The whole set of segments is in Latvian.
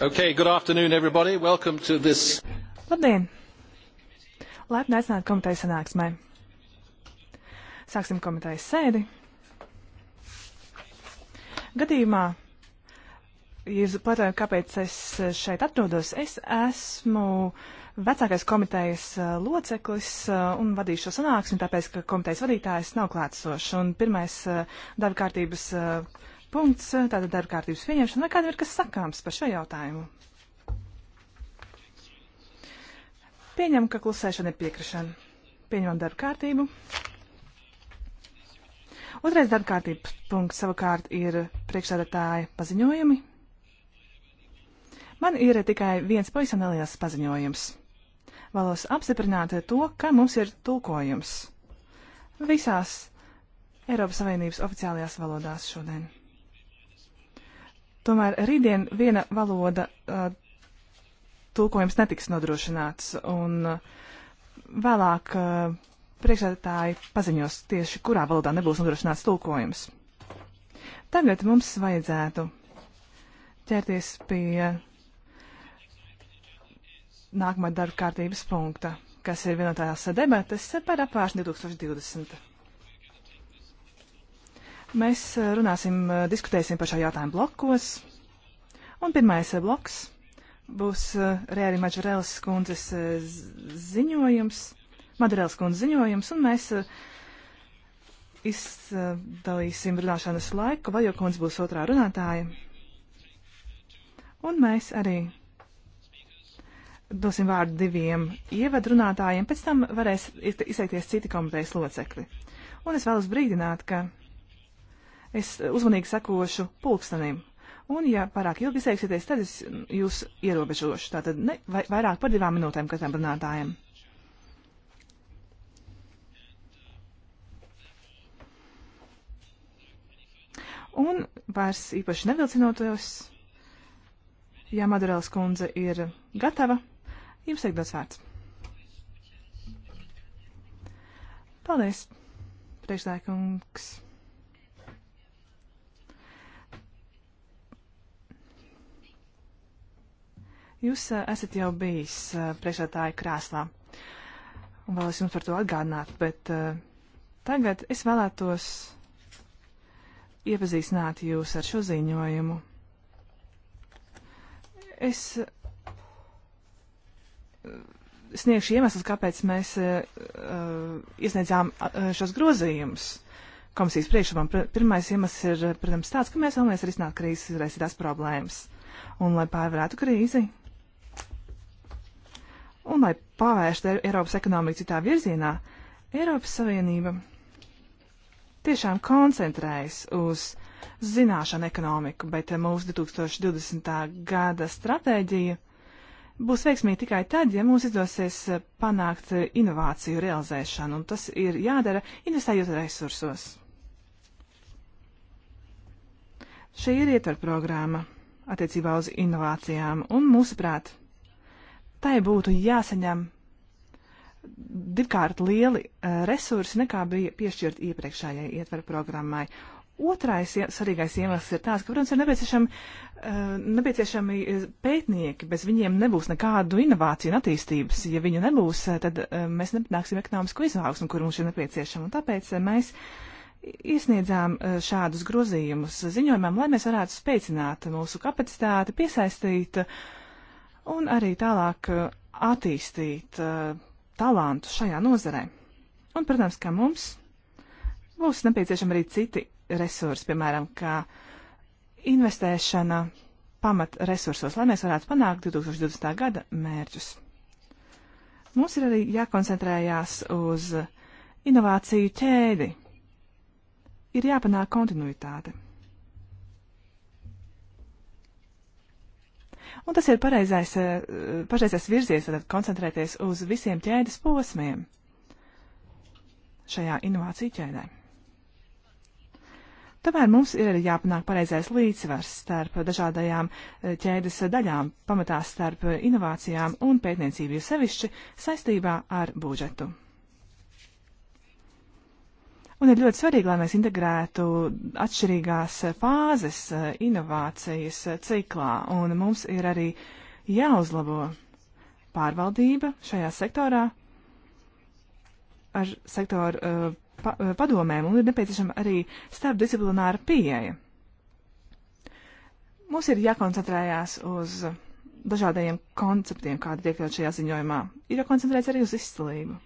Okay, good afternoon, everybody. Welcome to this. Labdien! Laipni aicināt komitejas sanāksmē. Sāksim komitejas sēdi. Gadījumā, jūs patojat, kāpēc es šeit atrodos, es esmu vecākais komitejas eh, loceklis eh, un vadīšu šo sanāksmi, tāpēc, ka komitejas vadītājs nav klātsošs. Un pirmais eh, darba kārtības punkts, eh, tātad darba kārtības pieņemšana. Vai kādam ir kas sakāms par šo jautājumu? Pieņem, ka klusēšana ir piekrišana. Pieņemam darba kārtību. Otrais darba kārtības punkts savukārt ir priekšsēdētāja paziņojumi. Man ir tikai viens pavisam neliels paziņojums. Vēlos apstiprināt to, ka mums ir tulkojums visās Eiropas Savienības oficiālajās valodās šodien. Tomēr rītdien viena valoda uh, tulkojums netiks nodrošināts, un uh, vēlāk uh, priekšsēdētāji paziņos tieši, kurā valodā nebūs nodrošināts tulkojums. Tagad mums vajadzētu ķerties pie nākamā darba kārtības punkta, kas ir vienotājās debates par apvāršanu 2020. Mēs eh, runāsim, eh, diskutēsim par šo jautājumu blokos. Un pirmais eh, bloks būs Rēri Maģurēlas kundzes ziņojums, Maģurēlas kundzes ziņojums, un mēs izdalīsim runāšanas laiku, vai jau kundze būs otrā runātāja. Un mēs arī dosim vārdu diviem ievadrunātājiem, pēc tam varēs izteikties citi komitejas locekļi. Un es vēlos brīdināt, ka es uzmanīgi sekošu pulkstenim. Un, ja pārāk ilgi izteiksieties, tad es jūs ierobežošu. Tātad ne, vai, vairāk par divām minūtēm katram runātājam. Un vairs īpaši nevilcinoties, ja Madurēlas kundze ir gatava, jums tiek dots vārds. Paldies, priekšlēkungs. Jūs esat jau bijis priekšētāja krēslā, un vēl es jums par to atgādināt, bet tagad es vēlētos iepazīstināt jūs ar šo ziņojumu. Es sniegšu iemeslus, kāpēc mēs uh, iesniedzām šos grozījumus komisijas priekšlikumam. Pirmais iemesls ir, protams, tāds, ka mēs vēlamies risināt krīzes izraisītās problēmas. Un, lai pārvarētu krīzi, un lai pārvērstu Eiropas ekonomiku citā virzienā, Eiropas Savienība tiešām koncentrējas uz zināšanu ekonomiku, bet mūsu 2020. gada stratēģija būs veiksmīga tikai tad, ja mums izdosies panākt inovāciju realizēšanu, un tas ir jādara investējot resursos. Šī ir ietver programma attiecībā uz inovācijām, un mūsuprāt, tai būtu jāsaņem divkārt lieli uh, resursi, nekā bija piešķirt iepriekšējai ietveru programmai. Otrais svarīgais iemesls ir tās, ka, protams, ir nepieciešami, uh, eh, nepieciešami pētnieki, bez viņiem nebūs nekādu inovāciju un attīstības. Ja viņu nebūs, eh, tad uh, mēs nepanāksim ekonomisko izaugsmu, kur mums ir nepieciešama. Un tāpēc mēs iesniedzām šādus grozījumus ziņojumam, lai mēs varētu spēcināt mūsu kapacitāti, piesaistīt uh, un arī tālāk uh, attīstīt uh, talantu šajā nozarē. Un, protams, ka mums būs nepieciešami arī citi resursi, piemēram, kā investēšana pamat resursos, lai mēs varētu panākt 2020. gada mērķus. Mums ir arī jākoncentrējās uz inovāciju ķēdi. Ir jāpanāk kontinuitāte. Un tas ir pareizais, eh, pareizais virziens, tad koncentrēties uz visiem ķēdes posmiem šajā inovāciju ķēdē. Tomēr mums ir jāpanāk pareizais līdzsvars starp dažādajām eh, ķēdes daļām, pamatā starp inovācijām un pētniecību sevišķi saistībā ar budžetu. Un ir ļoti svarīgi, lai mēs integrētu atšķirīgās fāzes eh, inovācijas eh, ciklā, un mums ir arī jāuzlabo pārvaldība šajā sektorā ar sektoru eh, pa, padomēm, un ir nepieciešama arī starpdisciplināra pieeja. Mums ir jākoncentrējās uz dažādajiem konceptiem, kādi tiek ļoti šajā ziņojumā. Ir jākoncentrēts arī uz izcilību.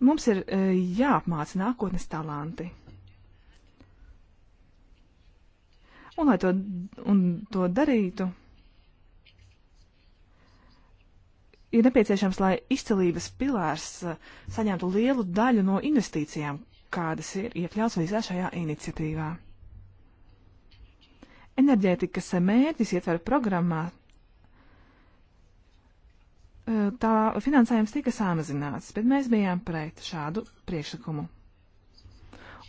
Mums ir e, jāapmāca nākotnes talanti. Un, lai to, un to darītu, ir nepieciešams, lai izcelības pilārs e, saņemtu lielu daļu no investīcijām, kādas ir iekļauts visā šajā iniciatīvā. Enerģētikas mērķis ietver programmā tā finansējums tika samazināts, bet mēs bijām pret šādu priekšlikumu.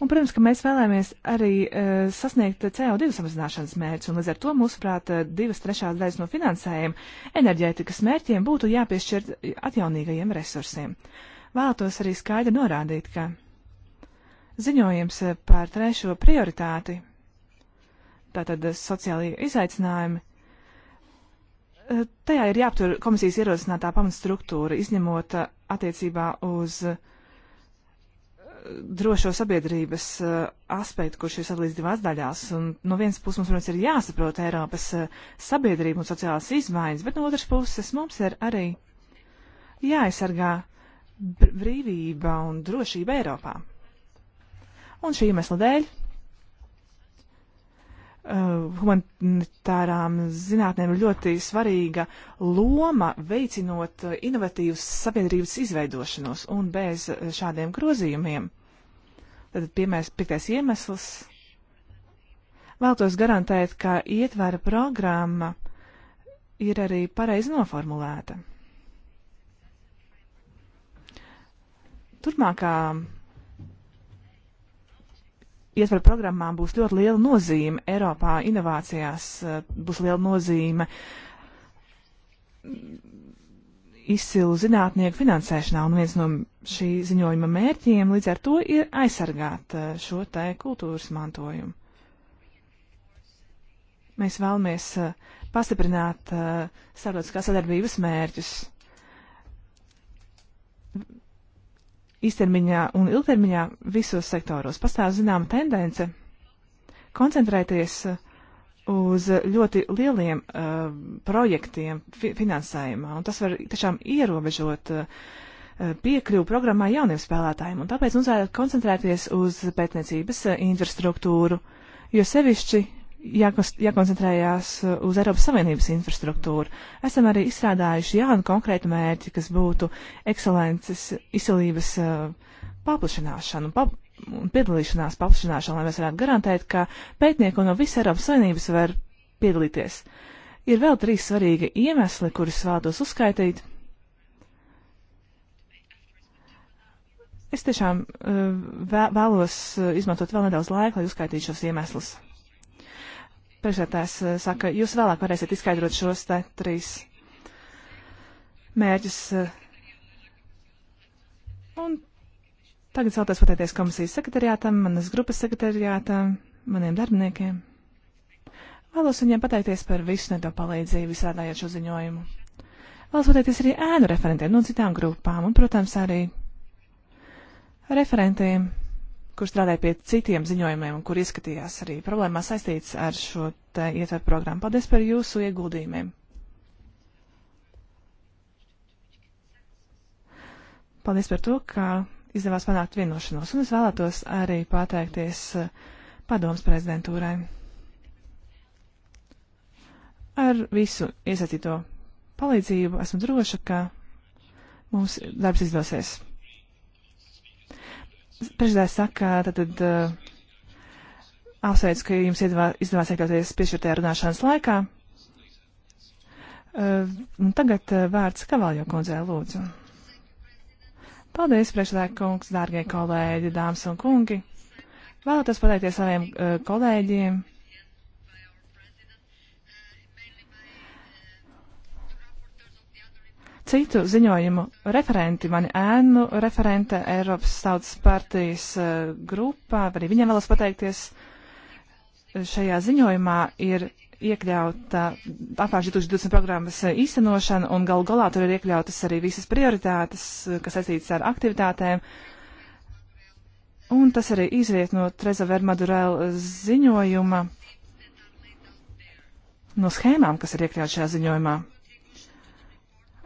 Un, protams, ka mēs vēlamies arī uh, sasniegt CO2 samazināšanas mērķus, un līdz ar to, mūsuprāt, e, divas trešās daļas no finansējuma enerģētikas mērķiem būtu jāpiešķirt atjaunīgajiem resursiem. Vēlētos arī skaidri norādīt, ka ziņojums par trešo prioritāti, tātad sociālajie izaicinājumi, tajā ir jāaptur komisijas ierosinātā pamatstruktūra, izņemot uh, attiecībā uz uh, drošo sabiedrības uh, aspektu, kurš ir sadalīts divās daļās. Un no vienas puses mums, protams, ir jāsaprot Eiropas sabiedrība un sociālās izmaiņas, bet no otras puses mums ir arī jāaizsargā brīvība un drošība Eiropā. Un šī iemesla dēļ Eh, humanitārām zinātnēm ir ļoti svarīga loma veicinot eh, inovatīvas sabiedrības izveidošanos un bez eh, šādiem grozījumiem. Tad piemērs piektais iemesls. Vēltos garantēt, ka ietvara programma ir arī pareizi noformulēta. Turpmākā ietveru programmām būs ļoti liela nozīme Eiropā, inovācijās eh, būs liela nozīme izcilu zinātnieku finansēšanā, un viens no šī ziņojuma mērķiem līdz ar to ir aizsargāt eh, šo te kultūras mantojumu. Mēs vēlamies eh, pastiprināt starptautiskās sadarbības mērķus īstermiņā un ilgtermiņā visos sektoros. Pastāv zināma tendence koncentrēties uh, uz ļoti lieliem uh, projektiem fi finansējumā, un tas var tiešām ierobežot uh, uh piekļuvu programmā jauniem spēlētājiem, un tāpēc mums vajadzētu koncentrēties uz pētniecības uh, infrastruktūru, jo sevišķi jākoncentrējās uh, uz Eiropas Savienības infrastruktūru. Esam arī izstrādājuši jaunu konkrētu mērķi, kas būtu ekscelences izcelības uh, paplašināšanu pap un piedalīšanās paplašināšanu, lai mēs varētu garantēt, ka pētnieku no visas Eiropas Savienības var piedalīties. Ir vēl trīs svarīgi iemesli, kurus vēlos uzskaitīt. Es tiešām uh, vēlos izmantot vēl nedaudz laika, lai uzskaitītu šos iemeslus. Priekšsētājs eh, saka, jūs vēlāk varēsiet izskaidrot šos te trīs mērķus. Un tagad vēlties pateikties komisijas sekretariātam, manas grupas sekretariātam, maniem darbiniekiem. Vēlos viņiem pateikties par visu neto palīdzību, izstrādājot šo ziņojumu. Vēlos pateikties arī ēnu referentiem no citām grupām un, protams, arī referentiem kur strādāja pie citiem ziņojumiem un kur ieskatījās arī problēmā saistīts ar šo ietveru programmu. Paldies par jūsu ieguldījumiem! Paldies par to, ka izdevās panākt vienošanos, un es vēlētos arī pateikties eh, padoms prezidentūrai ar visu iesaistīto palīdzību. Esmu droša, ka mums darbs izdosies. Priekšsēdētājs saka, tad, tad uh, apsveicu, ka jums iedvā, izdevās iekļauties piešķirtajā runāšanas laikā. Uh, un tagad uh, vārds Kavaljo kundzē lūdzu. Paldies, priekšsēdētāj kungs, dārgie kolēģi, dāmas un kungi. Vēlētos pateikties saviem kolēģiem citu ziņojumu referenti, mani ēnu referente Eiropas Tautas partijas uh, eh, grupā, arī viņam vēlos pateikties. Šajā ziņojumā ir iekļauta apmēram 2020 programmas īstenošana, un gal galā tur ir iekļautas arī visas prioritātes, eh, kas saistītas ar aktivitātēm. Un tas arī izriet no Treza Vermadurēla ziņojuma, no schēmām, kas ir iekļautas šajā ziņojumā.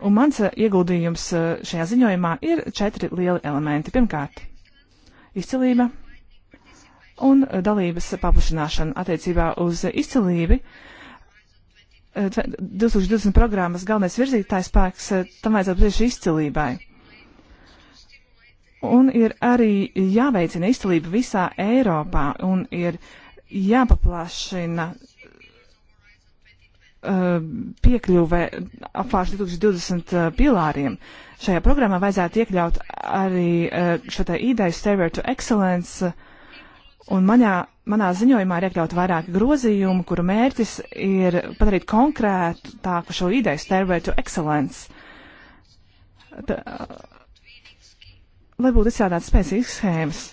Un mans eh, ieguldījums eh, šajā ziņojumā ir četri lieli elementi. Pirmkārt, izcilība un eh, dalības paplašināšana attiecībā uz izcilību. 2020 programmas galvenais virzītājs spēks tam vajadzētu būt tieši izcilībai. Un ir arī jāveicina izcilība visā Eiropā un ir jāpaplašina Eh, piekļuve apvārš 2020 eh, pilāriem. Šajā programmā vajadzētu iekļaut arī eh, šo te ideju Stairway to Excellence, un maņā, manā ziņojumā ir iekļaut vairāki grozījumi, kuru mērķis ir padarīt konkrētu tāku šo ideju Stairway to Excellence. Tā, lai būtu izstrādāts spēcīgas schēmas.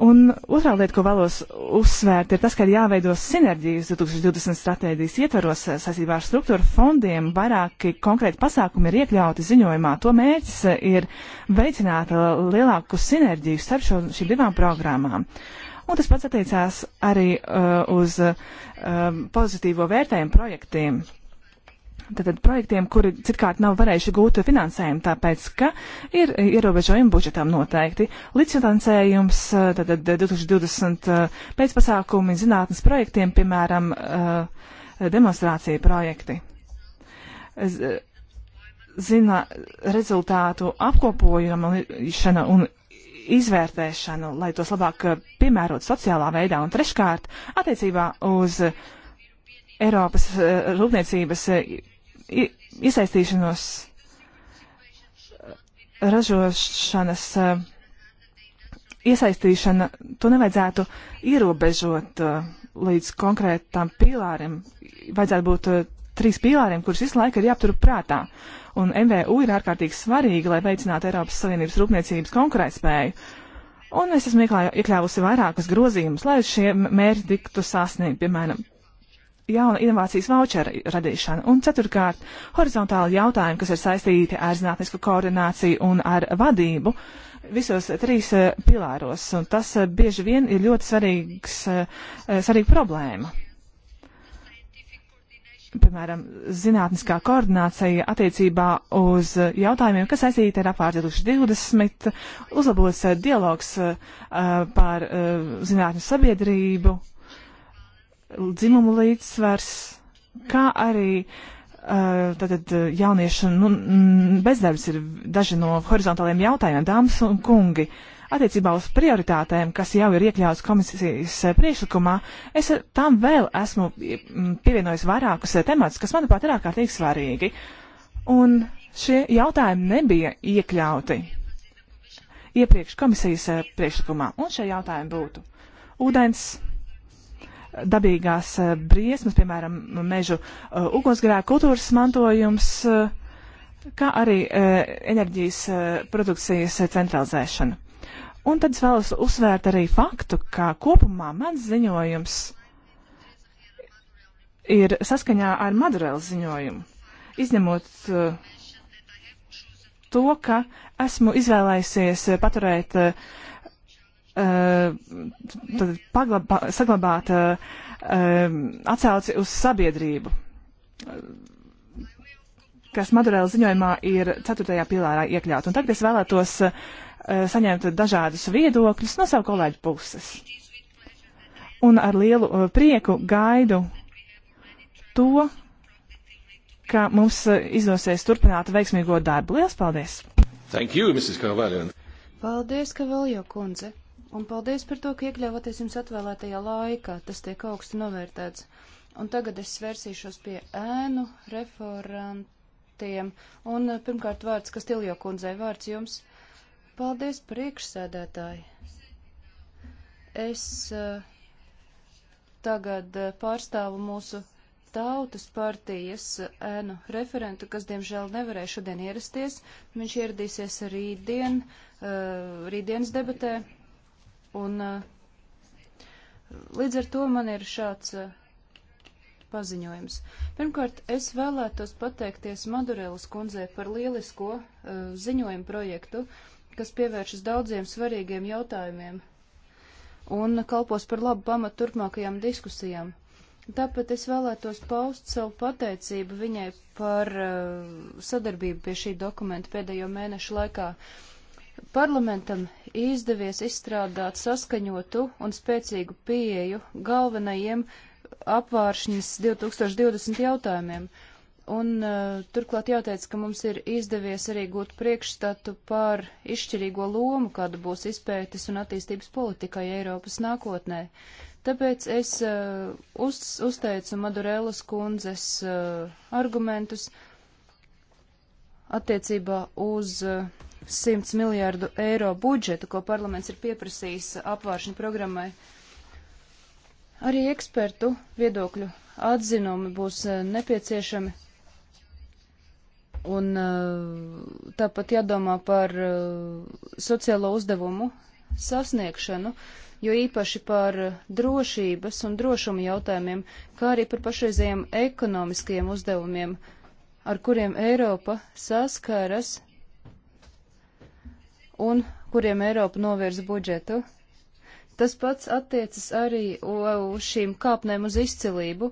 Un otrā lieta, ko vēlos uzsvērt, ir tas, ka ir jāveido sinerģijas 2020 stratēģijas ietvaros eh, saistībā ar struktūru fondiem. Vairāki konkrēti pasākumi ir iekļauti ziņojumā. To mērķis eh, ir veicināt eh, lielāku sinerģiju starp šo, šīm divām programmām. Un tas pats attiecās arī uh, uz uh, pozitīvo vērtējumu projektiem. Uh, tātad projektiem, kuri citkārt nav varējuši gūt finansējumu, tāpēc, ka ir ierobežojumi budžetam noteikti. Līdzfinansējums, eh, tātad 2020 eh, pēcpasākumi zinātnes projektiem, piemēram, eh, demonstrācija projekti. Zina rezultātu apkopojuma un izvērtēšanu, lai tos labāk piemērot sociālā veidā un treškārt attiecībā uz Eiropas rūpniecības iesaistīšanos eh, ražošanas eh, iesaistīšana, to nevajadzētu ierobežot eh, līdz konkrētam pīlārim. Vajadzētu būt trīs pīlāriem, kurus visu laiku ir jāaptur prātā. Un MVU ir ārkārtīgi svarīgi, lai veicinātu Eiropas Savienības rūpniecības konkurētspēju. Un es esmu iekļāvusi vairākus grozījumus, lai šie mērķi tiktu sasniegti, piemēram, jauna inovācijas vouchera radīšana. Un ceturkārt, horizontāli jautājumi, kas ir saistīti ar zinātnisku koordināciju un ar vadību visos trīs eh, pilāros. Un tas eh, bieži vien ir ļoti svarīgs, eh, svarīga problēma. Piemēram, zinātniskā koordinācija attiecībā uz jautājumiem, kas saistīti ar apvārdu 2020, uzlabos dialogs par zinātņu sabiedrību, uh, dzimumu līdzsvars, kā arī uh, tātad uh, jauniešu nu, mm, bezdarbs ir daži no horizontāliem jautājumiem, dāmas un kungi. Attiecībā uz prioritātēm, kas jau ir iekļauts komisijas eh, priekšlikumā, es tam vēl esmu mm, pievienojis vairākus eh, temats, kas, manuprāt, ir ārkārtīgi svarīgi. Un šie jautājumi nebija iekļauti iepriekš komisijas eh, priekšlikumā. Un šie jautājumi būtu ūdens dabīgās eh, briesmas, piemēram, mežu eh, ugunsgrēku kultūras mantojums, eh, kā arī enerģijas produkcijas centralizēšana. Un tad es vēlos uzsvērt arī faktu, ka kopumā mans ziņojums ir saskaņā ar Madurēlu ziņojumu, izņemot to, ka esmu izvēlējusies paturēt uh, uh, paglabā, saglabāt uh, uh, atsauci uz sabiedrību, kas Madurēla ziņojumā ir 4. pilārā iekļaut. Un tagad es vēlētos uh, saņemt dažādus viedokļus no savu kolēģu puses. Un ar lielu uh, prieku gaidu to, ka mums uh, izdosies turpināt veiksmīgo darbu. Lielas paldies! Thank you, Mrs. Carvalho. Paldies, Kavaljo kundze! Un paldies par to, ka iekļāvāties jums atvēlētajā laikā. Tas tiek augstu novērtēts. Un tagad es svērsīšos pie ēnu referentiem. Un eh, pirmkārt vārds, kas Tiljo kundzei vārds jums. Paldies priekšsēdētāji. Es uh, tagad uh, pārstāvu mūsu tautas partijas ēnu referentu, kas diemžēl nevarēja šodien ierasties. Viņš ieradīsies rītdien, rītdienas debatē. Un eh, līdz ar to man ir šāds eh, paziņojums. Pirmkārt, es vēlētos pateikties Madurelas kundzei par lielisko uh, ziņojumu projektu, kas pievēršas daudziem svarīgiem jautājumiem un kalpos par labu pamatu turpmākajām diskusijām. Tāpat es vēlētos paust savu pateicību viņai par uh, sadarbību pie šī dokumenta pēdējo mēnešu laikā. Uh, Parlamentam izdevies izstrādāt saskaņotu un spēcīgu pieeju galvenajiem apvāršņas 2020 jautājumiem. Un uh, turklāt jāteic, ka mums ir izdevies arī gūt priekšstatu par izšķirīgo lomu, kāda būs izpētes un attīstības politikai Eiropas nākotnē. Tāpēc es uh, uz, uzteicu Madurēlas kundzes uh, argumentus attiecībā uz uh, 100 miljārdu eiro budžetu, ko parlaments ir pieprasījis apvāršana programmai. Arī ekspertu viedokļu atzinumi būs eh, nepieciešami. Un eh, tāpat jādomā par eh, sociālo uzdevumu sasniegšanu, jo īpaši par drošības un drošuma jautājumiem, kā arī par pašreizējiem ekonomiskajiem uzdevumiem, ar kuriem Eiropa saskaras un kuriem Eiropa novirza budžetu. Tas pats attiecas arī uz šīm kāpnēm uz izcilību.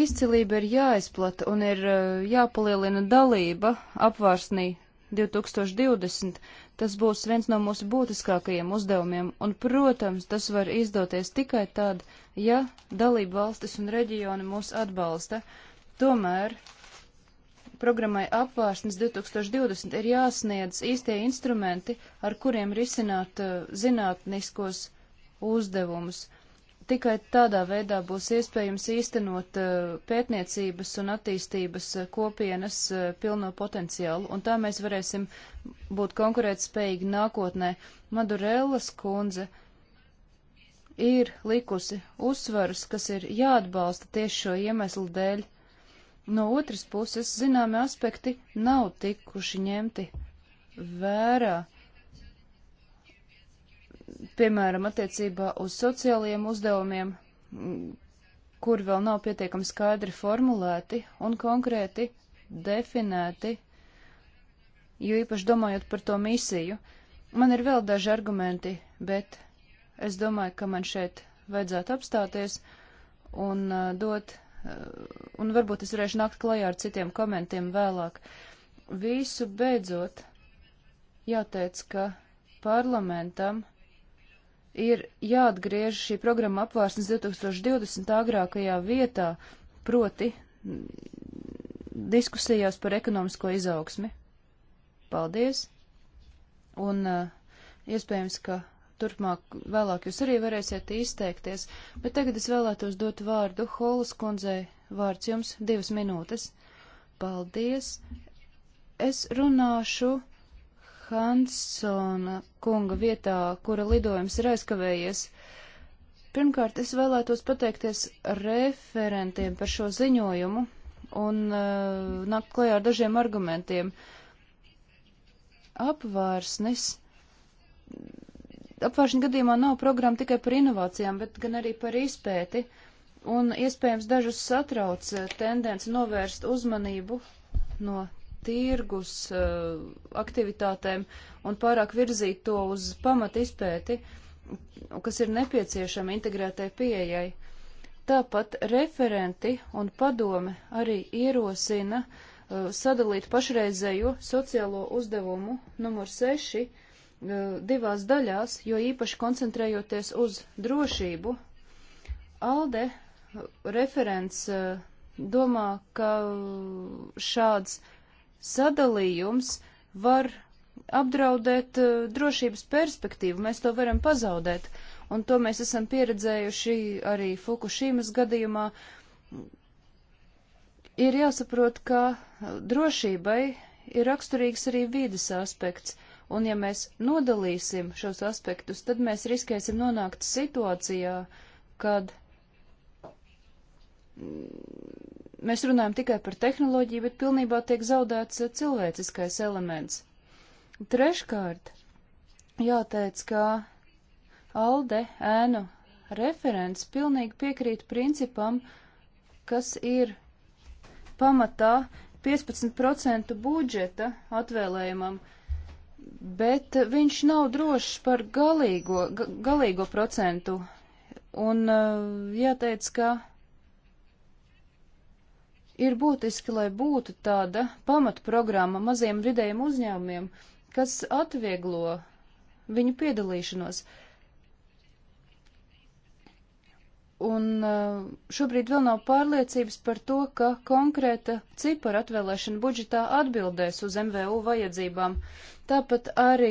Izcilība ir jāizplata un ir e, jāpalielina dalība apvārsnī 2020. Tas būs viens no mūsu būtiskākajiem uzdevumiem, un, protams, tas var izdoties tikai tad, ja dalība valstis un reģioni mūs atbalsta. Tomēr Programmai apvārsnes 2020 ir jāsniedz īstie instrumenti, ar kuriem risināt uh, zinātniskos uzdevumus. Tikai tādā veidā būs iespējams īstenot uh, pētniecības un attīstības uh, kopienas uh, pilno potenciālu, un tā mēs varēsim būt konkurētspējīgi nākotnē. Madurellas kundze ir likusi uzsvarus, kas ir jāatbalsta tieši šo iemeslu dēļ. No otras puses, zināmi aspekti nav tikuši ņemti vērā, piemēram, attiecībā uz sociālajiem uzdevumiem, kur vēl nav pietiekami skaidri formulēti un konkrēti definēti, jo īpaši domājot par to misiju. Man ir vēl daži argumenti, bet es domāju, ka man šeit vajadzētu apstāties un uh, dot un varbūt es varēšu nākt klajā ar citiem komentiem vēlāk. Visu beidzot, jāteic, ka parlamentam ir jāatgriež šī programma apvārsnes 2020 agrākajā vietā, proti diskusijās par ekonomisko izaugsmi. Paldies! Un uh, iespējams, ka turpmāk vēlāk jūs arī varēsiet izteikties, bet tagad es vēlētos dot vārdu Holas kundzei. Vārds jums divas minūtes. Paldies. Es runāšu Hansona kunga vietā, kura lidojums ir aizkavējies. Pirmkārt, es vēlētos pateikties referentiem par šo ziņojumu un uh, nākt klajā ar dažiem argumentiem. Apvārsnis apvāršana gadījumā nav programma tikai par inovācijām, bet gan arī par izpēti, un iespējams dažus satrauc eh, tendence novērst uzmanību no tirgus eh, aktivitātēm un pārāk virzīt to uz pamat izpēti, kas ir nepieciešama integrētai pieejai. Tāpat referenti un padome arī ierosina eh, sadalīt pašreizējo sociālo uzdevumu numur 6 Eh, divās daļās, jo īpaši koncentrējoties uz drošību. Alde eh, referents eh, domā, ka šāds sadalījums var apdraudēt drošības perspektīvu, mēs to varam pazaudēt, un to mēs esam pieredzējuši arī Fukušīmas gadījumā. Ir jāsaprot, ka drošībai ir raksturīgs arī vīdes aspekts. Uh, Un ja mēs nodalīsim šos aspektus, tad mēs riskēsim nonākt situācijā, kad mēs runājam tikai par tehnoloģiju, bet pilnībā tiek zaudēts cilvēciskais elements. Treškārt, jāteic, ka Alde ēnu referents pilnīgi piekrīt principam, kas ir pamatā 15% budžeta atvēlējumam uh, bet viņš nav drošs par galīgo, ga, galīgo procentu. Un eh, jāteic, ka ir būtiski, lai būtu tāda pamatprogramma maziem vidējiem uzņēmumiem, kas atvieglo viņu piedalīšanos. Un eh, šobrīd vēl nav pārliecības par to, ka konkrēta cipara atvēlēšana budžetā atbildēs uz MVU vajadzībām. Uh, Tāpat arī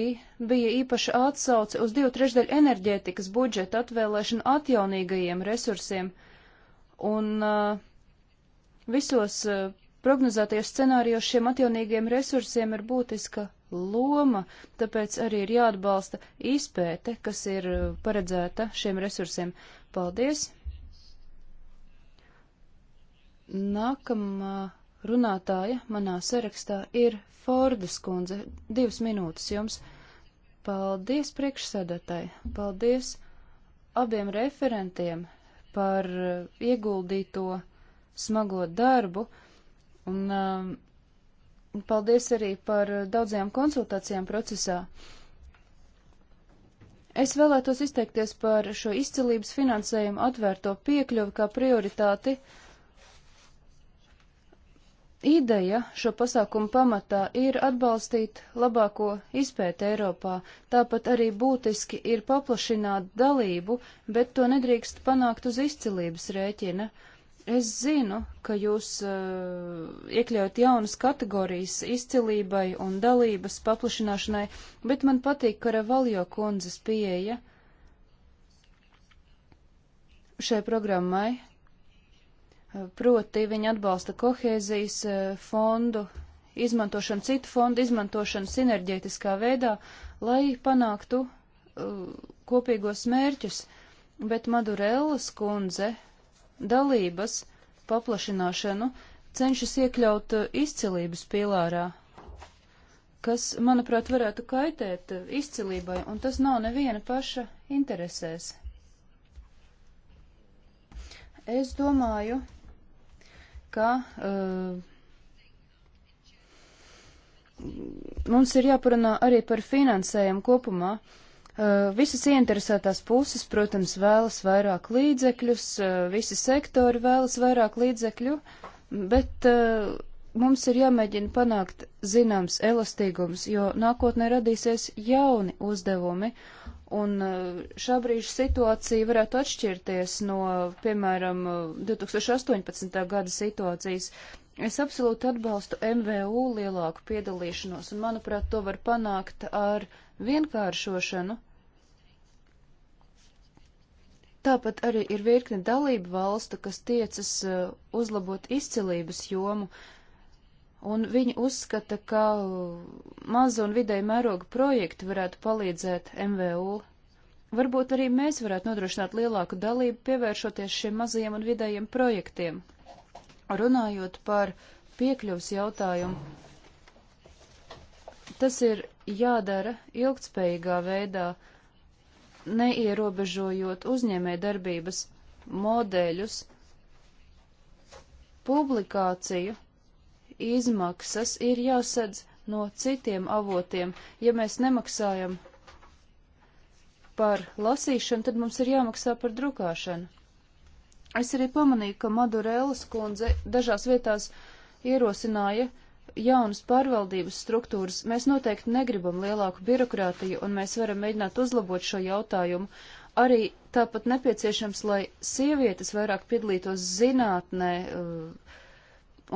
bija īpaša atsauce uz divu trešdaļu enerģētikas budžeta atvēlēšanu atjaunīgajiem resursiem, un uh, visos uh, prognozētajos scenārijos šiem atjaunīgajiem resursiem ir būtiska loma, tāpēc arī ir jāatbalsta izpēte, kas ir uh, paredzēta šiem resursiem. Paldies! Nākamā runātāja manā sarakstā ir Fordas kundze, divas minūtes jums. Paldies priekšsēdētāji, paldies abiem referentiem par uh, ieguldīto smago darbu, un um, paldies arī par uh, daudzajām konsultācijām procesā. Es vēlētos izteikties par šo izcilības finansējumu atvērto piekļuvi kā prioritāti uh, Ideja šo pasākumu pamatā ir atbalstīt labāko izpēti Eiropā, tāpat arī būtiski ir paplašināt dalību, bet to nedrīkst panākt uz izcilības rēķina. Es zinu, ka jūs uh, eh, iekļaut jaunas kategorijas izcilībai un dalības paplašināšanai, bet man patīk Karavaljo kundzes pieeja šai programmai, proti viņi atbalsta kohēzijas e, fondu izmantošanu, citu fondu izmantošanu sinerģētiskā veidā, lai panāktu uh, kopīgos mērķus, bet Madurellas kundze dalības paplašināšanu cenšas iekļaut e, izcilības pilārā, kas, manuprāt, varētu kaitēt izcilībai, un tas nav neviena paša interesēs. Es domāju, ka eh, mums ir jāparunā arī par finansējumu kopumā. Eh, visas ieinteresētās puses, protams, vēlas vairāk līdzekļus, eh, visi sektori vēlas vairāk līdzekļu, bet mums ir jāmēģina panākt zināms elastīgums, jo nākotnē radīsies jauni uzdevumi, Un e, šobrīd situācija varētu atšķirties no, piemēram, 2018. gada situācijas. Es absolūti atbalstu MVU lielāku piedalīšanos, un, manuprāt, to var panākt ar vienkāršošanu. Tāpat arī ir virkne dalību valstu, kas tiecas e, uzlabot izcilības jomu, uh, un viņi uzskata, ka maza un vidēja mēroga projekti varētu palīdzēt MVU. Varbūt arī mēs varētu nodrošināt lielāku dalību, pievēršoties šiem mazajiem un vidējiem projektiem. Runājot par piekļuvas jautājumu, tas ir jādara ilgtspējīgā veidā, neierobežojot uzņēmē darbības modeļus, publikāciju izmaksas ir jāsadz no citiem avotiem. Ja mēs nemaksājam par lasīšanu, tad mums ir jāmaksā par drukāšanu. Es arī pamanīju, ka Madurēlas kundze dažās vietās ierosināja jaunas pārvaldības struktūras. Mēs noteikti negribam lielāku birokrātiju, un mēs varam mēģināt uzlabot šo jautājumu. Arī tāpat nepieciešams, lai sievietes vairāk piedalītos zinātnē, uh,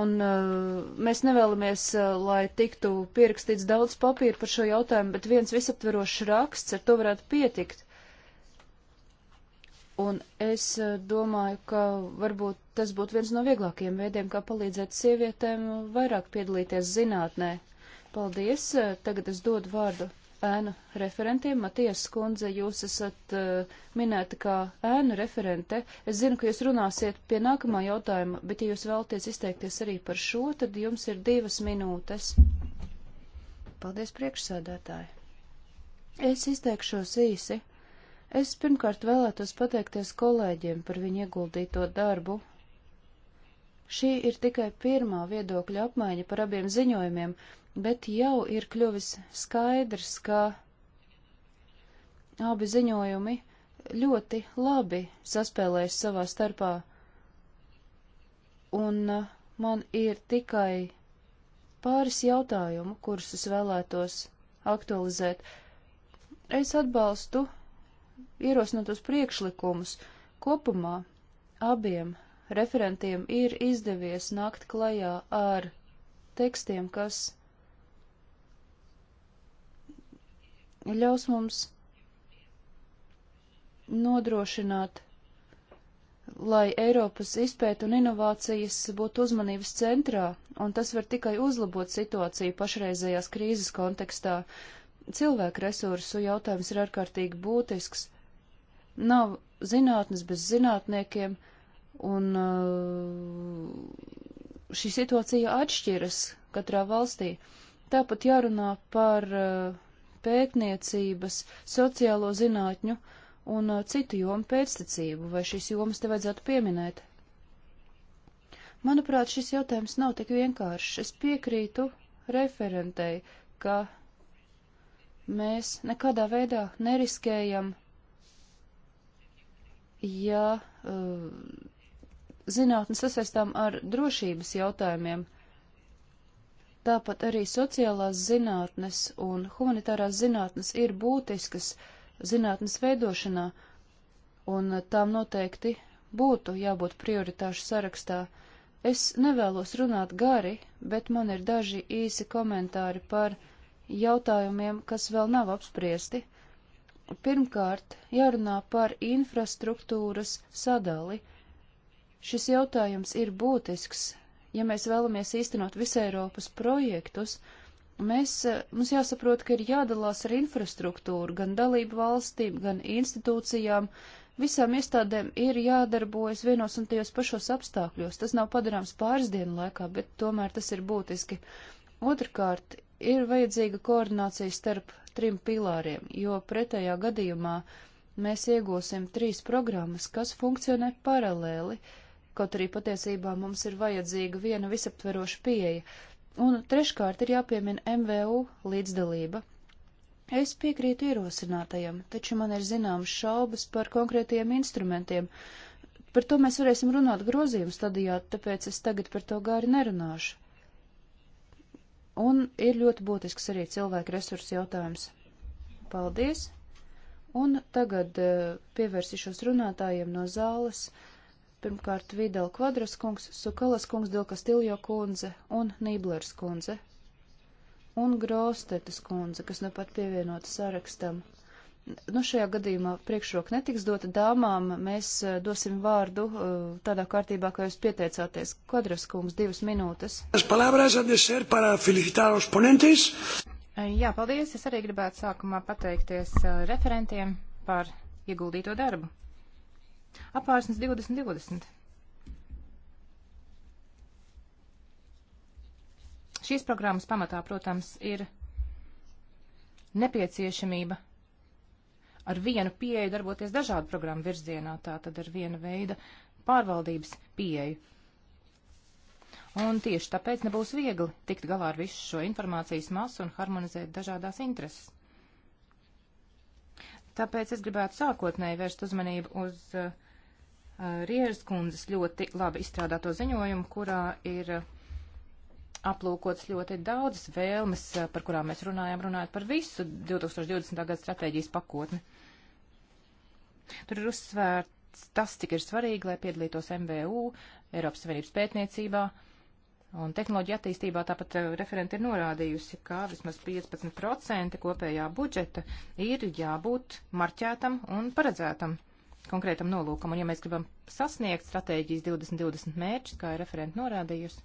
Un uh, mēs nevēlamies, uh, lai tiktu pierakstīts daudz papīra par šo jautājumu, bet viens visaptverošs raksts ar to varētu pietikt. Un es uh, domāju, ka varbūt tas būtu viens no vieglākajiem veidiem, kā palīdzēt sievietēm vairāk piedalīties zinātnē. Paldies! Uh, tagad es dodu vārdu ēnu referentiem. Matijas skundze, jūs esat uh, minēta kā ēnu referente. Es zinu, ka jūs runāsiet pie nākamā jautājuma, bet ja jūs vēlaties izteikties arī par šo, tad jums ir divas minūtes. Paldies, priekšsēdētāji. Es izteikšos īsi. Es pirmkārt vēlētos pateikties kolēģiem par viņu ieguldīto darbu. Šī ir tikai pirmā viedokļa apmaiņa par abiem ziņojumiem, bet jau ir kļuvis skaidrs, ka abi ziņojumi ļoti labi saspēlējas savā starpā, un uh, man ir tikai pāris jautājumu, kurus es vēlētos aktualizēt. Es atbalstu ierosinātos priekšlikumus kopumā abiem referentiem ir izdevies nākt klajā ar tekstiem, kas ļaus mums nodrošināt, lai Eiropas izpēta un inovācijas būtu uzmanības centrā, un tas var tikai uzlabot situāciju pašreizējās krīzes kontekstā. Cilvēku resursu jautājums ir ārkārtīgi būtisks. Nav zinātnes bez zinātniekiem, un uh, šī situācija atšķiras katrā valstī. Tāpat jārunā par uh, pētniecības, sociālo zinātņu un uh, citu jomu pēctecību, vai šīs jomas te vajadzētu pieminēt? Manuprāt, šis jautājums nav tik vienkāršs. Es piekrītu referentei, ka mēs nekādā veidā neriskējam, ja uh, zinātnes sasaistām ar drošības jautājumiem. Tāpat arī sociālās zinātnes un humanitārās zinātnes ir būtiskas zinātnes veidošanā, un tām noteikti būtu jābūt prioritāšu sarakstā. Es nevēlos runāt gari, bet man ir daži īsi komentāri par jautājumiem, kas vēl nav apspriesti. Pirmkārt, jārunā par infrastruktūras sadali. Šis jautājums ir būtisks ja mēs vēlamies īstenot visu Eiropas projektus, mēs, eh, mums jāsaprot, ka ir jādalās ar infrastruktūru, gan dalību valstīm, gan institūcijām. Visām iestādēm ir jādarbojas vienos un tajos pašos apstākļos. Tas nav padarāms pāris dienu laikā, bet tomēr tas ir būtiski. Otrakārt, ir vajadzīga koordinācija starp trim pilāriem, jo pretējā gadījumā mēs iegūsim trīs programmas, kas funkcionē paralēli. Uh, kaut arī patiesībā mums ir vajadzīga viena visaptveroša pieeja. Un treškārt ir jāpiemina MVU līdzdalība. Es piekrītu ierosinātajam, taču man ir zināmas šaubas par konkrētajiem instrumentiem. Par to mēs varēsim runāt grozījuma stadijā, tāpēc es tagad par to gāri nerunāšu. Un ir ļoti būtisks arī cilvēku resursu jautājums. Paldies! Un tagad eh, pievērsīšos runātājiem no zāles. Uh, Pirmkārt, Vidal Kvadras kungs, Sukalas kungs, Dilkastiljo kundze un Niblers kundze. Un Grostetas kundze, kas nu pat pievienota sarakstam. Nu, šajā gadījumā priekšroka netiks dota dāmām. Mēs eh, dosim vārdu eh, tādā kārtībā, kā jūs pieteicāties. Kvadras kungs, divas minūtes. Eh, jā, paldies. Es arī gribētu sākumā pateikties referentiem par ieguldīto darbu. Apvārsnes 2020. Šīs programmas pamatā, protams, ir nepieciešamība ar vienu pieeju darboties dažādu programmu virzienā, tā tad ar viena veida pārvaldības pieeju. Un tieši tāpēc nebūs viegli tikt galā ar visu šo informācijas masu un harmonizēt dažādās intereses. Tāpēc es gribētu sākotnēji vērst uzmanību uz uh, Riežas kundzes ļoti labi izstrādāto ziņojumu, kurā ir uh, aplūkots ļoti daudzas vēlmes, uh, par kurām mēs runājam, runājot par visu 2020. gada stratēģijas pakotni. Tur ir uzsvērts tas, cik ir svarīgi, lai piedalītos MVU Eiropas Savienības pētniecībā. Uh, Un tehnoloģija attīstībā tāpat eh, referenti ir norādījusi, ka vismaz 15% kopējā budžeta ir jābūt marķētam un paredzētam konkrētam nolūkam. Un ja mēs gribam sasniegt stratēģijas 2020 mērķus, kā ir referenti norādījusi,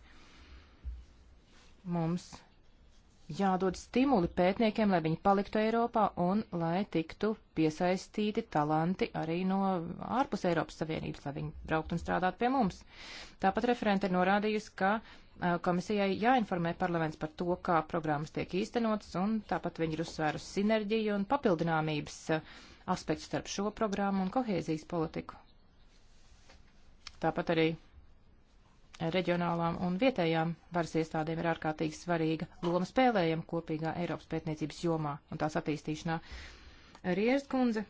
mums jādod stimuli pētniekiem, lai viņi paliktu Eiropā un lai tiktu piesaistīti talanti arī no ārpus Eiropas Savienības, lai viņi brauktu un strādātu pie mums. Tāpat referente ir norādījusi, ka Eh, komisijai jāinformē parlaments par to, kā programmas tiek īstenotas, un tāpat viņi ir uzsvērusi sinerģiju un papildināmības eh, aspektu starp šo programmu un kohēzijas politiku. Tāpat arī reģionālām un vietējām varas iestādēm ir ārkārtīgi svarīga loma spēlējama kopīgā Eiropas pētniecības jomā un tās attīstīšanā. Riežs kundze,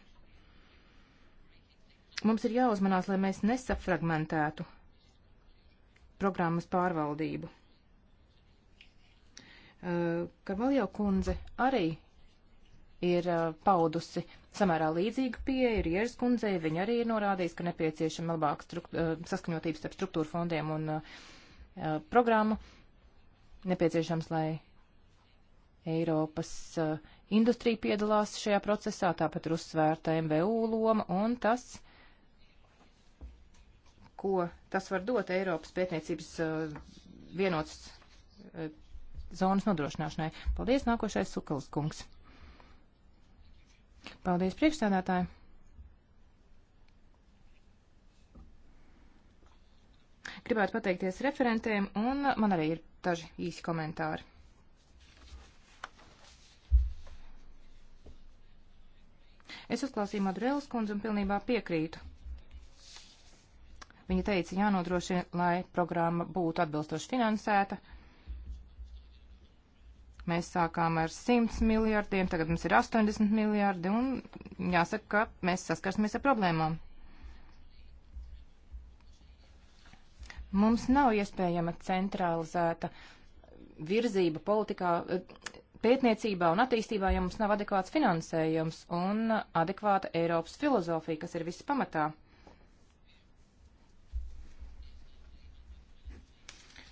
mums ir jāuzmanās, lai mēs nesafragmentētu programmas pārvaldību. Eh, Kavaljo kundze arī ir eh, paudusi samērā līdzīgu pieeju Riežas kundzei. Viņa arī ir norādījusi, ka nepieciešama labāka eh, saskaņotības starp struktūru fondiem un uh, programmu. Nepieciešams, lai Eiropas uh, industrija piedalās šajā procesā, tāpat ir uzsvērta MVU loma, un tas ko tas var dot Eiropas pētniecības uh, vienotas uh, zonas nodrošināšanai. Paldies, nākošais Sukals kungs. Paldies, priekšstādātāji. Gribētu pateikties referentiem, un man arī ir daži īsi komentāri. Es uzklausīju Madrēlas kundzi un pilnībā piekrītu Viņa teica, jānodrošina, lai programma būtu atbilstoši finansēta. Mēs sākām ar 100 miljārdiem, tagad mums ir 80 miljārdi, un jāsaka, ka mēs saskarsimies ar problēmām. Mums nav iespējama centralizēta virzība politikā, pētniecībā un attīstībā, ja mums nav adekvāts finansējums un adekvāta Eiropas filozofija, kas ir viss pamatā.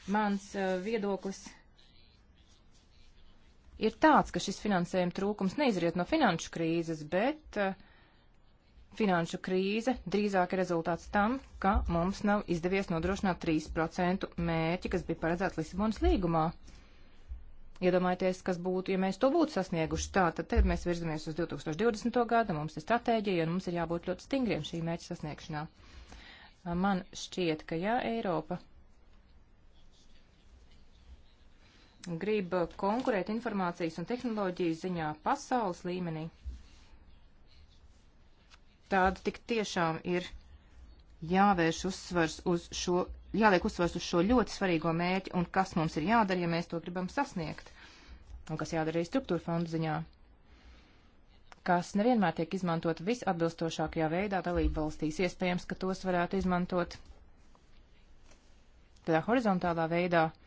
Mans eh, viedoklis ir tāds, ka šis finansējuma trūkums neizriet no finanšu krīzes, bet uh, finanšu krīze drīzāk ir rezultāts tam, ka mums nav izdevies nodrošināt 3% mērķi, kas bija paredzēts Lisabonas līgumā. Iedomājieties, kas būtu, ja mēs to būtu sasnieguši tā, tad tagad mēs virzamies uz 2020. gadu, mums ir stratēģija un mums ir jābūt ļoti stingriem šī mērķa sasniegšanā. Eh, man šķiet, ka jā, Eiropa grib konkurēt informācijas un tehnoloģijas ziņā pasaules līmenī. Tāda tik tiešām ir jāvērš uzsvars uz šo, jāliek uzsvars uz šo ļoti svarīgo mērķi un kas mums ir jādara, ja mēs to gribam sasniegt. Un kas jādara arī struktūra fondu ziņā, kas nevienmēr tiek izmantot visatbilstošākajā veidā dalību valstīs. Iespējams, ka tos varētu izmantot tādā horizontālā veidā, uh,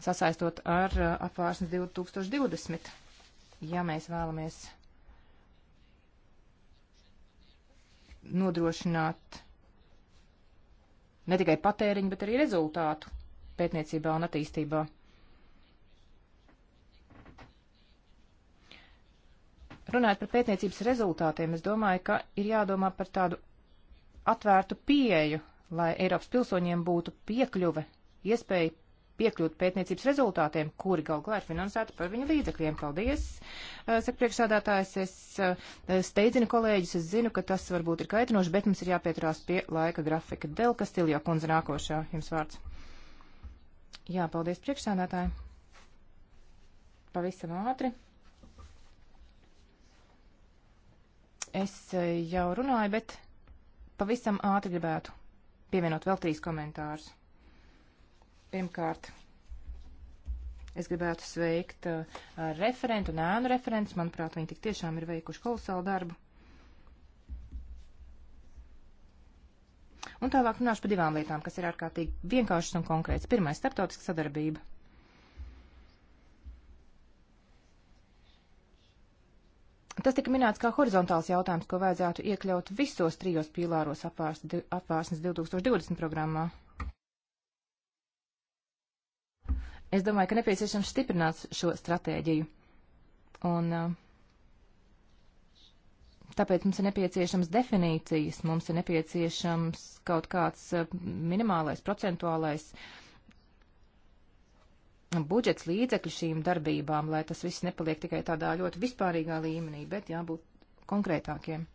sasaistot ar eh, apvārsnes 2020. Ja mēs vēlamies nodrošināt ne tikai patēriņu, bet arī rezultātu pētniecībā un attīstībā. Runājot par pētniecības rezultātiem, es domāju, ka ir jādomā par tādu atvērtu pieeju, lai Eiropas pilsoņiem būtu piekļuve, iespēja piekļūt pētniecības rezultātiem, kuri gal galā ir finansēti par viņu līdzekļiem. Paldies, saka priekšsādātājs. Es steidzinu kolēģis, es zinu, ka tas varbūt ir kaitinoši, bet mums ir jāpieturās pie laika grafika. Del Kastiljo kundze nākošā, jums vārds. Jā, paldies priekšsādātāji. Pavisam ātri. Es jau runāju, bet pavisam ātri gribētu pievienot vēl trīs komentārus. Pirmkārt, es gribētu sveikt uh, referentu un ēnu referents. Manuprāt, viņi tik tiešām ir veikuši kolosālu darbu. Un tālāk runāšu par divām lietām, kas ir ārkārtīgi vienkāršas un konkrētas. Pirmais - starptautiska sadarbība. Tas tika minēts kā horizontāls jautājums, ko vajadzētu iekļaut visos trijos pīlāros apvārsnes 2020 programmā. Es domāju, ka nepieciešams stiprināt šo stratēģiju. Un eh, tāpēc mums ir nepieciešams definīcijas, mums ir nepieciešams kaut kāds eh, minimālais, procentuālais eh, budžets līdzekļu šīm darbībām, lai tas viss nepaliek tikai tādā ļoti vispārīgā līmenī, bet jābūt konkrētākiem.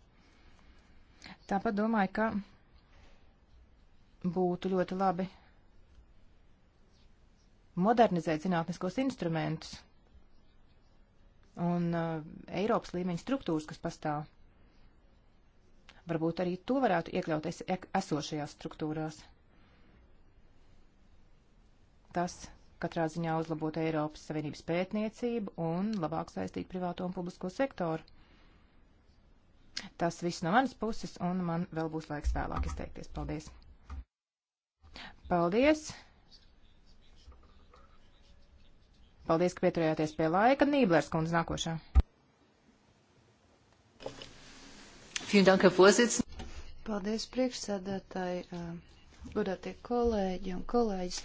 Tāpat domāju, ka būtu ļoti labi modernizēt zinātniskos instrumentus un uh, Eiropas līmeņa struktūras, kas pastāv. Varbūt arī to varētu iekļaut es, ek, esošajās struktūrās. Tas katrā ziņā uzlabot Eiropas Savienības pētniecību un labāk saistīt privāto un publisko sektoru. Tas viss no manas puses, un man vēl būs laiks vēlāk izteikties. Paldies! Paldies! Paldies, ka pieturējāties pie laika. Nīblers kundze nākošā. Paldies, priekšsēdētāji, uh, godātie kolēģi un kolēģis.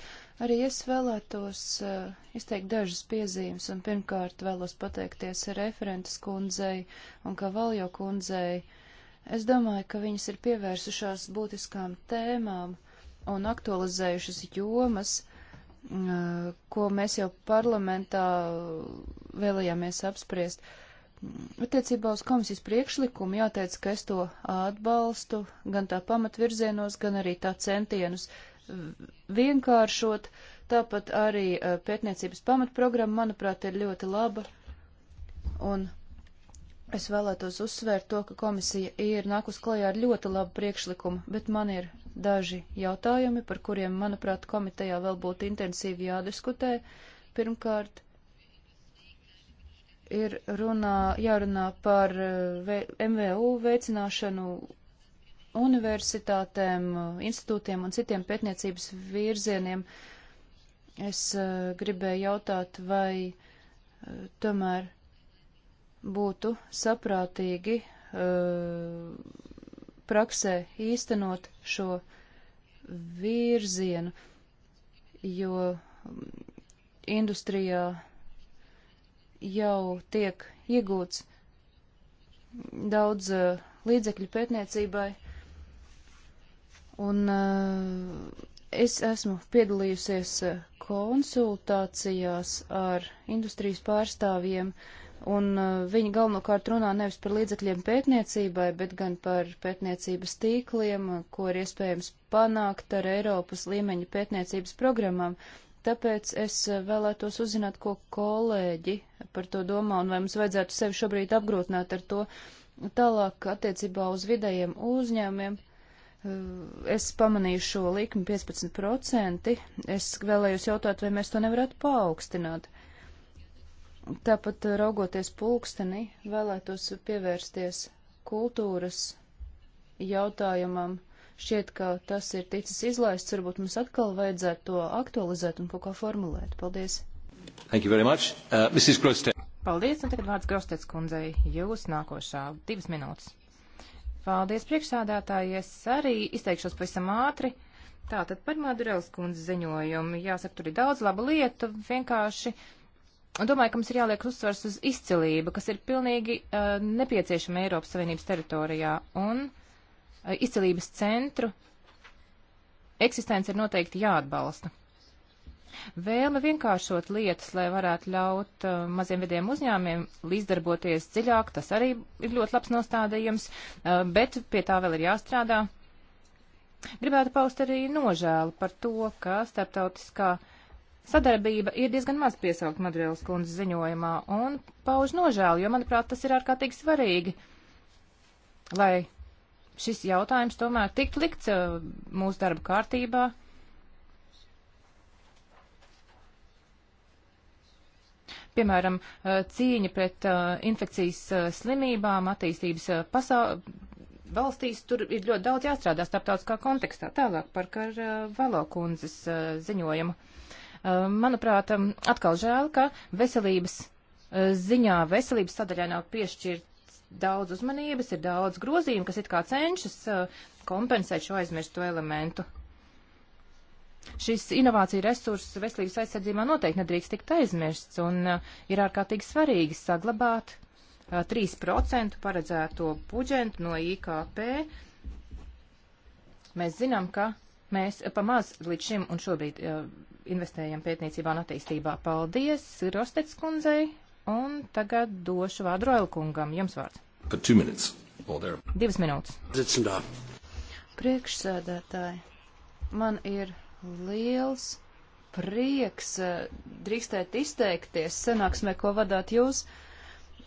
Arī es vēlētos uh, izteikt dažas piezīmes, un pirmkārt vēlos pateikties referentes kundzei un Kavaljo kundzei. Es domāju, ka viņas ir pievērsušās būtiskām tēmām un aktualizējušas jomas, uh, ko mēs jau parlamentā vēlējāmies apspriest. Attiecībā uz komisijas priekšlikumu jāteic, ka es to atbalstu gan tā pamatvirzienos, gan arī tā centienus vienkāršot. Tāpat arī pētniecības pamatprogramma, manuprāt, ir ļoti laba. Un Es vēlētos uzsvērt to, ka komisija ir nākus klajā ar ļoti labu priekšlikumu, bet man ir daži jautājumi, par kuriem, manuprāt, komitejā vēl būtu intensīvi jādiskutē. Pirmkārt, ir runā, jārunā par eh, MVU veicināšanu universitātēm, eh, institūtiem un citiem pētniecības virzieniem. Es eh, gribēju jautāt, vai tomēr būtu saprātīgi uh, praksē īstenot šo virzienu, jo mm, industrijā jau tiek iegūts daudz uh, līdzekļu pētniecībai, un uh, es esmu piedalījusies konsultācijās ar industrijas pārstāvjiem, uh, un uh, viņi galvenokārt runā nevis par līdzekļiem pētniecībai, bet gan par pētniecības tīkliem, uh, ko ir iespējams panākt ar Eiropas līmeņa pētniecības programmām. Tāpēc es uh, vēlētos uzzināt, ko kolēģi par to domā un vai mums vajadzētu sevi šobrīd apgrūtināt ar to tālāk attiecībā uz vidējiem uzņēmiem. Es pamanīju šo likmi 15%. Es vēlējos jautāt, vai mēs to nevarētu paaugstināt. Uh, Tāpat eh, raugoties pulksteni, vēlētos pievērsties kultūras jautājumam. Šķiet, ka tas ir ticis izlaists, varbūt mums atkal vajadzētu to aktualizēt un kaut kā formulēt. Paldies! Thank you very much. Uh, Mrs. Grostec. Paldies, un tagad vārds Grostec kundzei. Jūs nākošā divas minūtes. Paldies, priekšsādātāji. Es arī izteikšos pavisam ātri. Tātad par Madurels kundzes ziņojumu. Jāsaka, tur ir daudz laba lietu. Vienkārši uh, Un domāju, ka mums ir jāliek uzsvars uz izcilību, kas ir pilnīgi uh, nepieciešama Eiropas Savienības teritorijā. Un uh, izcilības centru eksistence ir noteikti jāatbalsta. Vēlme vienkāršot lietas, lai varētu ļaut uh, maziem vidiem uzņēmiem līdzdarboties dziļāk, tas arī ir ļoti labs nostādījums, uh, bet pie tā vēl ir jāstrādā. Gribētu paust arī nožēlu par to, ka starptautiskā uh, Sadarbība ir diezgan maz piesaukt Madrēlas kundzes ziņojumā un pauž nožēlu, jo, manuprāt, tas ir ārkārtīgi svarīgi, lai šis jautājums tomēr tiktu likts uh, mūsu darba kārtībā. Piemēram, uh, cīņa pret uh, infekcijas slimībām attīstības pasaul... valstīs, tur ir ļoti daudz jāstrādā starptautiskā kontekstā. Tālāk par Karvalo kundzes ziņojumu. Eh, manuprāt, atkal žēl, ka veselības eh, ziņā veselības sadaļā nav piešķirt daudz uzmanības, ir daudz grozījumu, kas it kā cenšas eh, kompensēt šo aizmirsto elementu. Šis inovācija resurss veselības aizsardzībā noteikti nedrīkst tikt aizmirsts un ir ārkārtīgi svarīgi saglabāt 3% paredzēto budžetu no IKP. Mēs zinām, ka mēs pamaz līdz šim un šobrīd investējam pētniecībā un attīstībā. Paldies Rostets kundzei, un tagad došu vārdu Roila kungam. Jums vārds. Divas minūtes. Priekšsēdētāji, man ir liels prieks eh, drīkstēt izteikties sanāksmē, ko vadāt jūs. Uh,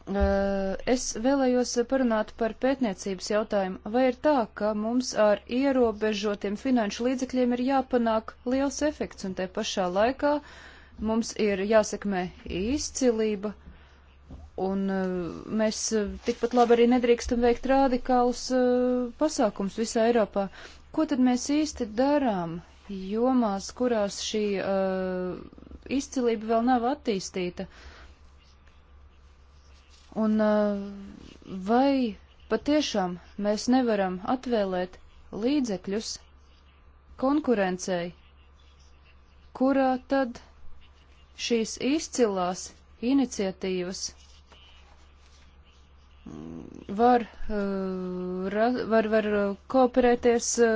Eh, es vēlējos parunāt par pētniecības jautājumu. Vai ir tā, ka mums ar ierobežotiem finanšu līdzekļiem ir jāpanāk liels efekts un te pašā laikā mums ir jāsekmē izcilība un eh, mēs tikpat labi arī nedrīkstam veikt radikālus eh, pasākums visā Eiropā? Ko tad mēs īsti darām jomās, kurās šī uh, izcilība vēl nav attīstīta? Uh, Un eh, vai patiešām mēs nevaram atvēlēt līdzekļus konkurencei, kurā tad šīs izcilās iniciatīvas mm, var, eh, ra, var, var kooperēties eh,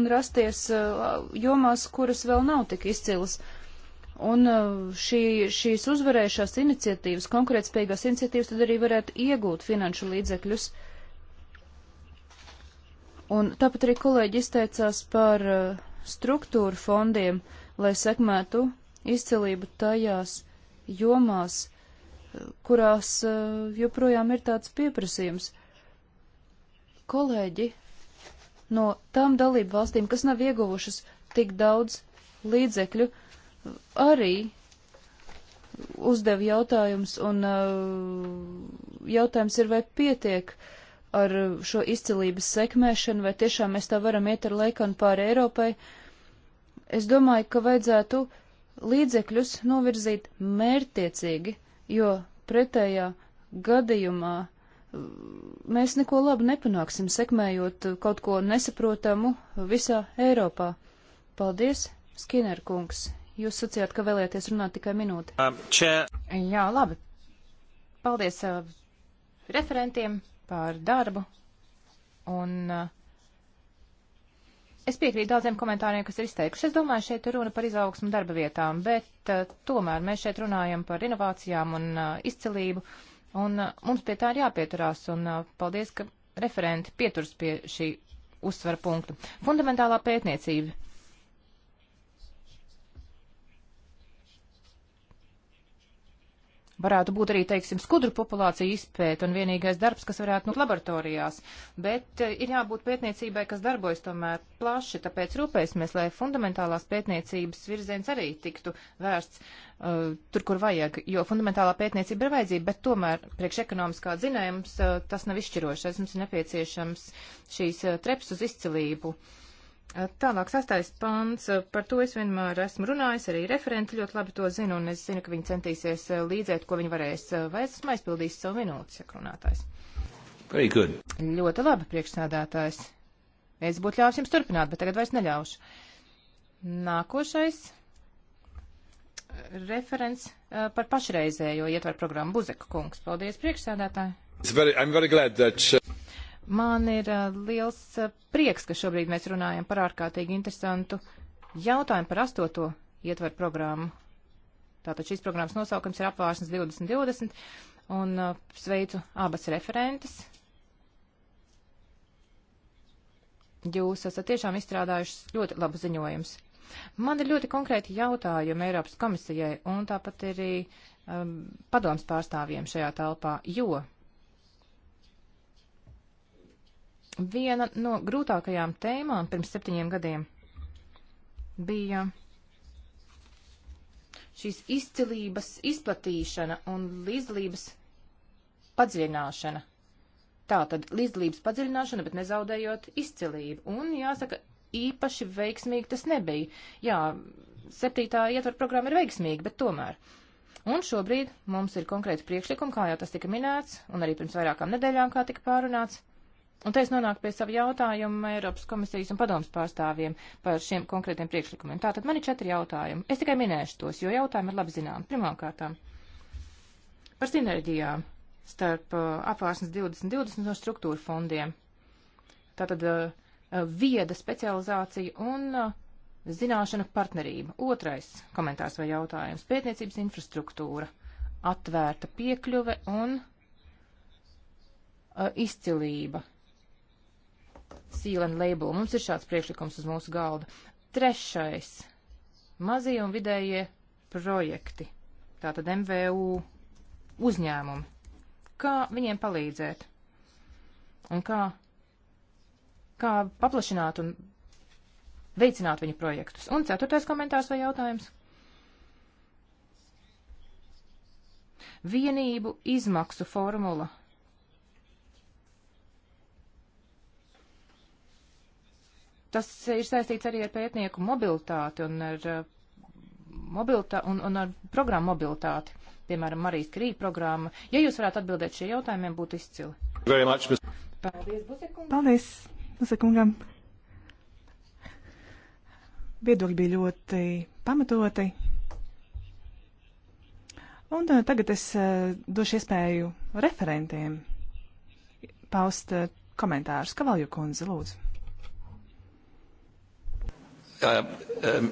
un rasties jomās, kuras vēl nav tik izcilas. Un uh, šī, šīs uzvarējušās iniciatīvas, konkurētspējīgās iniciatīvas, tad arī varētu iegūt finanšu līdzekļus. Un tāpat arī kolēģi izteicās par uh, struktūru fondiem, lai sekmētu izcelību tajās jomās, uh, kurās joprojām ir tāds pieprasījums. Kolēģi no tām dalību valstīm, kas nav ieguvušas tik daudz līdzekļu, uh, arī uzdev jautājumus, un uh, jautājums ir, vai pietiek ar šo izcilības sekmēšanu, vai tiešām mēs tā varam iet ar laiku un pāri Eiropai. Es domāju, ka vajadzētu līdzekļus novirzīt mērtiecīgi, jo pretējā gadījumā uh, mēs neko labu nepanāksim, sekmējot kaut ko nesaprotamu visā Eiropā. Paldies, Skinner kungs! Jūs sacījāt, ka vēlēties runāt tikai minūti. Um, čia... Jā, labi. Paldies uh, referentiem par darbu. Un uh, es piekrītu daudziem komentāriem, kas ir izteikuši. Es domāju, šeit ir runa par izaugsmu darba vietām, bet uh, tomēr mēs šeit runājam par inovācijām un uh, izcelību. Un uh, mums pie tā ir jāpieturās. Un uh, paldies, ka referenti pieturas pie šī uzsvara punktu. Fundamentālā pētniecība Varētu būt arī, teiksim, skudru populācija izpēta un vienīgais darbs, kas varētu būt laboratorijās, bet eh, ir jābūt pētniecībai, kas darbojas tomēr plaši, tāpēc rūpēsimies, lai fundamentālās pētniecības virziens arī tiktu vērsts uh, tur, kur vajag, jo fundamentālā pētniecība ir vajadzība, bet tomēr priekš ekonomiskā zinājums uh, eh, tas nav izšķirošais, mums ir nepieciešams šīs uh, treps uz izcilību. Uh, Tālāk sastais pants, par to es vienmēr esmu runājis, arī referenti ļoti labi to zinu, un es zinu, ka viņi centīsies eh, līdzēt, ko viņi varēs, eh, vai es esmu aizpildījis savu minūti, saka runātājs. Ļoti labi, priekšsādātājs. Es būtu ļāvis jums turpināt, bet tagad vairs neļaušu. Nākošais eh, referents par pašreizējo ietvaru programmu Buzeka kungs. Paldies, priekšsādātāji. Very, very that... Uh, Man ir liels prieks, ka šobrīd mēs runājam par ārkārtīgi interesantu jautājumu par astoto ietvaru programmu. Tātad šīs programmas nosaukums ir apvārsnes 2020 un sveicu abas referentes. Jūs esat tiešām izstrādājuši ļoti labu ziņojumus. Man ir ļoti konkrēti jautājumi Eiropas komisijai un tāpat arī um, padoms pārstāvjiem šajā telpā, jo Viena no grūtākajām tēmām pirms septiņiem gadiem bija šīs izcilības izplatīšana un līdzdalības padziļināšana. Tā tad līdzdalības padziļināšana, bet nezaudējot izcilību. Un jāsaka, īpaši veiksmīgi tas nebija. Jā, septītā ietvaru programma ir veiksmīga, bet tomēr. Un šobrīd mums ir konkrēti priekšlikumi, kā jau tas tika minēts, un arī pirms vairākām nedēļām, kā tika pārunāts. Un te es nonāku pie sava jautājuma Eiropas komisijas un padomas pārstāvjiem par šiem konkrētiem priekšlikumiem. Tātad man ir četri jautājumi. Es tikai minēšu tos, jo jautājumi ir labi zinām. Pirmkārt, par sinerģijām starp uh, apvārsnes 2020 un struktūra fondiem. Tātad uh, vieda specializācija un uh, zināšanu partnerība. Otrais komentārs vai jautājums - pētniecības infrastruktūra, atvērta piekļuve un uh, izcilība seal and label. Mums ir šāds priekšlikums uz mūsu galda. Trešais - mazie un vidējie projekti. Tātad MVU uzņēmumi. Kā viņiem palīdzēt? Un kā, kā paplašināt un veicināt viņu projektus? Un ceturtais komentārs vai jautājums? Vienību izmaksu formula Tas ir saistīts arī ar pētnieku mobilitāti un ar, uh, mobilitā, un, un ar programmu mobilitāti. Piemēram, Marijas Krī programma. Ja jūs varētu atbildēt šie jautājumiem, būtu izcili. Much, Paldies, Busekungam. Paldies, Busekungam. Viedokļi bija ļoti pamatoti. Un uh, tagad es uh, došu iespēju referentiem paust uh, komentārus. Kavalju kundze, lūdzu. Uh, uh,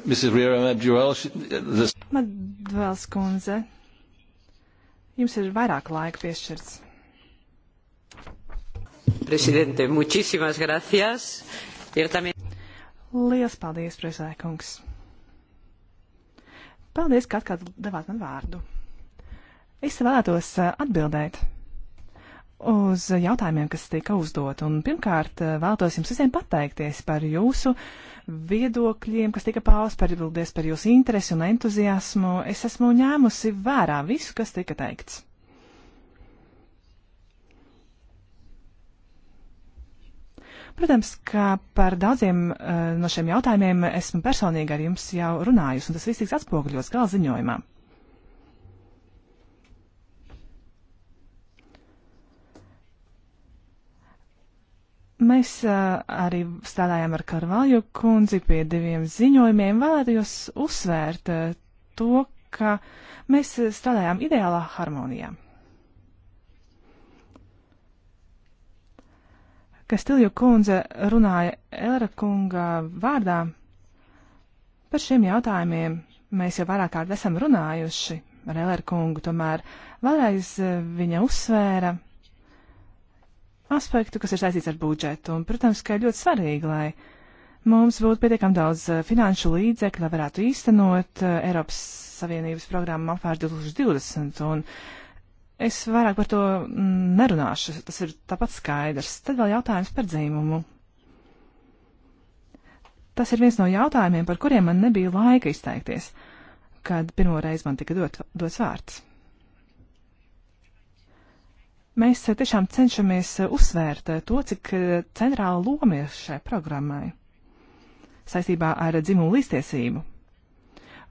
Mrs. Riera Madurell, uh, this... Madurells kundze, jums ir vairāk laika piešķirts. Presidente, muchísimas gracias. Yo también... Lielas paldies, prezēkungs. Paldies, ka atkal devāt man vārdu. Es vēlētos uh, atbildēt uz jautājumiem, kas tika uzdot. Un pirmkārt, eh, vēlos jums visiem pateikties par jūsu viedokļiem, kas tika paust, par, paldies par jūsu interesi un entuziasmu. Es esmu ņēmusi vērā visu, kas tika teikts. Protams, ka par daudziem uh, no šiem jautājumiem esmu personīgi ar jums jau runājusi, un tas viss tiks atspoguļots gala ziņojumā. Uh, Mēs arī strādājām ar Karvalju kundzi pie diviem ziņojumiem. Vēlētos uzsvērt to, ka mēs strādājām ideālā harmonijā. Kastilju kundze runāja Elra kunga vārdā. Par šiem jautājumiem mēs jau vairāk kārt esam runājuši ar Elra kungu, tomēr vēlreiz viņa uzsvēra aspektu, kas ir saistīts ar budžetu. Un, protams, ka ir ļoti svarīgi, lai mums būtu pietiekami daudz eh, finanšu līdzekļu, lai varētu īstenot eh, Eiropas Savienības programmu apvērs 2020. Un es vairāk par to mm, nerunāšu, tas ir tāpat skaidrs. Tad vēl jautājums par dzīmumu. Tas ir viens no jautājumiem, par kuriem man nebija laika izteikties, kad pirmo reizi man tika dot, dots vārds. Mēs eh, tiešām cenšamies eh, uzsvērt eh, to, cik centrāla loma ir šai programmai saistībā ar dzimumu līdztiesību.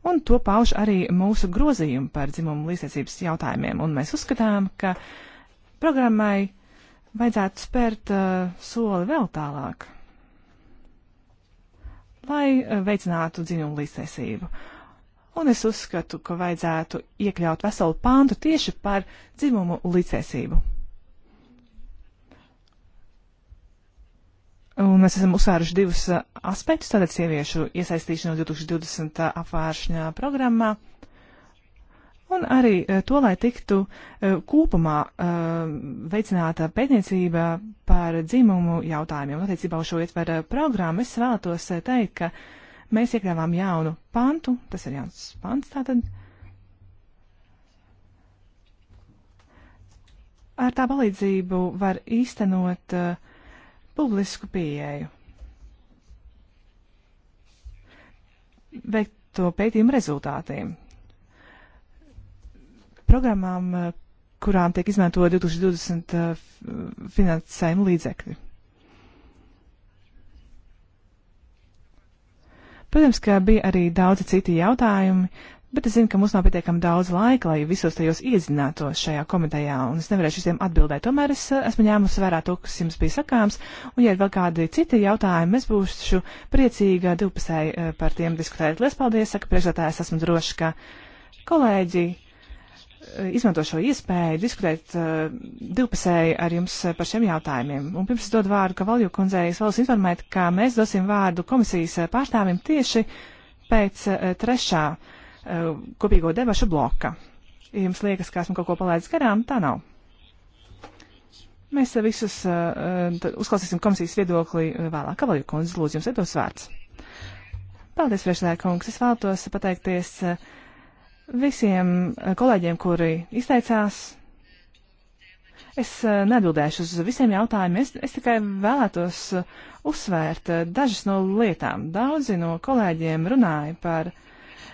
Un to pauž arī mūsu grozījumi par dzimumu līdztiesības jautājumiem, un mēs uzskatām, ka programmai vajadzētu spērt uh, soli vēl tālāk, lai uh, veicinātu dzimumu līdztiesību. Un es uzskatu, ka vajadzētu iekļaut veselu pāntu tieši par dzimumu līdztiesību. Un mēs esam uzsvēruši divus uh, aspektus, tātad sieviešu iesaistīšanu 2020. apvāršņā programmā un arī uh, to, lai tiktu uh, kopumā veicināta pētniecība par dzimumu jautājumiem. Attiecībā uz šo ietveru programmu es vēlētos teikt, ka mēs iekļāvām jaunu pantu, tas ir jauns pants tātad. Ar tā palīdzību var īstenot uh, publisku pieeju. Veikt to pētījumu rezultātiem. Programmām, eh, kurām tiek izmantot 2020 eh, finansējuma līdzekļi. Protams, ka bija arī daudzi citi jautājumi, bet es zinu, ka mums nav pietiekami daudz laika, lai visos tajos iezinātos šajā komitejā, un es nevarēšu visiem atbildēt. Tomēr es eh, esmu ņēmusi vērā to, kas jums bija sakāms, un ja ir vēl kādi citi jautājumi, es būšu priecīga divpusēji eh, par tiem diskutēt. Lies paldies, saka priekšsētājs, esmu droši, ka kolēģi eh, izmanto šo iespēju diskutēt uh, divpusēji ar jums par šiem jautājumiem. Un pirms es dodu vārdu Kavalju kundzei, es vēlos informēt, ka mēs dosim vārdu komisijas pārstāvim tieši pēc uh, trešā uh, Eh, kopīgo debašu bloka. Ja jums liekas, ka esmu kaut ko palaidis garām, tā nav. Mēs visus uh, uzklausīsim komisijas viedokli vēlāk. Kavalju kundze, lūdzu, jums ir dos vārds. Paldies, priekšsēdētājs. Es vēlos pateikties eh, visiem kolēģiem, kuri izteicās. Es nedodēšu uz visiem jautājumiem. Es, es tikai vēlētos uzsvērt dažas no lietām. Daudzi no kolēģiem runāja par uh,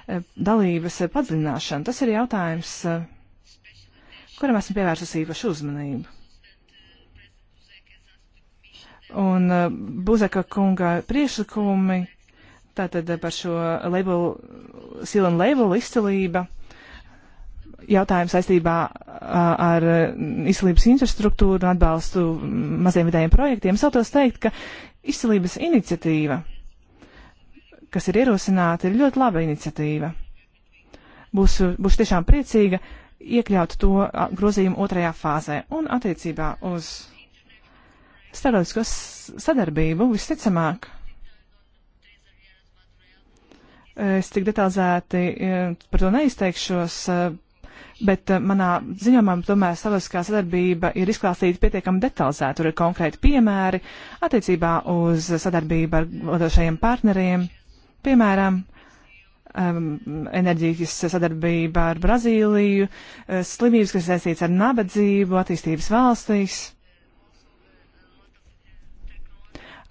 Eh, dalības eh, padziļināšanu. Tas ir jautājums, eh, kuram esmu pievērsus īpašu uzmanību. Un Buzeka kunga priekšlikumi, tātad par šo label, silenu labelu izcilība jautājums saistībā ar izcilības infrastruktūru un atbalstu mm, maziem vidējiem projektiem, es vēlos teikt, ka izcilības iniciatīva kas ir ierosināta, ir ļoti laba iniciatīva. Būs, būs tiešām priecīga iekļaut to grozījumu otrajā fāzē un attiecībā uz starptautisko sadarbību visticamāk. Es tik detalizēti e, par to neizteikšos, e, bet e, manā ziņojumā tomēr starptautiskā sadarbība ir izklāstīta pietiekami detalizēti. Tur ir konkrēti piemēri attiecībā uz sadarbību ar vadošajiem partneriem. Piemēram, um, enerģijas sadarbība ar Brazīliju, uh, slimības, kas saistīts ar nabadzību attīstības valstīs.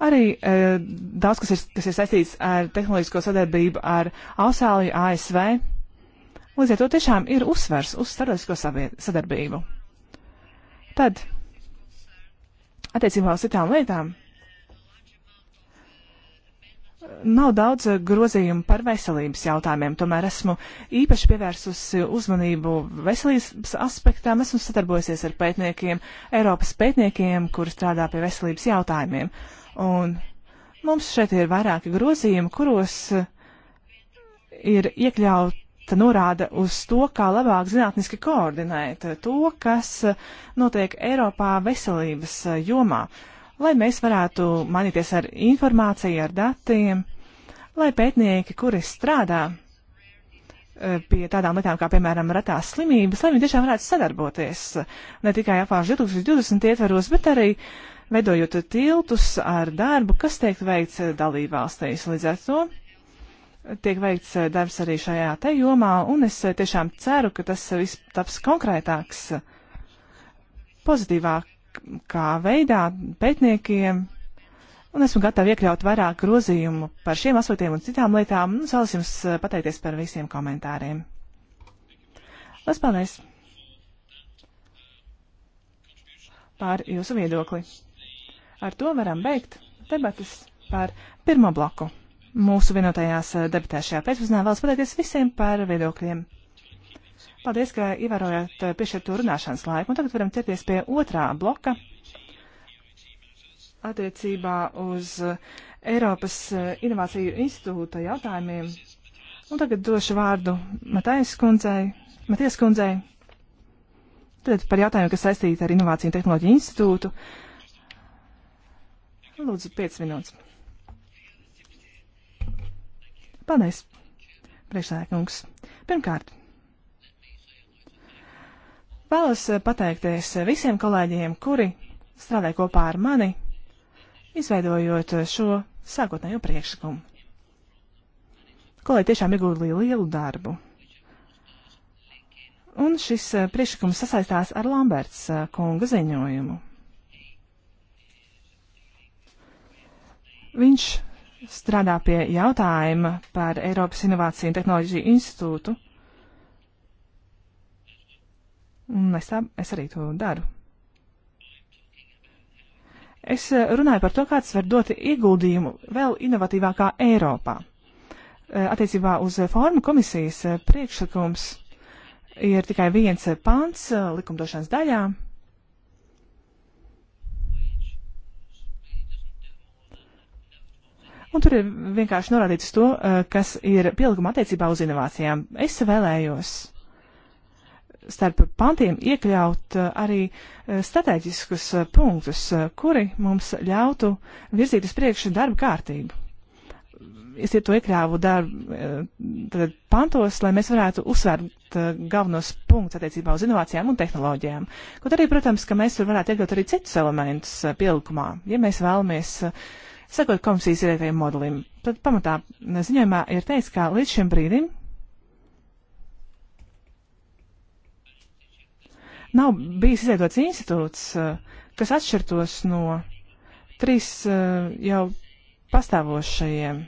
Arī uh, daudz, kas ir, kas ir saistīts ar tehnoloģisko sadarbību ar Austrāliju, ASV. Līdz ar to tiešām ir uzsvers uz starptautisko sadarbību. Tad, attiecībā uz citām lietām, Nav daudz eh, grozījumu par veselības jautājumiem, tomēr esmu īpaši pievērsusi uzmanību veselības aspektām. Esmu sadarbojusies ar pētniekiem, Eiropas pētniekiem, kuri strādā pie veselības jautājumiem. Un mums šeit ir vairāki grozījumi, kuros eh, ir iekļauta norāda uz to, kā labāk zinātniski koordinēt to, kas eh, notiek Eiropā veselības jomā. Uh, lai mēs varētu mainīties ar informāciju, ar datiem, lai pētnieki, kuri strādā eh, pie tādām lietām kā, piemēram, retās slimības, lai viņi tiešām varētu sadarboties ne tikai apvārš 2020 ietveros, bet arī veidojot tiltus ar darbu, kas tiek veikts dalībvalstīs. Līdz ar to tiek veikts eh, darbs arī šajā te jomā, un es eh, tiešām ceru, ka tas viss taps konkrētāks pozitīvāk kā veidā pētniekiem. Un esmu gatava iekļaut vairāk grozījumu par šiem aspektiem un citām lietām. Un nu, vēlos jums eh, pateikties par visiem komentāriem. Lielas paldies! Par jūsu viedokli. Ar to varam beigt debatas par pirmo bloku. Mūsu vienotajās eh, debatēs šajā pēcpusdienā vēlos pateikties visiem par viedokļiem. Paldies, ka ievērojat eh, piešķirto runāšanas laiku. Un tagad varam ķerties pie otrā bloka attiecībā uz eh, Eiropas eh, Inovāciju institūta jautājumiem. Un tagad došu vārdu Matēs kundzei. Matēs kundzei. Tad par jautājumu, kas saistīta ar Inovāciju un tehnoloģiju institūtu. Lūdzu, 5 minūtes. Paldies, priekšsēkungs. Pirmkārt, Vēlos eh, pateikties eh, visiem kolēģiem, kuri strādāja kopā ar mani, izveidojot eh, šo sākotnējo priekšlikumu. Kolēģi tiešām ieguldīja lielu darbu. Un šis priekšlikums sasaistās ar Lamberts kunga ziņojumu. Viņš strādā pie jautājuma par Eiropas Inovāciju un Tehnoloģiju institūtu Un es, tā, es arī to daru. Es eh, runāju par to, kāds var dot ieguldījumu vēl inovatīvākā Eiropā. Eh, attiecībā uz formu komisijas eh, priekšlikums ir tikai viens pāns likumdošanas daļā. Un tur ir vienkārši norādīts to, kas ir pielikuma attiecībā uz inovācijām. Es vēlējos starp pantiem iekļaut eh, arī eh, strateģiskus eh, punktus, kuri mums ļautu virzīt uz priekšu darba kārtību. Es ja to iekļāvu darbu pantos, lai mēs varētu uzsvērt galvenos punktus attiecībā uz inovācijām un tehnoloģijām. Kaut arī, protams, ka mēs tur varētu iekļaut arī citus elementus pielikumā, ja mēs vēlamies sakot komisijas ieteiktajiem modelim. Tad pamatā ziņojumā ir teiks, ka līdz šim brīdim nav bijis izveidots institūts, eh, kas atšķirtos no trīs eh, jau pastāvošajiem.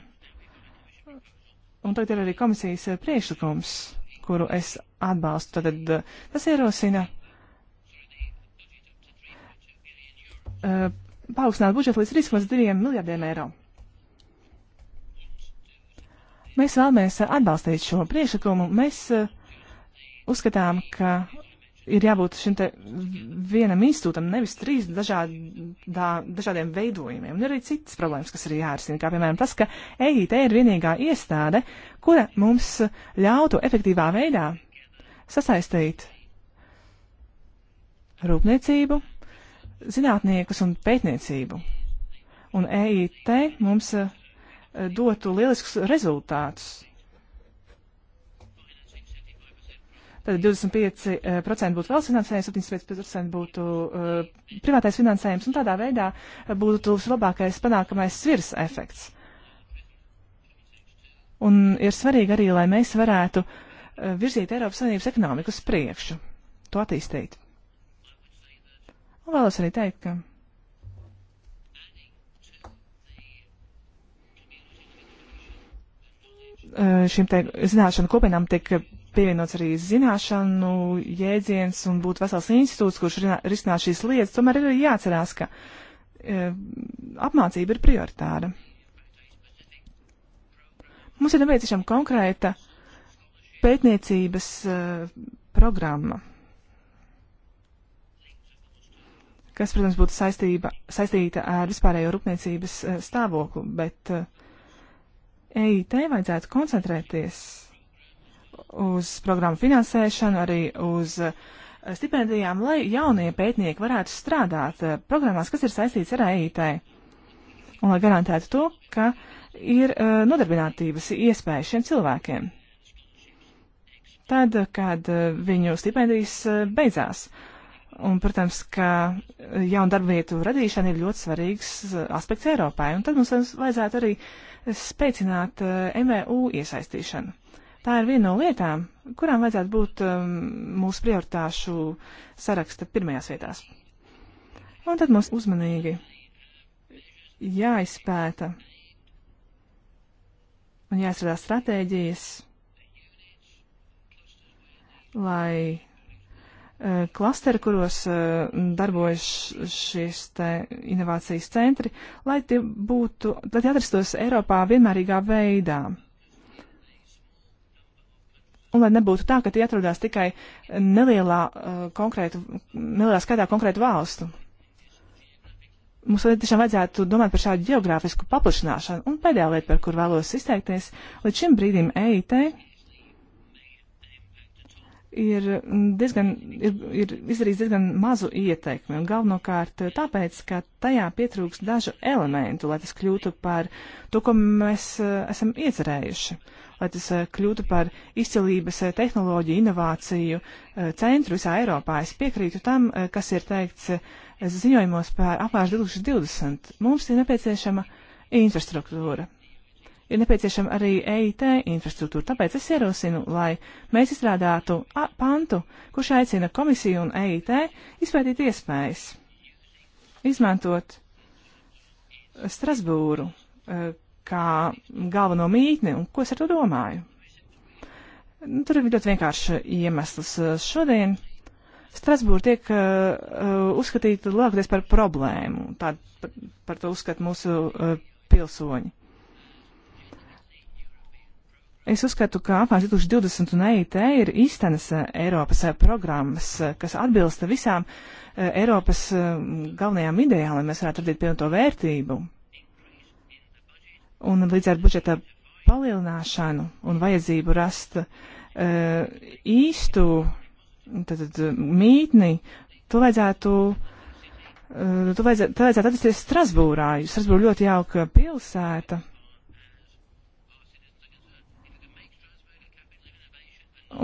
Un tagad ir arī komisijas eh, priekšlikums, kuru es atbalstu. Tad tas ierosina paaugstināt budžetu līdz 3,2 miljardiem eiro. Mēs vēlamies atbalstīt šo priekšlikumu. Mēs uzskatām, ka ir jābūt šim te vienam institūtam, nevis trīs dažādā, dažādiem veidojumiem. Un ir arī citas problēmas, kas ir jārisina, kā piemēram tas, ka EIT ir vienīgā iestāde, kura mums ļautu efektīvā veidā sasaistīt rūpniecību, zinātniekus un pētniecību. Un EIT mums eh, dotu lieliskus rezultātus Tad 25% eh, būtu valsts finansējums, 75% būtu uh, privātais finansējums, un tādā veidā būtu labākais panākamais svirs efekts. Un ir svarīgi arī, lai mēs varētu uh, virzīt Eiropas Savienības ekonomiku uz priekšu, to attīstīt. Un vēlos arī teikt, ka šīm zināšanu kopienām tiek pievienots arī zināšanu jēdziens un būtu vesels institūts, kurš risinās šīs lietas, tomēr ir jāatcerās, ka e, apmācība ir prioritāra. Mums ir nepieciešama konkrēta pētniecības e, programma, kas, protams, būtu saistība, saistīta ar vispārējo rūpniecības e, stāvokli, bet EIT e vajadzētu koncentrēties uz programmu finansēšanu, arī uz eh, stipendijām, lai jaunie pētnieki varētu strādāt eh, programmās, kas ir saistīts ar EIT. Un lai garantētu to, ka ir eh, nodarbinātības iespēja šiem cilvēkiem. Tad, kad viņu stipendijas beidzās. Un, protams, ka jaunu darbvietu radīšana ir ļoti svarīgs aspekts Eiropai, un tad mums vajadzētu arī spēcināt MVU iesaistīšanu. Tā ir viena no lietām, kurām vajadzētu būt um, mūsu prioritāšu saraksta pirmajās vietās. Un tad mums uzmanīgi jāizpēta un jāizstrādā stratēģijas, lai uh, klasteri, kuros uh, darbojas šīs te inovācijas centri, lai tie būtu, lai tie atrastos Eiropā vienmērīgā veidā. Un lai nebūtu tā, ka tie atrodas tikai nelielā, uh, konkrētu, nelielā skaitā konkrētu valstu. Mums tiešām vajadzētu domāt par šādu geogrāfisku paplašināšanu. Un pēdējā lieta, par kur vēlos izteikties, līdz šim brīdim EIT ir, diezgan, ir, ir izdarījis diezgan mazu ieteikumu. Galvenokārt tāpēc, ka tajā pietrūks dažu elementu, lai tas kļūtu par to, ko mēs uh, esam iecerējuši. Uh, lai tas eh, kļūtu par izcilības eh, tehnoloģiju, inovāciju eh, centru visā Eiropā. Es piekrītu tam, kas ir teikts ziņojumos par apmērs 2020. Mums ir nepieciešama infrastruktūra. Ir nepieciešama arī EIT infrastruktūra, tāpēc es ierosinu, lai mēs izstrādātu pantu, kurš aicina komisiju un EIT izpētīt iespējas izmantot Strasbūru kā galveno mītni, un ko es ar to domāju? Nu, tur ir ļoti vienkārši iemesls. Šodien Strasbūra tiek uh, uh, uzskatīta lielākoties par problēmu, tā par, par to uzskata mūsu uh, pilsoņi. Es uzskatu, ka apmēram 2020 un EIT ir īstenas uh, Eiropas uh, programmas, kas atbilsta visām Eiropas galvenajām idejām, lai mēs varētu radīt pievienoto vērtību. Un līdz ar budžeta palielināšanu un vajadzību rast uh, īstu tad, tad, mītni, to vajadzētu. Uh, e, tu vajadzētu, tev vajadzētu atrasties Strasbūrā, jo Strasbūra ļoti jauka pilsēta.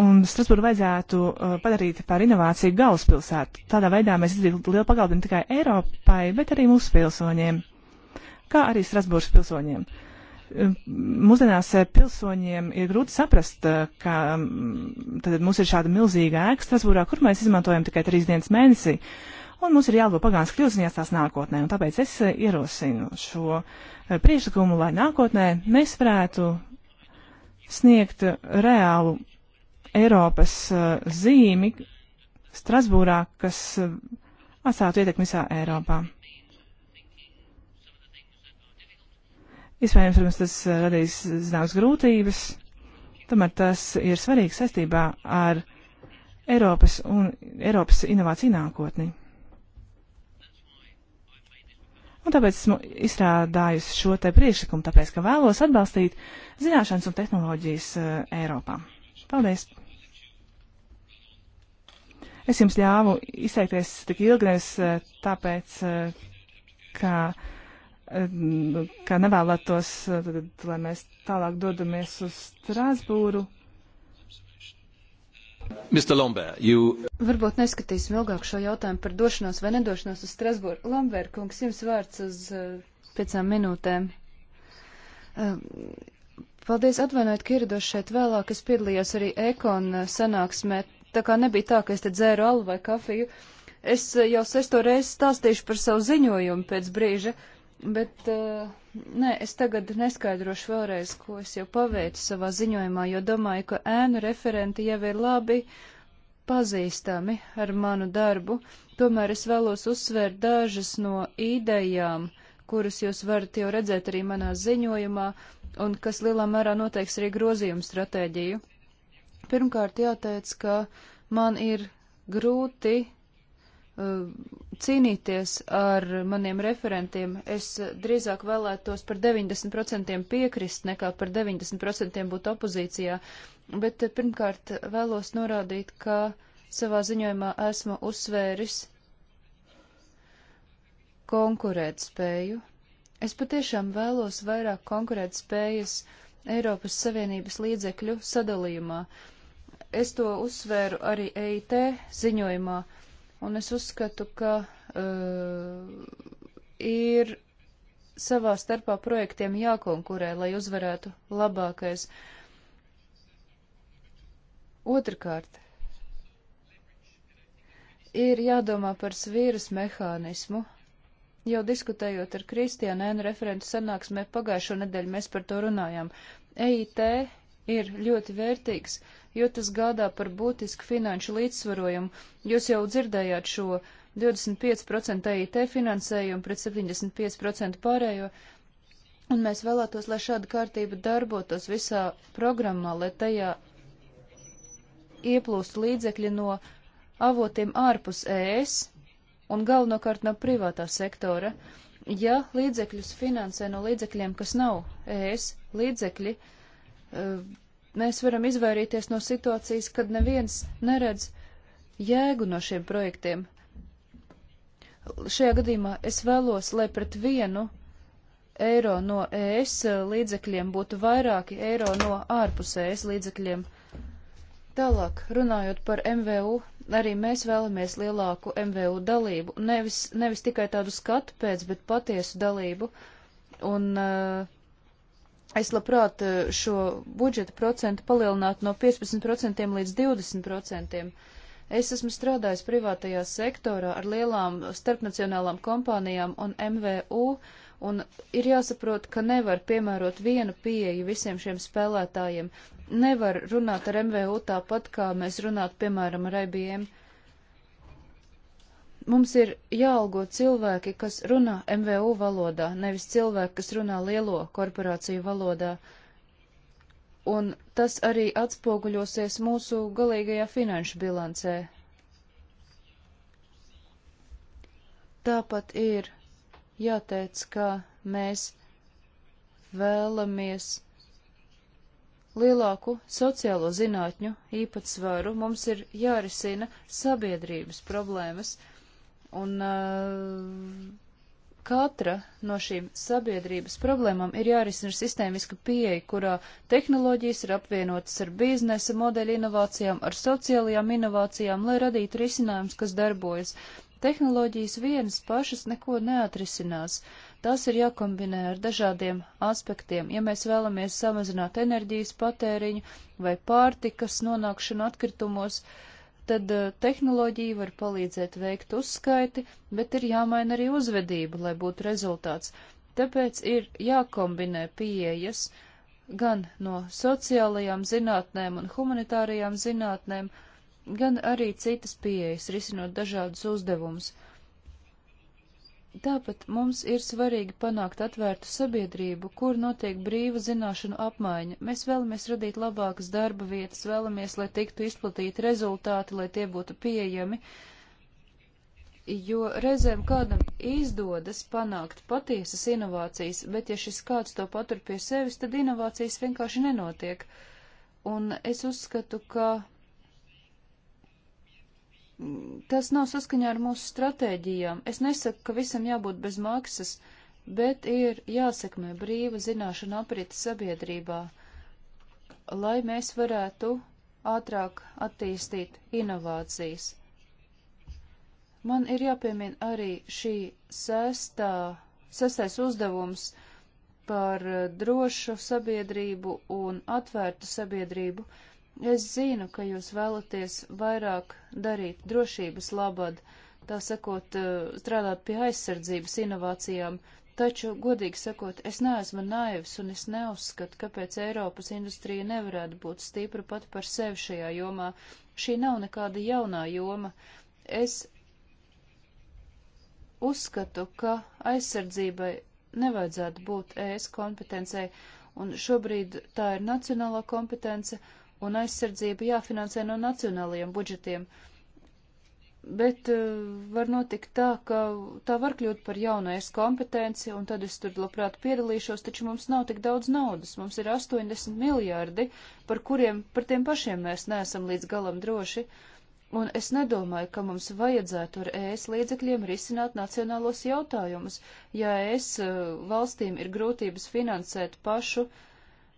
Un Strasbūru vajadzētu uh, padarīt par inovāciju galvaspilsētu. Tādā veidā mēs izdarītu lielu pagalbinu tikai Eiropai, bet arī mūsu pilsoņiem kā arī Strasbūras pilsoņiem. Ehm, mūsdienās eh, pilsoņiem ir grūti saprast, eh, ka tad mums ir šāda milzīga ēka Strasbūrā, kur mēs izmantojam tikai trīs dienas mēnesī, un mums ir jālabo pagāns kļūziņās tās nākotnē, un tāpēc es eh, ierosinu šo priekšlikumu, lai nākotnē mēs varētu sniegt reālu Eiropas zīmi Strasbūrā, kas atstātu ietekmi visā Eiropā. Iespējams, protams, tas eh, radīs zināmas grūtības, tomēr tas ir svarīgi saistībā ar Eiropas un Eiropas inovāciju nākotni. Un tāpēc esmu izstrādājusi šo te priekšlikumu, tāpēc, ka vēlos atbalstīt zināšanas un tehnoloģijas uh, Eiropā. Paldies! Es jums ļāvu izteikties tik ilgi, nevis uh, tāpēc, uh, ka kā nevēlētos, tad, lai mēs tālāk dodamies uz Strāsbūru. Lambert, you... Varbūt neskatīsim ilgāk šo jautājumu par došanos vai nedošanos uz Strasbūru. Lambert, kungs, jums vārds uz uh, piecām minūtēm. Uh, paldies, atvainojiet, ka ierados šeit vēlāk. Es piedalījos arī ekon eh, sanāksmē. Tā kā nebija tā, ka es te dzēru alu vai kafiju. Es uh, jau sesto reizi stāstīšu par savu ziņojumu pēc brīža. Uh, Bet, eh, nē, es tagad neskaidrošu vēlreiz, ko es jau paveicu savā ziņojumā, jo domāju, ka ēnu referenti jau ir labi pazīstami ar manu darbu. Tomēr es vēlos uzsvērt dažas no idejām, kuras jūs varat jau redzēt arī manā ziņojumā, un kas lielā mērā noteiks arī grozījumu stratēģiju. Pirmkārt, jāteic, ka man ir grūti Eh, cīnīties ar maniem referentiem. Es drīzāk vēlētos par 90% piekrist, nekā par 90% būt opozīcijā. Bet eh, pirmkārt vēlos norādīt, ka savā ziņojumā esmu uzsvēris konkurēt spēju. Es patiešām vēlos vairāk konkurēt spējas Eiropas Savienības līdzekļu sadalījumā. Es to uzsvēru arī EIT ziņojumā. Uh, Un es uzskatu, ka uh, ir savā starpā projektiem jākonkurē, lai uzvarētu labākais. Otrakārt, ir jādomā par svīras mehānismu. Jau diskutējot ar Kristiānu Ēnu referentu sanāksmē pagājušo nedēļu mēs par to runājām. EIT ir ļoti vērtīgs, jo tas gādā par būtisku finanšu līdzsvarojumu. Jūs jau dzirdējāt šo 25% EIT e finansējumu pret 75% pārējo, un mēs vēlētos, lai šāda kārtība darbotos visā programmā, lai tajā ieplūst līdzekļi no avotiem ārpus ES un galvenokārt no privātā sektora. Ja līdzekļus finansē no līdzekļiem, kas nav ES līdzekļi, uh, Eh, mēs varam izvairīties no situācijas, kad neviens neredz jēgu no šiem projektiem. Šajā gadījumā es vēlos, lai pret vienu eiro no ES līdzekļiem būtu vairāki eiro no ārpus ES līdzekļiem. Tālāk, runājot par MVU, arī mēs vēlamies lielāku MVU dalību, nevis, nevis tikai tādu skatu pēc, bet patiesu dalību. Un uh, Es labprāt eh, šo budžeta procentu palielinātu no 15% līdz 20%. Es esmu strādājis privātajā sektorā ar lielām starpnacionālām kompānijām un MVU, un ir jāsaprot, ka nevar piemērot vienu pieeju visiem šiem spēlētājiem. Nevar runāt ar MVU tāpat, kā mēs runātu, piemēram, ar IBM. Uh, Mums ir jāalgo cilvēki, kas runā MVU valodā, nevis cilvēki, kas runā lielo korporāciju valodā. Un tas arī atspoguļosies mūsu galīgajā finanšu bilancē. Tāpat ir jāteic, ka mēs vēlamies lielāku sociālo zinātņu īpatsvaru. Mums ir jārisina sabiedrības problēmas. Un eh, katra no šīm sabiedrības problēmām ir jārisina sistēmiska pieeja, kurā tehnoloģijas ir apvienotas ar biznesa modeļu inovācijām, ar sociālajām inovācijām, lai radītu risinājums, kas darbojas. Tehnoloģijas vienas pašas neko neatrisinās. Tās ir jākombinē ar dažādiem aspektiem. Ja mēs vēlamies samazināt enerģijas patēriņu vai pārtikas nonākšanu atkritumos, uh, tad eh, tehnoloģija var palīdzēt veikt uzskaiti, bet ir jāmaina arī uzvedība, lai būtu rezultāts. Tāpēc ir jākombinē pieejas gan no sociālajām zinātnēm un humanitārajām zinātnēm, gan arī citas pieejas, risinot dažādus uzdevumus. Tāpat mums ir svarīgi panākt atvērtu sabiedrību, kur notiek brīva zināšanu apmaiņa. Mēs vēlamies radīt labākas darba vietas, vēlamies, lai tiktu izplatīti rezultāti, lai tie būtu pieejami, jo reizēm kādam izdodas panākt patiesas inovācijas, bet ja šis kāds to patur pie sevis, tad inovācijas vienkārši nenotiek. Un es uzskatu, ka tas nav saskaņā ar mūsu stratēģijām. Es nesaku, ka visam jābūt bez maksas, bet ir jāsekmē brīva zināšana aprita sabiedrībā, lai mēs varētu ātrāk attīstīt inovācijas. Man ir jāpiemina arī šī sestā, sestais uzdevums par drošu sabiedrību un atvērtu sabiedrību. Uh, Es zinu, ka jūs vēlaties vairāk darīt drošības labad, tā sakot, eh, strādāt pie aizsardzības inovācijām, Taču, godīgi sakot, es neesmu naivs un es neuzskatu, kāpēc Eiropas industrija nevarētu būt stipra pat par sevi šajā jomā. Šī nav nekāda jaunā joma. Es uzskatu, ka aizsardzībai nevajadzētu būt ES kompetencei, un šobrīd tā ir nacionālā kompetence, un aizsardzība jāfinansē no nacionālajiem budžetiem. Bet uh, var notikt tā, ka tā var kļūt par jaunais kompetenci, un tad es tur labprāt piedalīšos, taču mums nav tik daudz naudas. Mums ir 80 miljārdi, par kuriem par tiem pašiem mēs neesam līdz galam droši. Un es nedomāju, ka mums vajadzētu ar ES līdzekļiem risināt nacionālos jautājumus, ja ES eh, valstīm ir grūtības finansēt pašu uh,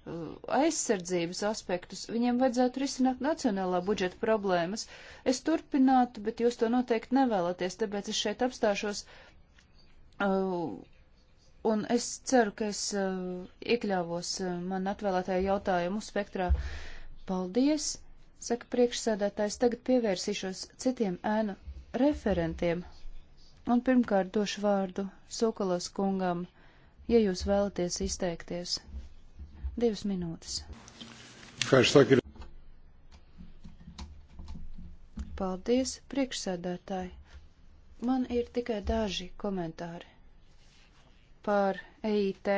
Uh, aizsardzības aspektus, viņiem vajadzētu risināt nacionālā budžeta problēmas. Es turpinātu, bet jūs to noteikti nevēlaties, tāpēc es šeit apstāšos. Uh, un es ceru, ka es uh, iekļāvos man atvēlētajā jautājumu spektrā. Paldies, saka priekšsēdētājs, tagad pievērsīšos citiem ēnu referentiem. Un pirmkārt došu vārdu Sokolas kungam, ja jūs vēlaties izteikties. Divas minūtes. Paldies, priekšsēdētāji. Man ir tikai daži komentāri par EIT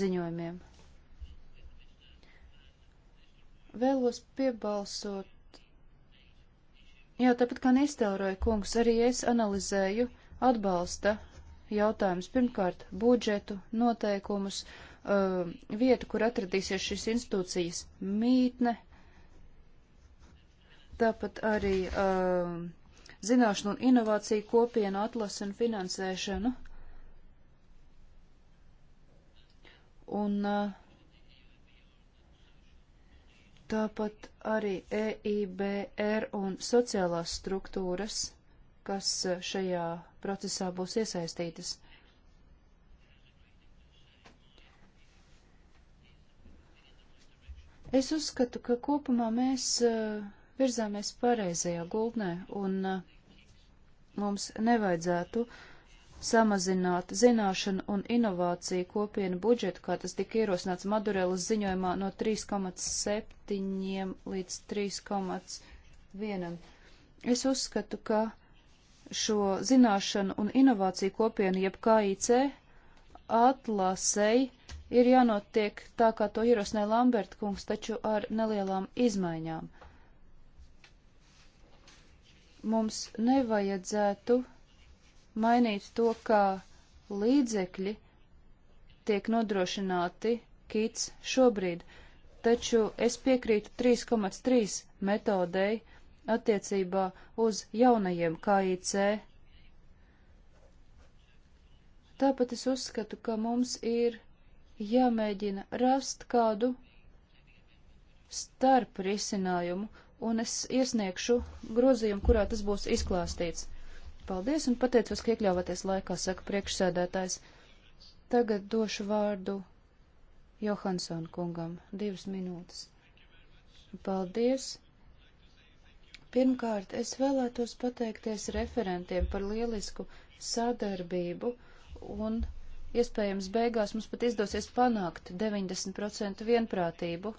ziņojumiem. Vēlos piebalsot Jā, tāpat kā Nīstelroja kungs, arī es analizēju atbalsta jautājumus. Pirmkārt, budžetu, noteikumus, uh, vietu, kur atradīsies šīs institūcijas mītne, tāpat arī uh, zināšanu un inovāciju kopienu atlasu un finansēšanu. Un uh, tāpat arī EIBR un sociālās struktūras, kas uh, šajā procesā būs iesaistītas. Es uzskatu, ka kopumā mēs eh, virzāmies pareizajā gultnē un eh, mums nevajadzētu samazināt zināšanu un inovāciju kopienu budžetu, kā tas tika ierosināts Madurelas ziņojumā no 3,7 līdz 3,1. Es uzskatu, ka šo zināšanu un inovāciju kopienu, jeb KIC, atlasei ir jānotiek tā, kā to ierosnē Lambert kungs, taču ar nelielām izmaiņām. Mums nevajadzētu mainīt to, kā līdzekļi tiek nodrošināti kīts šobrīd, taču es piekrītu 3,3 metodei attiecībā uz jaunajiem KIC. Tāpat es uzskatu, ka mums ir jāmēģina rast kādu starp risinājumu, un es iesniegšu grozījumu, kurā tas būs izklāstīts. Paldies un pateicos, ka iekļāvāties laikā, saka priekšsēdētājs. Tagad došu vārdu Johansona kungam. Divas minūtes. Paldies. Pirmkārt, es vēlētos pateikties referentiem par lielisku sadarbību un Iespējams, beigās mums pat izdosies panākt 90% vienprātību.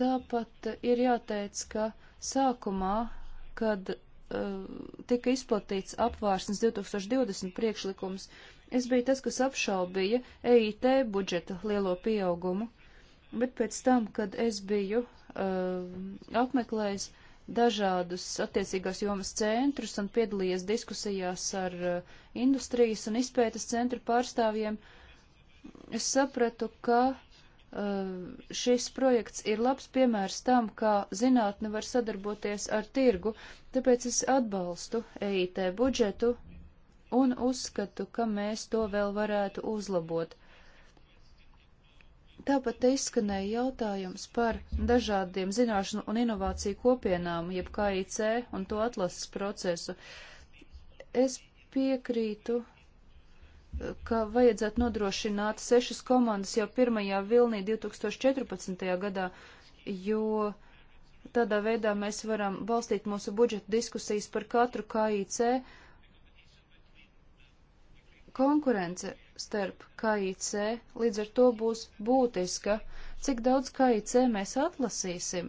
Tāpat ir jāteic, ka sākumā, kad uh, tika izplatīts apvārsnes 2020 priekšlikums, es biju tas, kas apšaubīja EIT budžeta lielo pieaugumu, bet pēc tam, kad es biju uh, apmeklējis uh, dažādus attiecīgās jomas centrus un piedalījies diskusijās ar uh, industrijas un izpētes centru pārstāvjiem, es sapratu, ka uh, šis projekts ir labs piemērs tam, kā zinātne var sadarboties ar tirgu, tāpēc es atbalstu EIT budžetu un uzskatu, ka mēs to vēl varētu uzlabot. Tāpat izskanēja jautājums par dažādiem zināšanu un inovāciju kopienām, jeb KIC un to atlases procesu. Es piekrītu, ka vajadzētu nodrošināt sešas komandas jau pirmajā vilnī 2014. gadā, jo tādā veidā mēs varam balstīt mūsu budžeta diskusijas par katru KIC konkurence starp KIC līdz ar to būs būtiska, cik daudz KIC mēs atlasīsim.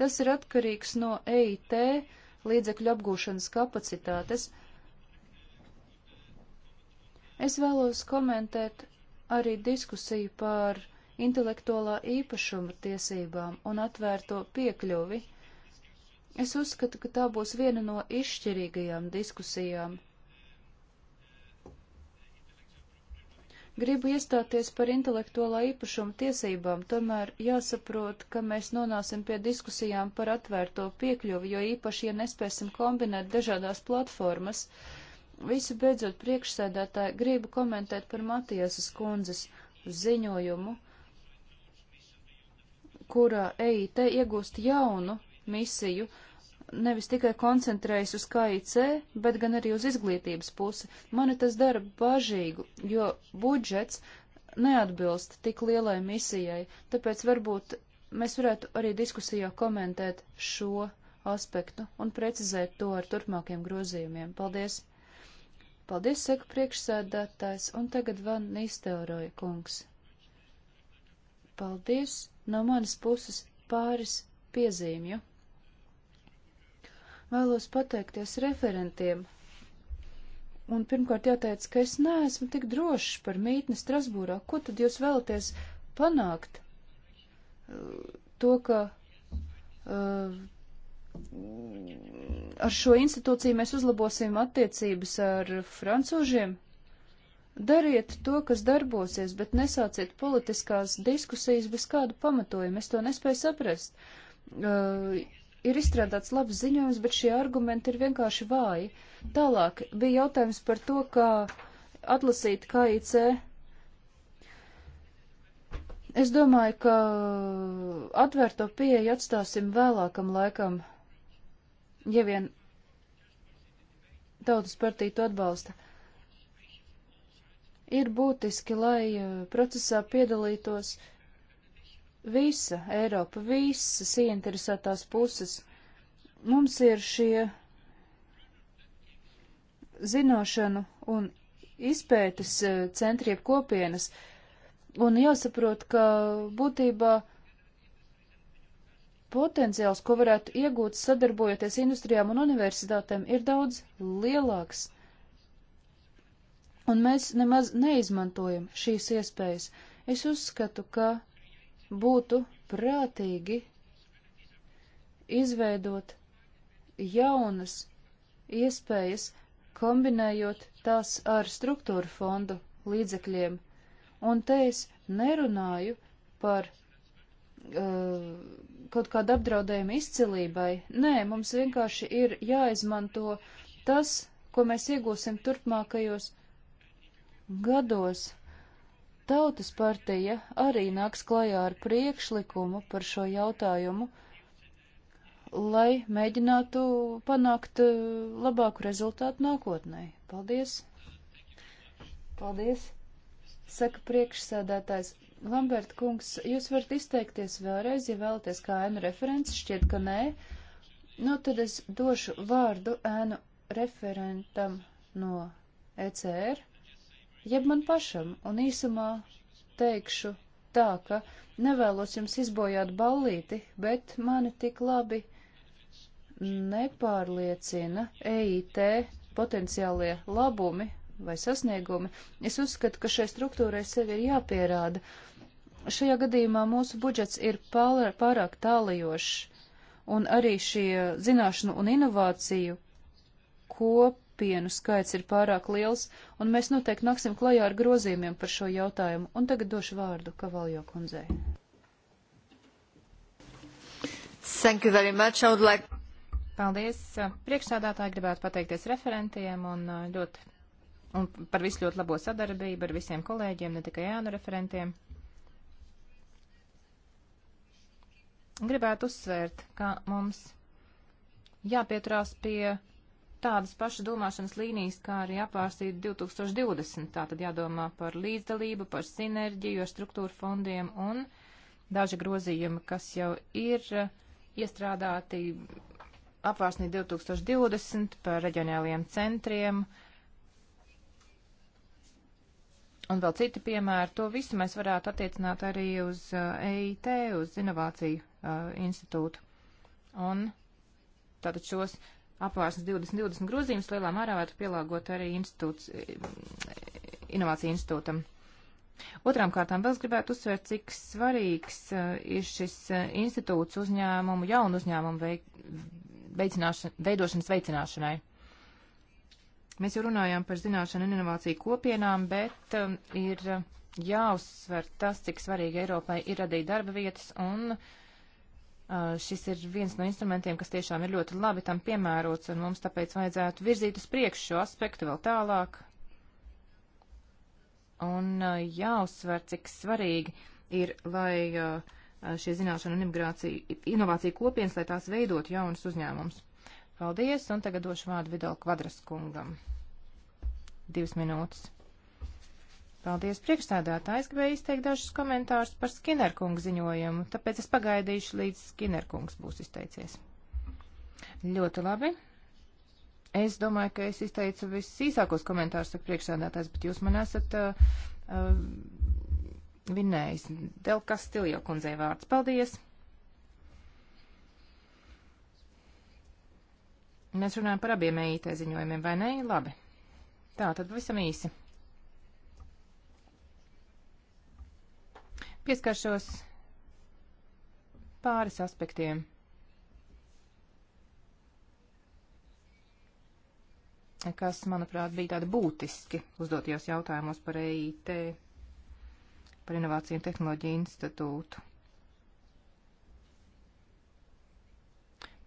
Tas ir atkarīgs no EIT līdzekļu apgūšanas kapacitātes. Es vēlos komentēt arī diskusiju par intelektuālā īpašuma tiesībām un atvērto piekļuvi. Es uzskatu, ka tā būs viena no izšķirīgajām diskusijām Gribu iestāties par intelektuālā īpašuma tiesībām, tomēr jāsaprot, ka mēs nonāsim pie diskusijām par atvērto piekļuvi, jo īpaši, ja nespēsim kombinēt dažādās platformas. Visu beidzot priekšsēdētāji gribu komentēt par Matiasas kundzes ziņojumu, kurā EIT iegūst jaunu misiju, uh, nevis tikai koncentrējas uz KIC, bet gan arī uz izglītības pusi. Mani tas dara bažīgu, jo budžets neatbilst tik lielai misijai, tāpēc varbūt mēs varētu arī diskusijā komentēt šo aspektu un precizēt to ar turpmākiem grozījumiem. Paldies! Paldies, saka priekšsēdētājs, un tagad van Nīsteoroja kungs. Paldies! No manas puses pāris piezīmju. Vēlos pateikties referentiem. Un pirmkārt jāteic, ka es neesmu tik drošs par mītni Strasbūrā. Ko tad jūs vēlaties panākt? To, ka uh, ar šo institūciju mēs uzlabosim attiecības ar francūžiem? Dariet to, kas darbosies, bet nesāciet politiskās diskusijas bez kādu pamatojumu. Es to nespēju saprast. Uh, ir izstrādāts labs ziņojums, bet šie argumenti ir vienkārši vāji. Tālāk bija jautājums par to, kā atlasīt KIC. Es domāju, ka atvērto pieeju atstāsim vēlākam laikam, ja vien tautas partija to atbalsta. Ir būtiski, lai eh, procesā piedalītos uh, visa Eiropa, visas ieinteresētās puses. Mums ir šie zinošanu un izpētes e, centriem kopienas, un jāsaprot, ka būtībā potenciāls, ko varētu iegūt sadarbojoties industrijām un universitātēm, ir daudz lielāks. Un mēs nemaz neizmantojam šīs iespējas. Es uzskatu, ka būtu prātīgi izveidot jaunas iespējas, kombinējot tās ar struktūra fondu līdzekļiem. Un te es nerunāju par uh, kaut kādu apdraudējumu izcilībai. Nē, mums vienkārši ir jāizmanto tas, ko mēs iegūsim turpmākajos gados. Tautas partija arī nāks klajā ar priekšlikumu par šo jautājumu, lai mēģinātu panākt eh, labāku rezultātu nākotnē. Paldies! Paldies! Saka priekšsēdētājs. Lambert kungs, jūs varat izteikties vēlreiz, ja vēlaties kā ēnu referents, šķiet, ka nē. Nu, tad es došu vārdu ēnu referentam no ECR jeb man pašam, un īsumā teikšu tā, ka nevēlos jums izbojāt ballīti, bet mani tik labi nepārliecina EIT potenciālie labumi vai sasniegumi. Es uzskatu, ka šai struktūrai sevi ir jāpierāda. Šajā gadījumā mūsu budžets ir pārāk tālajošs, un arī šie zināšanu un inovāciju kop kopienu skaits ir pārāk liels, un mēs noteikti nāksim klajā ar grozījumiem par šo jautājumu. Un tagad došu vārdu Kavaljo kundzei. Thank you very much. I would like... Paldies. Priekšsādātāji gribētu pateikties referentiem un uh, ļoti, un par visu ļoti labo sadarbību ar visiem kolēģiem, ne tikai Jānu referentiem. Gribētu uzsvērt, ka mums jāpieturās pie tādas pašas domāšanas līnijas, kā arī apvārsīt 2020. Tā tad jādomā par līdzdalību, par sinerģiju ar struktūra fondiem un daži grozījumi, kas jau ir eh, iestrādāti apvārsnī 2020 par reģionāliem centriem. Un vēl citi piemēri, to visu mēs varētu attiecināt arī uz EIT, eh, e uz Inovāciju uh, institūtu. Un tātad šos apvārsnes 2020 grozījums lielā mērā varētu pielāgot arī institūts, inovāciju institūtam. Otrām kārtām vēl es gribētu uzsvērt, cik svarīgs uh, ir šis uh, institūts uzņēmumu, jaunu uzņēmumu veik, veidošanas veicināšanai. Mēs jau runājām par zināšanu un inovāciju kopienām, bet uh, ir jāuzsver tas, cik svarīgi Eiropai ir radīt darba vietas un uh, Uh, šis ir viens no instrumentiem, kas tiešām ir ļoti labi tam piemērots, un mums tāpēc vajadzētu virzīt uz priekšu šo aspektu vēl tālāk. Un uh, jāuzsver, cik svarīgi ir, lai uh, šie zināšana un inovācija kopienas, lai tās veidot jaunas uzņēmums. Paldies, un tagad došu vārdu Vidal Kvadraskungam. Divas minūtes. Paldies priekšstādātā. Es gribēju izteikt dažus komentārus par Skinnerkungu ziņojumu, tāpēc es pagaidīšu, līdz Skinnerkungs būs izteicies. Ļoti labi. Es domāju, ka es izteicu visīsākos komentārus ar priekšsādātājs, bet jūs man esat uh, uh, vinnējis. Del Kastiljo kundzei vārds. Paldies! Mēs runājam par abiem EIT ziņojumiem, vai ne? Labi. Tā, tad pavisam īsi. Pieskaršos pāris aspektiem. kas, manuprāt, bija tādi būtiski uzdotajos jautājumos par EIT, par Inovāciju un tehnoloģiju institūtu.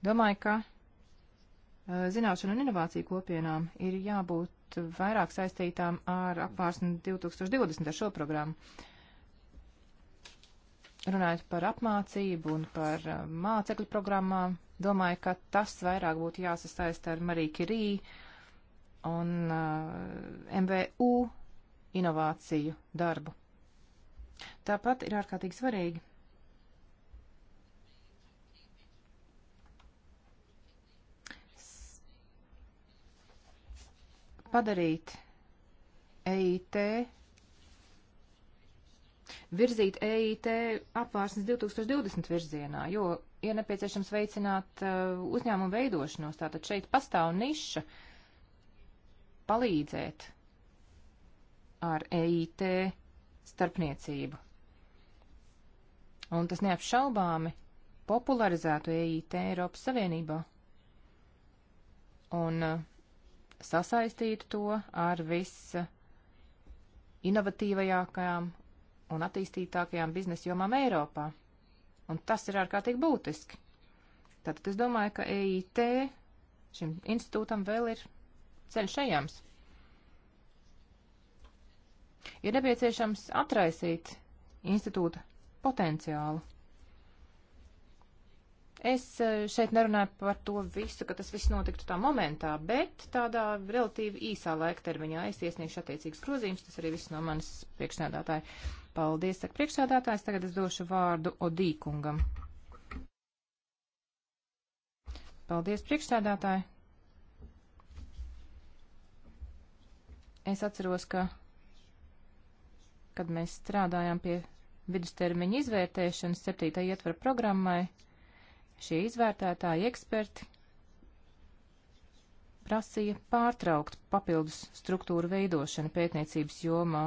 Domāju, ka eh, zināšanu un inovāciju kopienām ir jābūt vairāk saistītām ar apvārsni 2020 ar šo programmu. Runājot par apmācību un par eh, mācekļu programmām, domāju, ka tas vairāk būtu jāsasaista ar Mariju Kirī un uh, eh, MVU inovāciju darbu. Tāpat ir ārkārtīgi svarīgi padarīt EIT virzīt EIT apvārsnes 2020 virzienā, jo ir nepieciešams veicināt uh, uzņēmumu veidošanos. Tātad šeit pastāv niša palīdzēt ar EIT starpniecību. Un tas neapšaubāmi popularizētu EIT Eiropas Savienībā un uh, sasaistītu to ar visu uh, inovatīvajākajām un attīstītākajām biznesa jomām Eiropā. Un tas ir ārkārtīgi būtiski. Tātad es domāju, ka EIT šim institūtam vēl ir ceļš ejams. Ir nepieciešams atraisīt institūta potenciālu. Es eh, šeit nerunāju par to visu, ka tas viss notiktu tā momentā, bet tādā relatīvi īsā laika termiņā es iesniegšu attiecīgas grozījumus. Tas arī viss no manas priekšsēdātāja. Paldies, saka priekšsēdātājs. Tagad es došu vārdu Odīkungam. Paldies, priekšsēdātāji. Es atceros, ka, kad mēs strādājām pie vidustermiņa izvērtēšanas septītā ietvara programmai, Šie izvērtētāji eksperti prasīja pārtraukt papildus struktūru veidošanu pētniecības jomā.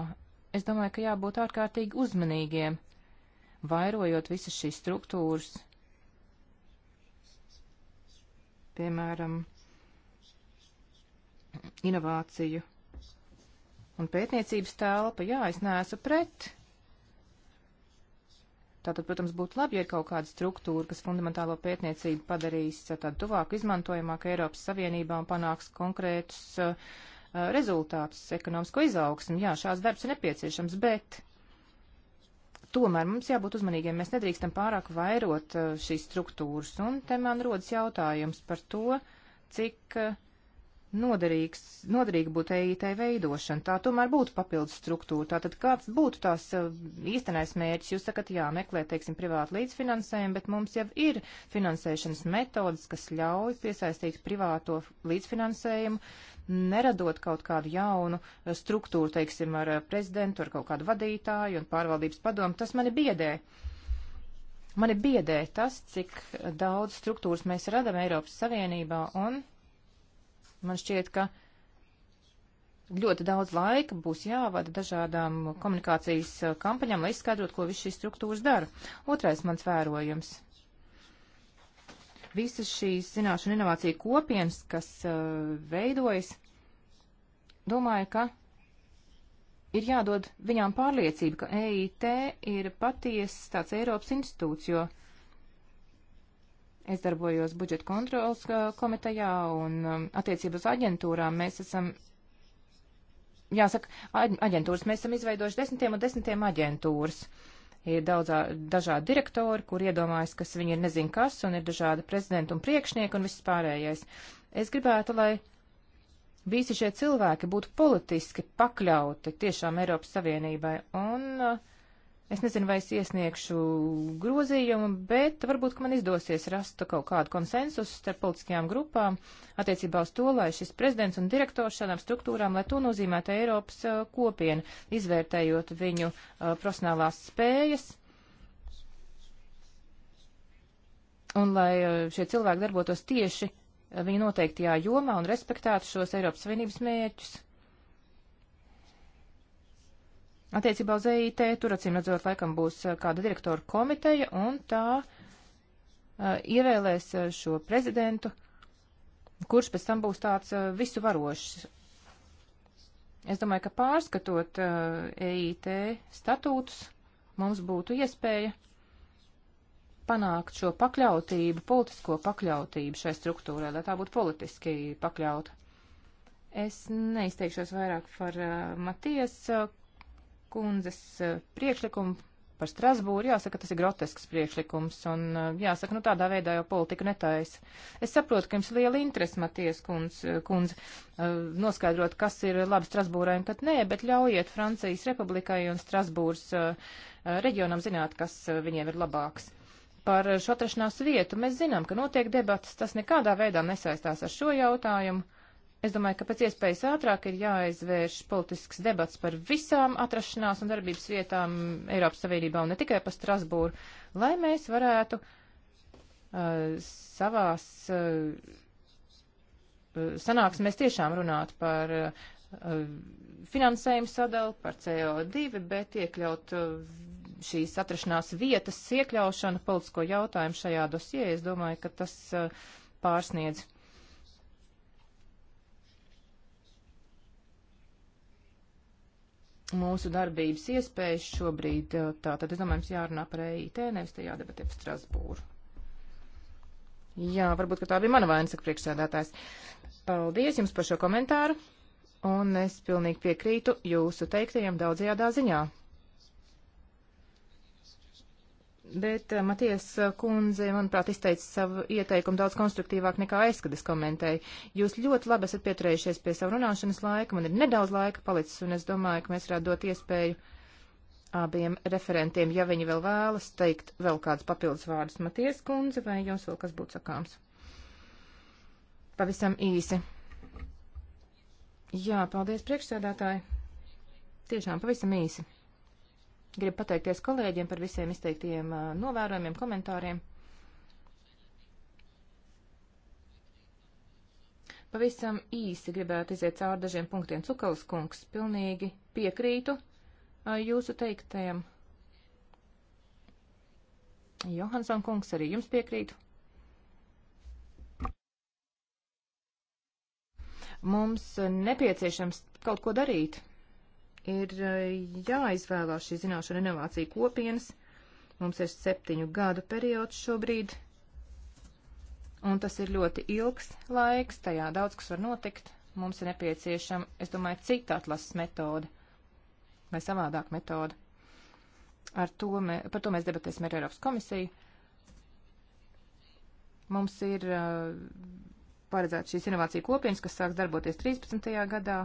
Es domāju, ka jābūt ārkārtīgi uzmanīgiem, vairojot visas šīs struktūras. Piemēram, inovāciju un pētniecības telpa. Jā, es neesmu pret Tātad, protams, būtu labi, ja ir kaut kāda struktūra, kas fundamentālo pētniecību padarīs uh, tādu tuvāku izmantojamāku Eiropas Savienībā un panāks konkrētus uh, uh, rezultātus, ekonomisko izaugsmu. Jā, šāds darbs ir nepieciešams, bet tomēr mums jābūt uzmanīgiem. Mēs nedrīkstam pārāk vairot uh, šīs struktūras. Un te man rodas jautājums par to, cik uh, noderīgs, noderīga būtu EIT veidošana. Tā tomēr būtu papildus struktūra. Tātad kāds būtu tās eh, īstenais mērķis? Jūs sakat, jā, meklē, teiksim, privātu līdzfinansējumu, bet mums jau ir finansēšanas metodas, kas ļauj piesaistīt privāto līdzfinansējumu, neradot kaut kādu jaunu eh, struktūru, teiksim, ar eh, prezidentu, ar kaut kādu vadītāju un pārvaldības padomu. Tas mani biedē. Mani biedē tas, cik daudz struktūras mēs radam Eiropas Savienībā un Man šķiet, ka ļoti daudz laika būs jāvada dažādām komunikācijas uh, kampaņām, lai izskaidrotu, ko viss šīs struktūras dara. Otrais mans vērojums. Visas šīs zināšanu inovāciju kopienas, kas uh, veidojas, domāju, ka ir jādod viņām pārliecība, ka EIT ir patiesas tāds Eiropas institūts, jo uh, Es darbojos budžeta kontrolas komitejā un um, attiecību uz aģentūrām mēs esam, jāsaka, aģentūras mēs esam izveidojuši desmitiem un desmitiem aģentūras. Ir daudz dažādi direktori, kur iedomājas, kas viņi ir nezin kas, un ir dažādi prezidenti un priekšnieki un viss pārējais. Es gribētu, lai visi šie cilvēki būtu politiski pakļauti tiešām Eiropas Savienībai, un uh, Es nezinu, vai es iesniegšu grozījumu, bet varbūt, ka man izdosies rast kaut kādu konsensusu starp politiskajām grupām attiecībā uz to, lai šis prezidents un direktors šādām struktūrām, lai to nozīmētu Eiropas uh, kopienu, izvērtējot viņu uh, profesionālās spējas. Un lai uh, šie cilvēki darbotos tieši uh, viņu noteiktajā jomā un respektētu šos Eiropas Savienības mērķus. Attiecībā uz EIT tur acīm redzot laikam būs eh, kāda direktora komiteja un tā uh, ievēlēs eh, šo prezidentu, kurš pēc tam būs tāds uh, visu varošs. Es domāju, ka pārskatot uh, EIT statūtus, mums būtu iespēja panākt šo pakļautību, politisko pakļautību šai struktūrai, lai tā būtu politiski pakļauta. Es neizteikšos vairāk par uh, Matijas uh, kundzes eh, priekšlikumu par Strasbūru, jāsaka, tas ir grotesks priekšlikums, un eh, jāsaka, nu tādā veidā jau politika netaisa. Es saprotu, ka jums liela interese, Maties kundz, eh, kundz, noskaidrot, kas ir labi Strasbūrai un kad nē, bet ļaujiet Francijas republikai un Strasbūras reģionam zināt, kas viņiem ir labāks. Par šo atrašanās vietu mēs zinām, ka notiek debatas, tas nekādā veidā nesaistās ar šo jautājumu. Es domāju, ka pēc iespējas ātrāk ir jāizvērš politisks debats par visām atrašanās un darbības vietām Eiropas Savienībā un ne tikai par Strasbūru, lai mēs varētu uh, savās uh, uh sanāksmēs tiešām runāt par uh, uh finansējumu sadalu, par CO2, bet iekļaut uh, šīs atrašanās vietas iekļaušanu politisko jautājumu šajā dosie. Es domāju, ka tas uh, pārsniedz mūsu darbības iespējas šobrīd. Eh, tātad, es domāju, mums jārunā par EIT, nevis te jādebatē par Strasbūru. Jā, varbūt, ka tā bija mana vaina, saka priekšsēdētājs. Paldies jums par šo komentāru, un es pilnīgi piekrītu jūsu teiktajiem daudzajādā ziņā. Bet eh, Matijas kundze, manuprāt, izteica savu ieteikumu daudz konstruktīvāk nekā es, kad es komentēju. Jūs ļoti labi esat pieturējušies pie savu runāšanas laika, man ir nedaudz laika palicis, un es domāju, ka mēs varētu dot iespēju abiem referentiem, ja viņi vēl vēlas, teikt vēl kādus papildus vārdus. Matijas kundze, vai jums vēl kas būtu sakāms? Pavisam īsi. Jā, paldies priekšsēdētāji. Tiešām pavisam īsi. Gribu pateikties kolēģiem par visiem izteiktajiem novērojumiem, komentāriem. Pavisam īsi gribētu iziet cauri dažiem punktiem. Cukalas kungs, pilnīgi piekrītu jūsu teiktajam. Johanson kungs, arī jums piekrītu. Mums nepieciešams kaut ko darīt ir e, jāizvēlās šī zināšana inovācija kopienas. Mums ir septiņu gadu periods šobrīd, un tas ir ļoti ilgs laiks, tajā daudz kas var notikt. Mums ir nepieciešama, es domāju, cita atlases metode vai savādāk metode. Ar to mē, par to mēs debatēsim ar Eiropas komisiju. Mums ir uh, e, paredzēta šīs inovācija kopienas, kas sāks darboties 13. gadā.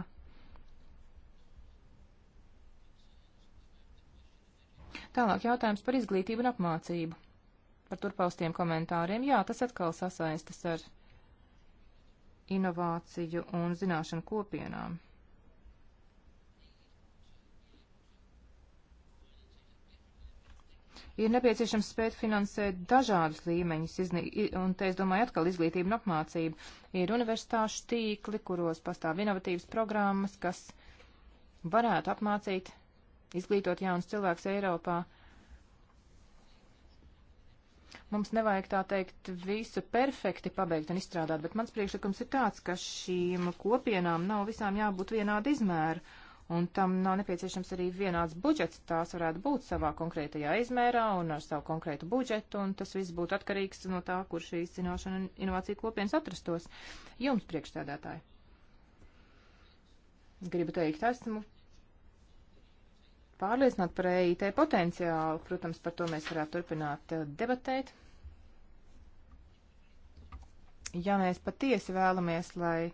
Tālāk jautājums par izglītību un apmācību. Par turpaustiem komentāriem. Jā, tas atkal sasaistas ar inovāciju un zināšanu kopienām. ir nepieciešams spēt finansēt dažādus līmeņus, izni, un te es domāju atkal izglītību un apmācību. Ir universitāšu tīkli, kuros pastāv inovatīvas programmas, kas varētu apmācīt izglītot jaunus cilvēkus Eiropā. Mums nevajag tā teikt visu perfekti pabeigt un izstrādāt, bet mans priekšlikums ir tāds, ka šīm kopienām nav visām jābūt vienāda izmēra, un tam nav nepieciešams arī vienāds budžets. Tās varētu būt savā konkrētajā izmērā un ar savu konkrētu budžetu, un tas viss būtu atkarīgs no tā, kur šīs zināšana un inovācija kopienas atrastos. Jums priekšstādātāji. Gribu teikt, esmu pārliecināt par EIT potenciālu. Protams, par to mēs varētu turpināt eh, debatēt. Ja mēs patiesi vēlamies, lai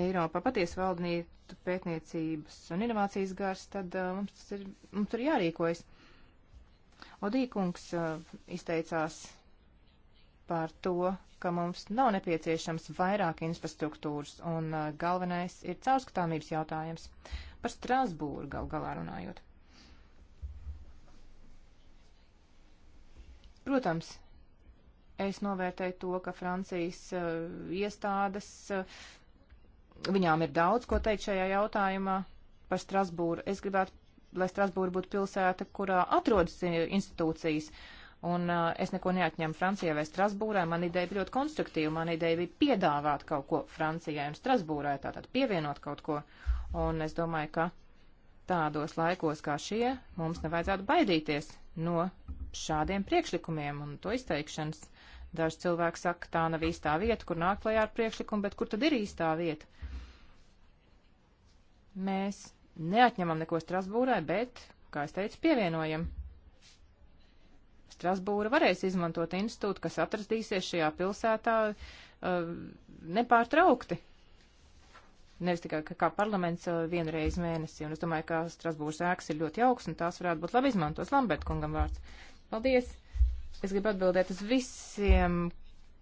Eiropā patiesi valdnītu pētniecības un inovācijas gars, tad uh, mums, ir, mums tur jārīkojas. Odīkungs uh, izteicās par to, ka mums nav nepieciešams vairāk infrastruktūras, un uh, galvenais ir caurskatāmības jautājums par Strasbūru gal galā runājot. Protams, es novērtēju to, ka Francijas uh, iestādes, uh, viņām ir daudz ko teikt šajā jautājumā par Strasbūru. Es gribētu, lai Strasbūra būtu pilsēta, kurā atrodas uh, institūcijas. Uh, Un uh, es neko neatņemu Francijai vai Strasbūrai. Man ideja bija ļoti konstruktīva. Man ideja bija piedāvāt kaut ko Francijai un Strasbūrai, tātad pievienot kaut ko. Un es domāju, ka tādos laikos kā šie mums nevajadzētu baidīties no šādiem priekšlikumiem un to izteikšanas. Daži cilvēki saka, tā nav īstā vieta, kur nāk klajā ar priekšlikumu, bet kur tad ir īstā vieta? Mēs neatņemam neko Strasbūrai, bet, kā es teicu, pievienojam Strasbūra varēs izmantot institūtu, kas atrastīsies šajā pilsētā uh, nepārtraukti. Nevis tikai kā parlaments uh, vienreiz mēnesī. Un es domāju, ka Strasbūras ēkas ir ļoti jauks un tās varētu būt labi izmantos. Lambert kungam vārds. Paldies! Es gribu atbildēt uz visiem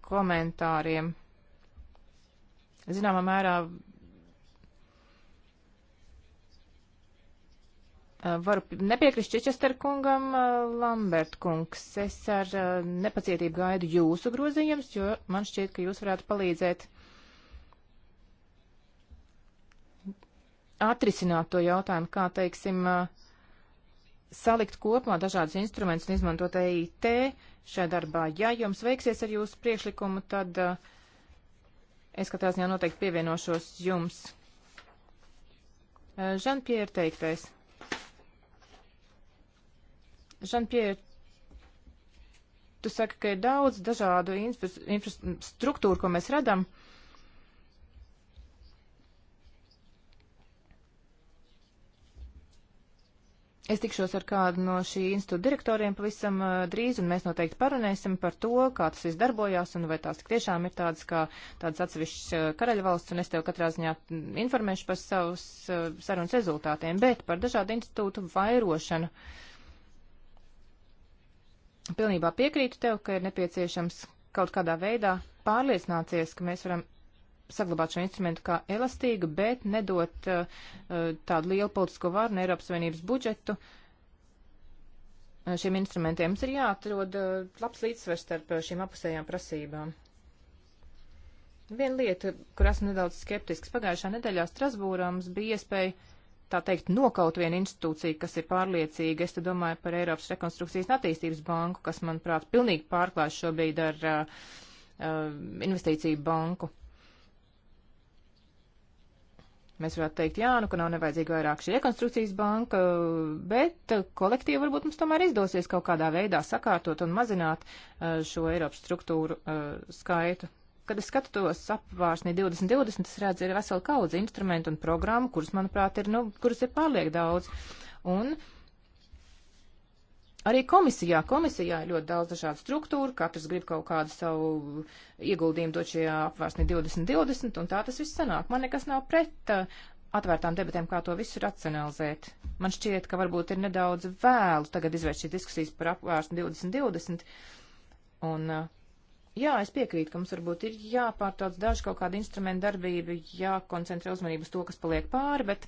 komentāriem. Zināmā mērā Eh, varu nepiekrist Čičester kungam, eh, Lambert kungs. Es ar eh, nepacietību gaidu jūsu grozījumus, jo man šķiet, ka jūs varētu palīdzēt atrisināt to jautājumu, kā, teiksim, salikt kopumā dažādas instrumentus un izmantot EIT šajā darbā. Ja jums veiksies ar jūsu priekšlikumu, tad es katrā ziņā noteikti pievienošos jums. Žan Pierre teiktais. Žanpjēr, tu saki, ka ir daudz dažādu infrastruktūru, ko mēs redam. Es tikšos ar kādu no šī institūta direktoriem pavisam uh, drīz, un mēs noteikti parunēsim par to, kā tas viss darbojās, un vai tās tiešām ir tādas kā tādas atsevišķas uh, karaļvalsts, un es tev katrā ziņā mm, informēšu par savus uh, sarunas rezultātiem, bet par dažādu institūtu vairošanu. Uh, pilnībā piekrītu tev, ka ir nepieciešams kaut kādā veidā pārliecināties, ka mēs varam saglabāt šo instrumentu kā elastīgu, bet nedot uh, uh tādu lielu politisko varu un Eiropas Savienības budžetu uh, šiem instrumentiem. Mums ir jāatrod uh, labs līdzsvers starp uh, šīm apusējām prasībām. Viena lieta, kur esmu nedaudz skeptisks, pagājušā nedēļā Strasbūrā mums bija iespēja tā teikt, nokaut vienu institūciju, kas ir pārliecīga. Es te domāju par Eiropas rekonstrukcijas un attīstības banku, kas, manuprāt, pilnīgi pārklājas šobrīd ar uh, uh investīciju banku. Mēs varētu teikt, jā, nu, ka nav nevajadzīga vairāk šī rekonstrukcijas banka, bet uh, kolektīvi varbūt mums tomēr izdosies kaut kādā veidā sakārtot un mazināt uh, šo Eiropas struktūru skaitu kad es skatos apvārsnī 2020, es redzu, ir vesela kaudze instrumentu un programmu, kuras, manuprāt, ir, nu, kuras ir pārliek daudz. Un arī komisijā, komisijā ir ļoti daudz dažādu struktūru, katrs grib kaut kādu savu ieguldījumu dot šajā apvārsnī 2020, un tā tas viss sanāk. Man nekas nav pret uh, atvērtām debatēm, kā to visu racionalizēt. Man šķiet, ka varbūt ir nedaudz vēlu tagad izvērst šīs diskusijas par apvārsni 2020. Un uh, Jā, es piekrītu, ka mums varbūt ir jāpārtauc daži kaut kādi instrumenti darbība, jākoncentrē uzmanību uz to, kas paliek pāri, bet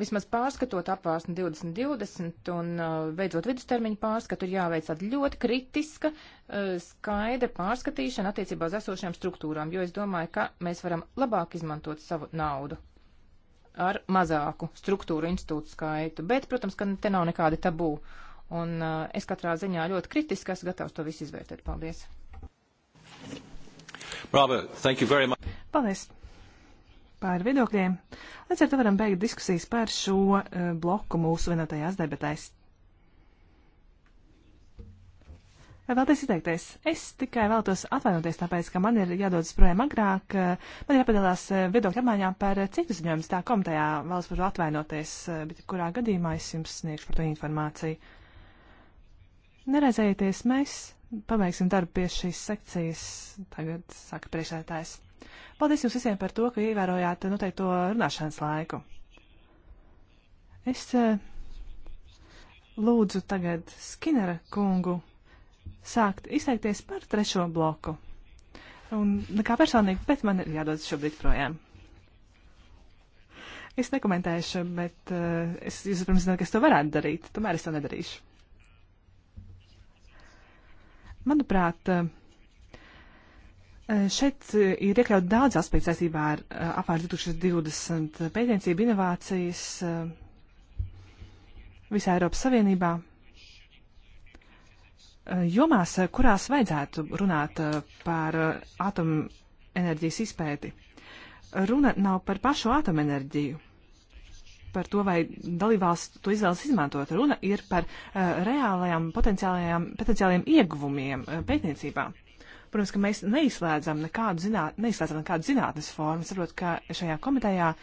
vismaz pārskatot apvārsni 2020 un uh, beidzot vidustermiņu pārskatu, ir jāveic tāda ļoti kritiska, uh, skaidra pārskatīšana attiecībā uz esošajām struktūrām, jo es domāju, ka mēs varam labāk izmantot savu naudu ar mazāku struktūru institūtu skaitu, bet, protams, ka te nav nekādi tabū. Uh, Un eh, es katrā ziņā ļoti kritiski esmu gatavs to visu izvērtēt. Paldies! Bravo, thank you very much. Paldies par viedokļiem. Līdz ar to varam beigt diskusijas par šo uh, bloku mūsu vienotajās debatēs. Vai vēlaties izteikties? Es tikai vēlos atvainoties, tāpēc, ka man ir jādodas projām agrāk. Eh, man ir jāpadalās viedokļu apmaiņā par citu ziņojumu. Tā komitejā vēlos par to atvainoties, bet kurā gadījumā es jums sniegšu par to informāciju. Nerezējieties, mēs pabeigsim darbu pie šīs sekcijas, tagad saka priekšsētājs. Paldies jums visiem par to, ka ievērojāt noteikto runāšanas laiku. Es eh, lūdzu tagad Skinera kungu sākt izteikties par trešo bloku. Un nekā personīgi, bet man ir jādod šobrīd projām. Es nekomentēšu, bet uh, es, jūs, protams, zināt, ka es to varētu darīt, tomēr es to nedarīšu. Manuprāt, eh, šeit ir iekļaut daudz aspektu saistībā ar eh, apmēram 2020 pētniecību inovācijas eh, visā Eiropas Savienībā jomās, kurās vajadzētu runāt par atomenerģijas izpēti. Runa nav par pašu atomenerģiju par to, vai dalībvalsts to izvēlas izmantot. Runa ir par uh, reālajām potenciālajiem ieguvumiem uh, pētniecībā. Protams, ka mēs neizslēdzam nekādu, zināt, neizslēdzam nekādu zinātnes formu. Saprotu, ka šajā komitejā uh,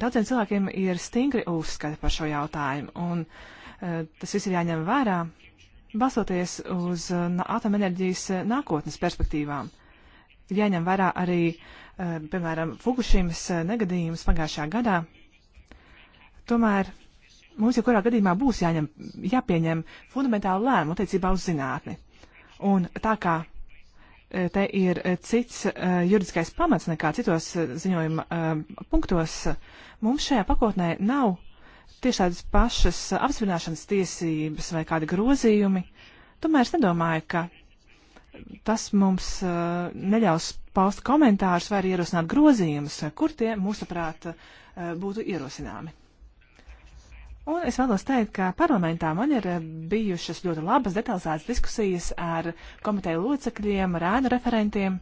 daudziem cilvēkiem ir stingri uzskati par šo jautājumu, un tas viss ir jāņem vērā, balstoties uz atomenerģijas nākotnes perspektīvām. Ir jāņem vērā arī, piemēram, Fukušīmas negadījums pagājušajā gadā, Tomēr mums jau kurā gadījumā būs jāņem, jāpieņem fundamentāli lēmumu attiecībā uz zinātni. Un tā kā e, te ir cits uh, juridiskais pamats nekā citos uh, ziņojuma uh, punktos, mums šajā pakotnē nav tieši tādas pašas apzināšanas tiesības vai kādi grozījumi. Tomēr es nedomāju, ka tas mums neļaus paust komentārus vai ierosināt grozījumus, kur tie, mūsuprāt, būtu ierosināmi. Un es vēlos teikt, ka parlamentā man ir eh, bijušas ļoti labas detalizētas diskusijas ar komiteju locekļiem, ar ēnu referentiem.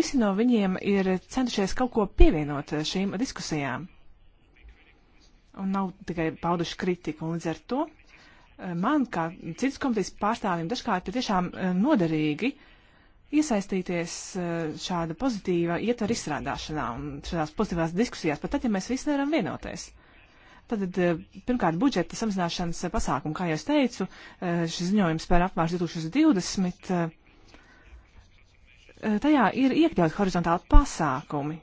Visi no viņiem ir centušies kaut ko pievienot eh, šīm diskusijām. Un nav tikai pauduši kritiku, un līdz ar to eh, man, kā citas komitejas pārstāvjiem, dažkārt ir tiešām noderīgi iesaistīties šāda pozitīva ietvera izstrādāšanā un šādās pozitīvās diskusijās, pat tad, ja mēs visi nevaram vienoties. Tad eh, pirmkārt budžeta samazināšanas eh, pasākumu, kā jau es teicu, eh, šis ziņojums par apmērs 2020. Tajā ir iekļaut horizontāli pasākumi.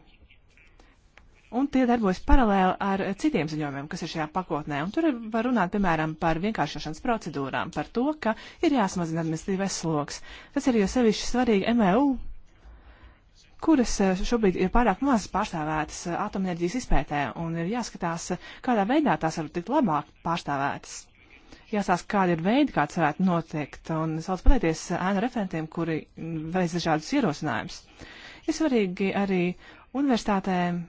Un tie darbojas paralēli ar citiem ziņojumiem, kas ir šajā pakotnē. Un tur var runāt, piemēram, par vienkāršošanas procedūrām, par to, ka ir jāsamazina administratīvais sloks. Tas ir jo sevišķi svarīgi MEU kuras eh, šobrīd ir pārāk maz pārstāvētas eh, atomenerģijas izpētē, un ir jāskatās, eh, kādā veidā tās var tikt labāk pārstāvētas. Jāsāsās, kāda ir veida, kāds varētu notiekt, un es vēlos pateikties ēnu referentiem, kuri mm, veic dažādus ierosinājumus. Ir svarīgi arī universitātēm,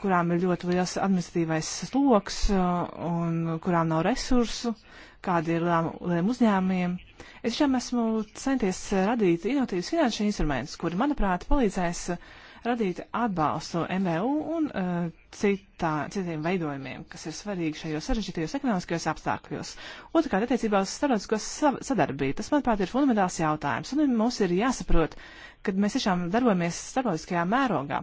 kurām ir ļoti liels administratīvais sloks un kurām nav resursu, uh, kāda ir lieliem uzņēmumiem. Es šiem esmu centies radīt inovatīvus finanšu instrumentus, kuri, manuprāt, palīdzēs radīt atbalstu MVU un uh, cit, tā, citiem veidojumiem, kas ir svarīgi šajos sarežģītajos ekonomiskajos apstākļos. Otrakārt, attiecībā uz starptautisko sadarbību, tas, manuprāt, ir fundamentāls jautājums, un mums ir jāsaprot, kad mēs tiešām darbojamies starptautiskajā mērogā,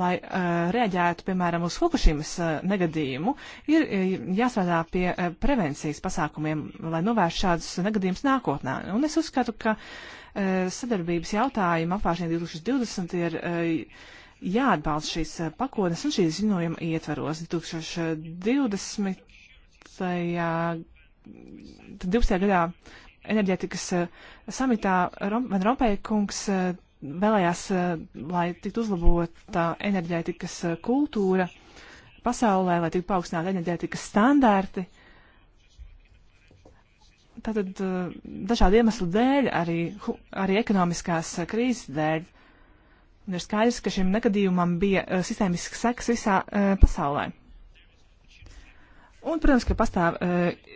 lai uh, reaģētu, piemēram, uz Fukushimas uh, negadījumu, ir uh, jāstrādā pie uh, prevencijas pasākumiem, lai novērstu šādus negadījumus nākotnē. Un es uzskatu, ka uh, sadarbības jautājumu apvāršana 2020 ir. Uh, jāatbalsta šīs eh, pakodas un šīs ziņojuma ietvaros 2020. 12. gadā enerģētikas eh, samitā Van Rompēja kungs eh, vēlējās, lai tiktu uzlabota enerģētikas kultūra pasaulē, lai tiktu paaugstināti enerģētikas standarti. Tātad dažādu iemeslu dēļ, arī, arī ekonomiskās krīzes dēļ, Un ir skaidrs, ka šim negadījumam bija uh, sistēmisks seks visā uh, pasaulē. Un, protams, ka pastāv uh,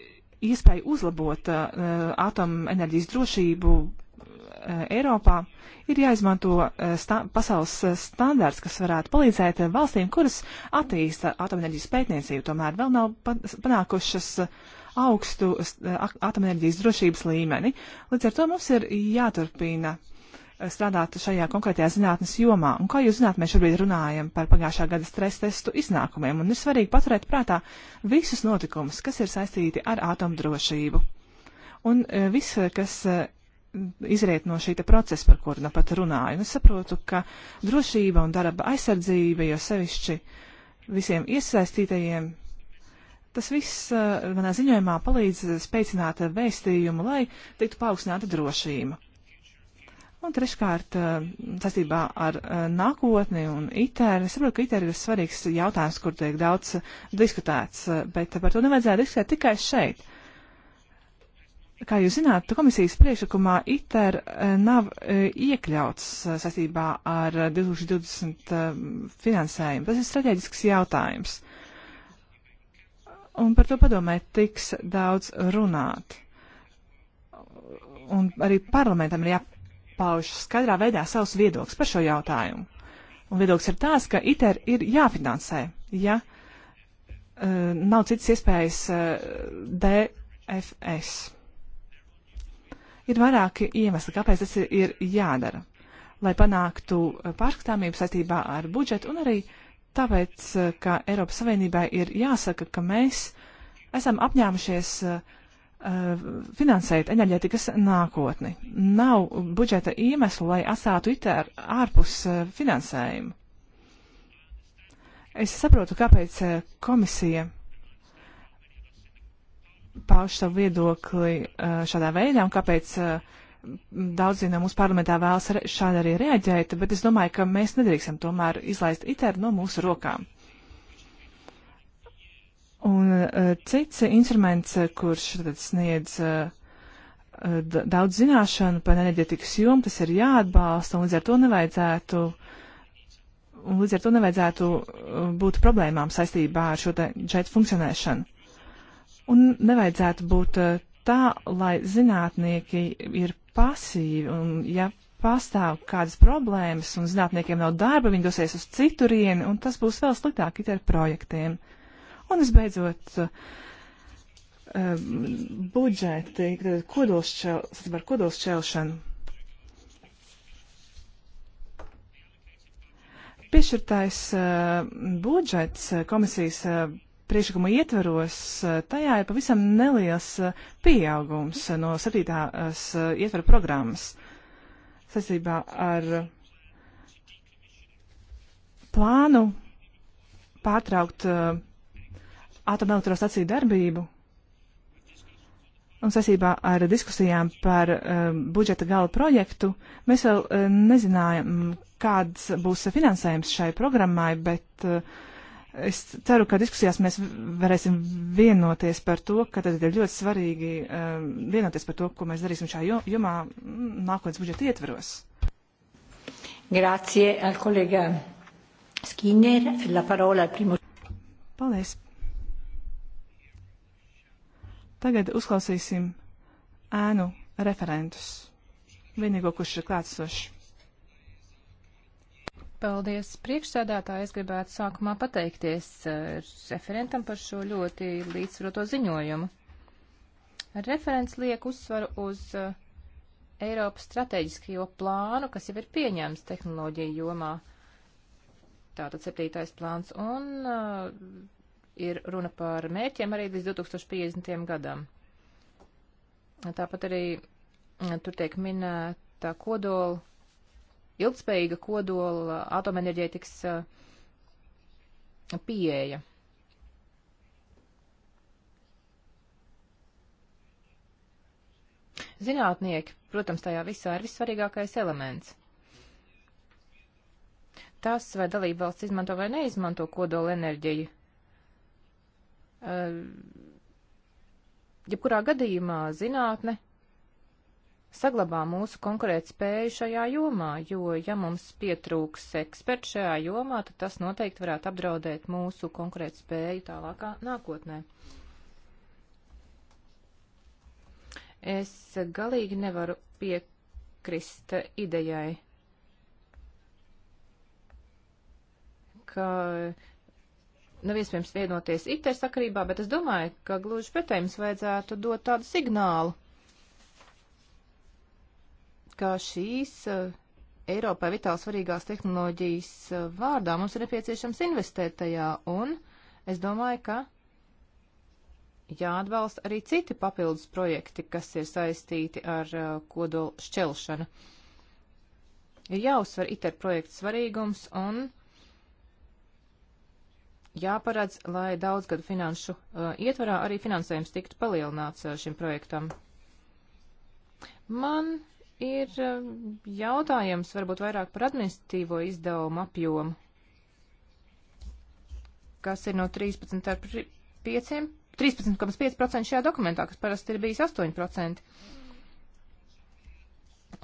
iespēja uzlabot uh, atomenerģijas drošību uh, Eiropā. Ir jāizmanto uh, sta pasaules uh, standārts, kas varētu palīdzēt uh, valstīm, kuras attīsta atomenerģijas pētniecību, tomēr vēl nav panākušas uh, augstu uh, atomenerģijas drošības līmeni. Līdz ar to mums ir jāturpina strādāt šajā konkrētajā zinātnes jomā. Un, kā jūs zināt, mēs šobrīd runājam par pagājušā gada stresa testu iznākumiem, un ir svarīgi paturēt prātā visus notikumus, kas ir saistīti ar atomdrošību. Un e, viss, kas e, izriet no šīta procesa, par kuru nu pat runāju, un es saprotu, ka drošība un darba aizsardzība, jo sevišķi visiem iesaistītajiem Tas viss e, manā ziņojumā palīdz spēcināt vēstījumu, lai tiktu paaugstināta drošība. Un treškārt, eh, saistībā ar eh, nākotni un ITER, es saprotu, ka ITER ir svarīgs jautājums, kur tiek daudz eh, diskutēts, bet par to nevajadzētu diskutēt tikai šeit. Kā jūs zināt, komisijas priekšlikumā ITER nav iekļauts saistībā ar 2020 finansējumu. Tas ir strateģisks jautājums. Un par to padomē tiks daudz runāt. Un arī parlamentam ir jāpārāk pauž skaidrā veidā savus viedokļus par šo jautājumu. Un viedoklis ir tās, ka ITER ir jāfinansē, ja uh, nav citas iespējas uh, DFS. Ir vairāki iemesli, kāpēc tas ir jādara. Lai panāktu uh, pārskatāmību saistībā ar budžetu un arī tāpēc, uh, ka Eiropas Savienībai ir jāsaka, ka mēs esam apņēmušies uh, Eh, finansēt enerģētikas nākotni. Nav budžeta iemeslu, lai atstātu ITER ārpus eh, finansējumu. Es saprotu, kāpēc eh, komisija pauž savu viedokli šādā veidā un kāpēc daudzi no mūsu parlamentā vēlas šādi arī reaģēt, bet es domāju, ka mēs nedrīkstam tomēr izlaist ITER no mūsu rokām. Un uh, cits instruments, eh, kurš tad sniedz uh, daudz zināšanu par enerģetikas jomu, tas ir jāatbalsta, un līdz ar to nevajadzētu, un līdz ar to nevajadzētu būt problēmām saistībā ar šo te džet funkcionēšanu. Un nevajadzētu būt uh, tā, lai zinātnieki ir pasīvi, un ja pastāv kādas problēmas un zinātniekiem nav darba, viņi dosies uz citurieni, un tas būs vēl sliktāk it ar projektiem. Uh, Un visbeidzot, eh, budžeti, saistībā ar kodolšķelšanu. Piešķirtais eh, budžets eh, komisijas priekšlikumu ietveros, tajā ir pavisam neliels pieaugums no septītās ietvera programmas saistībā ar plānu pārtraukt uh, atomelektrostaciju darbību un saistībā ar diskusijām par uh, budžeta gala projektu mēs vēl uh, nezinājām, kāds būs finansējums šai programmai, bet uh, es ceru, ka diskusijās mēs varēsim vienoties par to, ka tad ir ļoti svarīgi uh, vienoties par to, ko mēs darīsim šajā jomā mm, nākotnes budžeta ietveros. Grazie al collega Skinner, la parola al primo. Paldies. Tagad uzklausīsim ēnu referentus. Vienīgo, kurš ir klātsošs. Paldies, priekšsēdētāji. Es gribētu sākumā pateikties uh, referentam par šo ļoti līdzsvaroto ziņojumu. Referents liek uzsvaru uz uh, Eiropas strateģiskajo plānu, kas jau ir pieņēmts tehnoloģiju jomā. Tātad septītais plāns un uh, ir runa par mērķiem arī līdz 2050. gadam. Tāpat arī eh, tur tiek minēta kodola, ilgspējīga kodola atomenerģētikas eh, pieeja. Zinātnieki, protams, tajā visā ir vissvarīgākais elements. Tas, vai dalība valsts izmanto vai neizmanto kodola enerģiju, Ehm, jebkurā gadījumā zinātne saglabā mūsu konkurētspēju šajā jomā, jo, ja mums pietrūks eksperts šajā jomā, tad tas noteikti varētu apdraudēt mūsu konkurētspēju tālākā nākotnē. Es galīgi nevaru piekrist idejai, ka uh, nav iespējams vienoties ITER sakarībā, bet es domāju, ka gluži pretēji mums vajadzētu dot tādu signālu, ka šīs uh, eh, Eiropai vitāli svarīgās tehnoloģijas eh, vārdā mums ir nepieciešams investēt tajā, un es domāju, ka jāatbalsta arī citi papildus projekti, kas ir saistīti ar uh, eh, kodolu šķelšanu. Ir jāuzsver ITER projekta svarīgums, un jāparedz, lai daudzgadu finanšu uh, ietvarā arī finansējums tiktu palielināts uh, šim projektam. Man ir uh, jautājums varbūt vairāk par administratīvo izdevumu apjomu, kas ir no 13,5% 13 šajā dokumentā, kas parasti ir bijis 8%.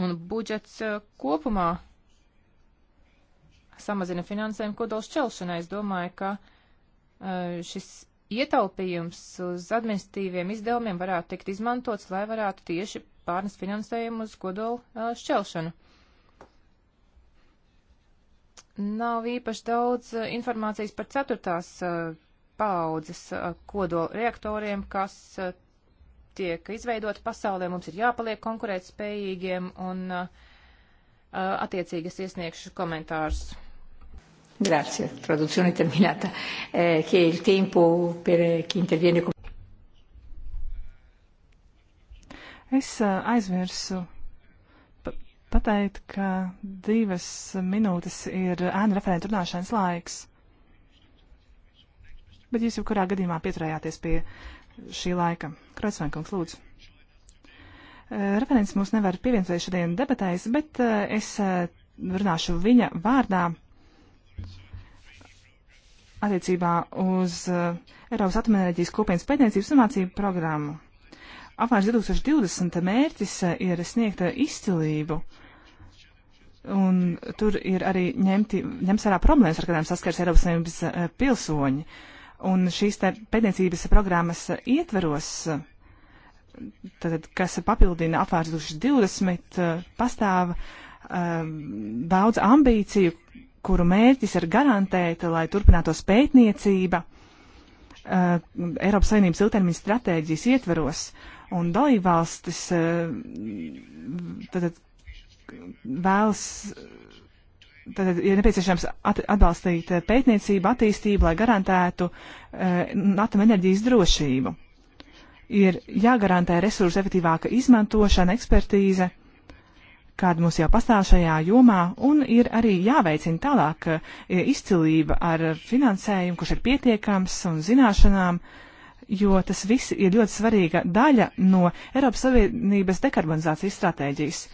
Un budžets uh, kopumā samazina finansējumu kodols šķelšanai. Es domāju, ka uh, Eh, šis ietaupījums uz administratīviem izdevumiem varētu tikt izmantots, lai varētu tieši pārnes finansējumu uz kodolu eh, šķelšanu. Nav īpaši daudz eh, informācijas par ceturtās paaudzes kodola reaktoriem, kas tiek izveidoti pasaulē. Mums ir jāpaliek konkurētspējīgiem un attiecīgas iesniegšu komentārus. Grazie, traduzione terminata. Eh, che il tempo per eh, chi interviene. Es eh, aizmirsu pateikt, ka divas minūtes ir ēnu referentu runāšanas laiks. Bet jūs jau kurā gadījumā pieturējāties pie šī laika. Kreisvenkungs, lūdzu. Eh, referents mūs nevar pievienoties šodien debatēs, bet es runāšu viņa vārdā attiecībā uz uh, Eiropas atomenerģijas kopienas pētniecības un mācību programmu. Apmērs 2020 mērķis uh, ir sniegt uh, izcilību, un tur ir arī ņemti, ņems vērā problēmas, ar kādām saskars Eiropas Savienības pilsoņi. Un šīs te pētniecības programmas ietveros, tad, kas papildina apvārs 2020, pastāv daudz ambīciju, kuru mērķis ir garantēt, lai turpinātos pētniecība uh, eh, Eiropas Savienības ilgtermiņa stratēģijas ietveros un dalībvalstis uh, vēlas. Tad ir nepieciešams at atbalstīt pētniecību, attīstību, lai garantētu uh, eh, atomenerģijas drošību. Ir jāgarantē resursu efektīvāka izmantošana, ekspertīze, kāda mums jau pastāv šajā jomā, un ir arī jāveicina tālāk eh, izcilība ar finansējumu, kurš ir pietiekams un zināšanām, jo tas viss ir ļoti svarīga daļa no Eiropas Savienības dekarbonizācijas stratēģijas.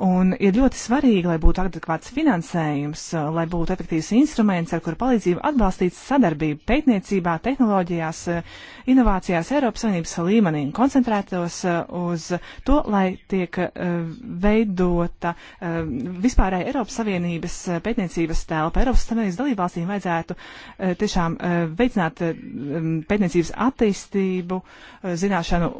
Un ir ļoti svarīgi, lai būtu adekvāts finansējums, eh, lai būtu efektīvs instruments, ar kuru palīdzību atbalstīt sadarbību pētniecībā, tehnoloģijās, eh, inovācijās Eiropas Savienības līmenī un koncentrētos eh, uz to, lai tiek veidota vispārēja Eiropas Savienības pētniecības telpa. Eiropas Savienības dalībvalstīm vajadzētu tiešām veicināt pētniecības attīstību, zināšanu